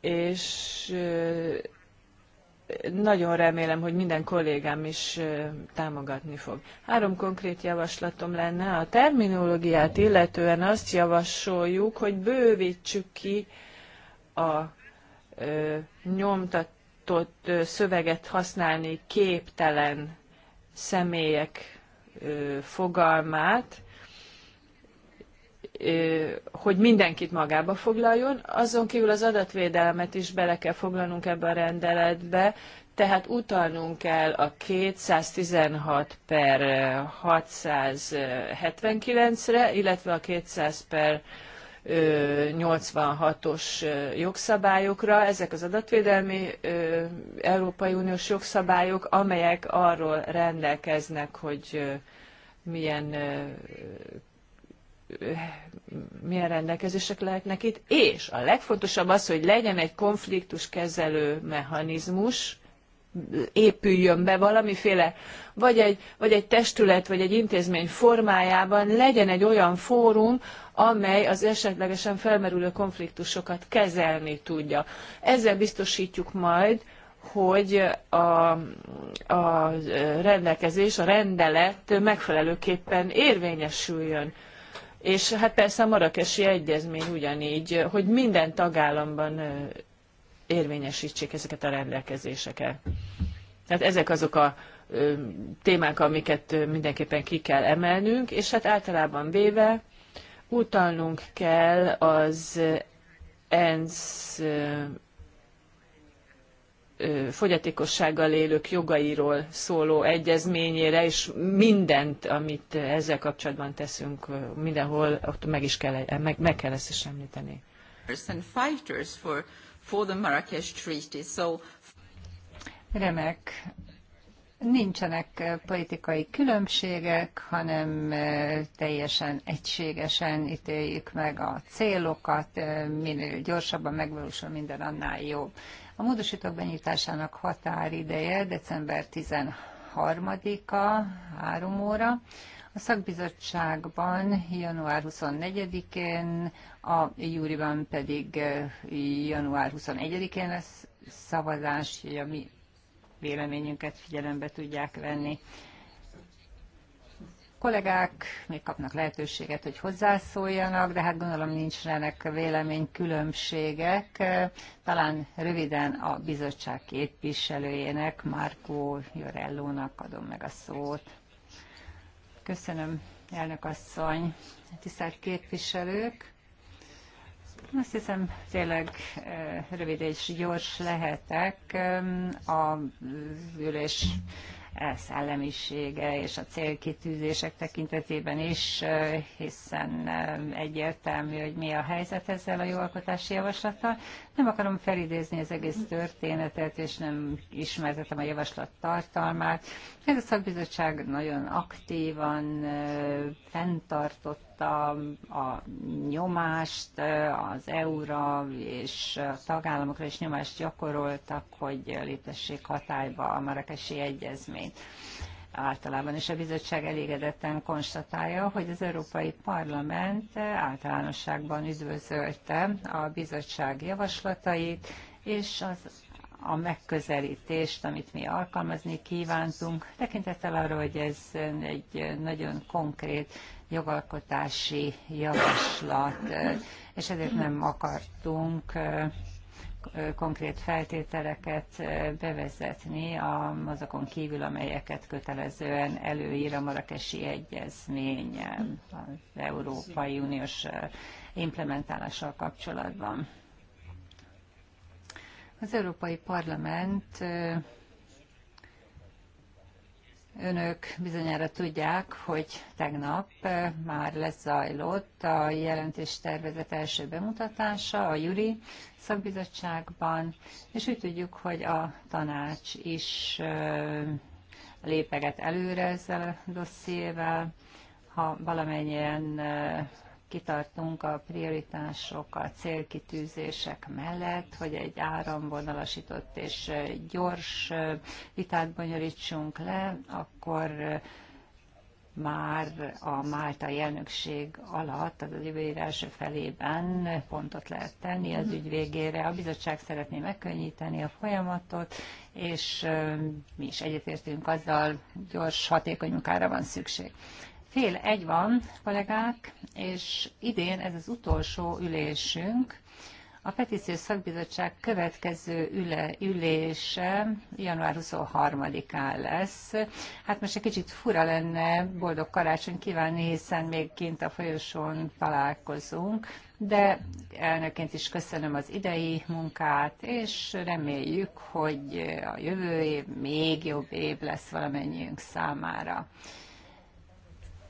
És nagyon remélem, hogy minden kollégám is támogatni fog. Három konkrét javaslatom lenne. A terminológiát illetően azt javasoljuk, hogy bővítsük ki a nyomtatott szöveget használni képtelen személyek fogalmát, hogy mindenkit magába foglaljon, azon kívül az adatvédelmet is bele kell foglalnunk ebbe a rendeletbe, tehát utalnunk kell a 216 per 679-re, illetve a 200 per 86-os jogszabályokra. Ezek az adatvédelmi Európai Uniós jogszabályok, amelyek arról rendelkeznek, hogy milyen milyen rendelkezések lehetnek itt, és a legfontosabb az, hogy legyen egy konfliktuskezelő mechanizmus, épüljön be valamiféle, vagy egy, vagy egy testület, vagy egy intézmény formájában legyen egy olyan fórum, amely az esetlegesen felmerülő konfliktusokat kezelni tudja. Ezzel biztosítjuk majd, hogy a, a rendelkezés, a rendelet megfelelőképpen érvényesüljön. És hát persze a marakesi egyezmény ugyanígy, hogy minden tagállamban érvényesítsék ezeket a rendelkezéseket. Tehát ezek azok a témák, amiket mindenképpen ki kell emelnünk, és hát általában véve utalnunk kell az ENSZ fogyatékossággal élők jogairól szóló egyezményére, és mindent, amit ezzel kapcsolatban teszünk, mindenhol ott meg is kell, meg, meg kell ezt is említeni. Remek nincsenek eh, politikai különbségek, hanem eh, teljesen egységesen ítéljük meg a célokat, eh, minél gyorsabban megvalósul minden, annál jobb. A módosítók benyitásának határideje december 13-a, 3 óra. A szakbizottságban január 24-én, a júriban pedig január 21-én lesz szavazás, a mi véleményünket figyelembe tudják venni. Kollégák még kapnak lehetőséget, hogy hozzászóljanak, de hát gondolom nincsenek véleménykülönbségek. Talán röviden a bizottság képviselőjének, Marco Jorellónak adom meg a szót. Köszönöm, elnök asszony, tisztelt képviselők! Azt hiszem, tényleg eh, rövid és gyors lehetek. Eh, a ülés szellemisége és a célkitűzések tekintetében is, eh, hiszen egyértelmű, hogy mi a helyzet ezzel a jogalkotási javaslattal. Nem akarom felidézni az egész történetet, és nem ismertetem a javaslat tartalmát. Ez a szakbizottság nagyon aktívan fenntartott a a nyomást az EU-ra és a tagállamokra is nyomást gyakoroltak, hogy léptessék hatályba a marakesi egyezményt általában, és a bizottság elégedetten konstatálja, hogy az Európai Parlament általánosságban üdvözölte a bizottság javaslatait, és az a megközelítést, amit mi alkalmazni kívántunk, tekintettel arra, hogy ez egy nagyon konkrét jogalkotási javaslat, és ezért nem akartunk konkrét feltételeket bevezetni a, azokon kívül, amelyeket kötelezően előír a marakesi Egyezmény az Európai Uniós implementálással kapcsolatban. Az Európai Parlament Önök bizonyára tudják, hogy tegnap eh, már lezajlott a jelentés tervezet első bemutatása a Juri szakbizottságban, és úgy tudjuk, hogy a tanács is eh, lépeget előre ezzel a dossziével. Ha valamennyien eh, kitartunk a prioritások, a célkitűzések mellett, hogy egy áramvonalasított és gyors vitát bonyolítsunk le, akkor már a máltai elnökség alatt, az jövő év első felében pontot lehet tenni az ügy végére. A bizottság szeretné megkönnyíteni a folyamatot, és mi is egyetértünk azzal, gyors, hatékony munkára van szükség. Fél egy van, kollégák, és idén ez az utolsó ülésünk. A Petíciós Szakbizottság következő üle, ülése január 23-án lesz. Hát most egy kicsit fura lenne boldog karácsony kívánni, hiszen még kint a folyosón találkozunk, de elnöként is köszönöm az idei munkát, és reméljük, hogy a jövő év még jobb év lesz valamennyiünk számára.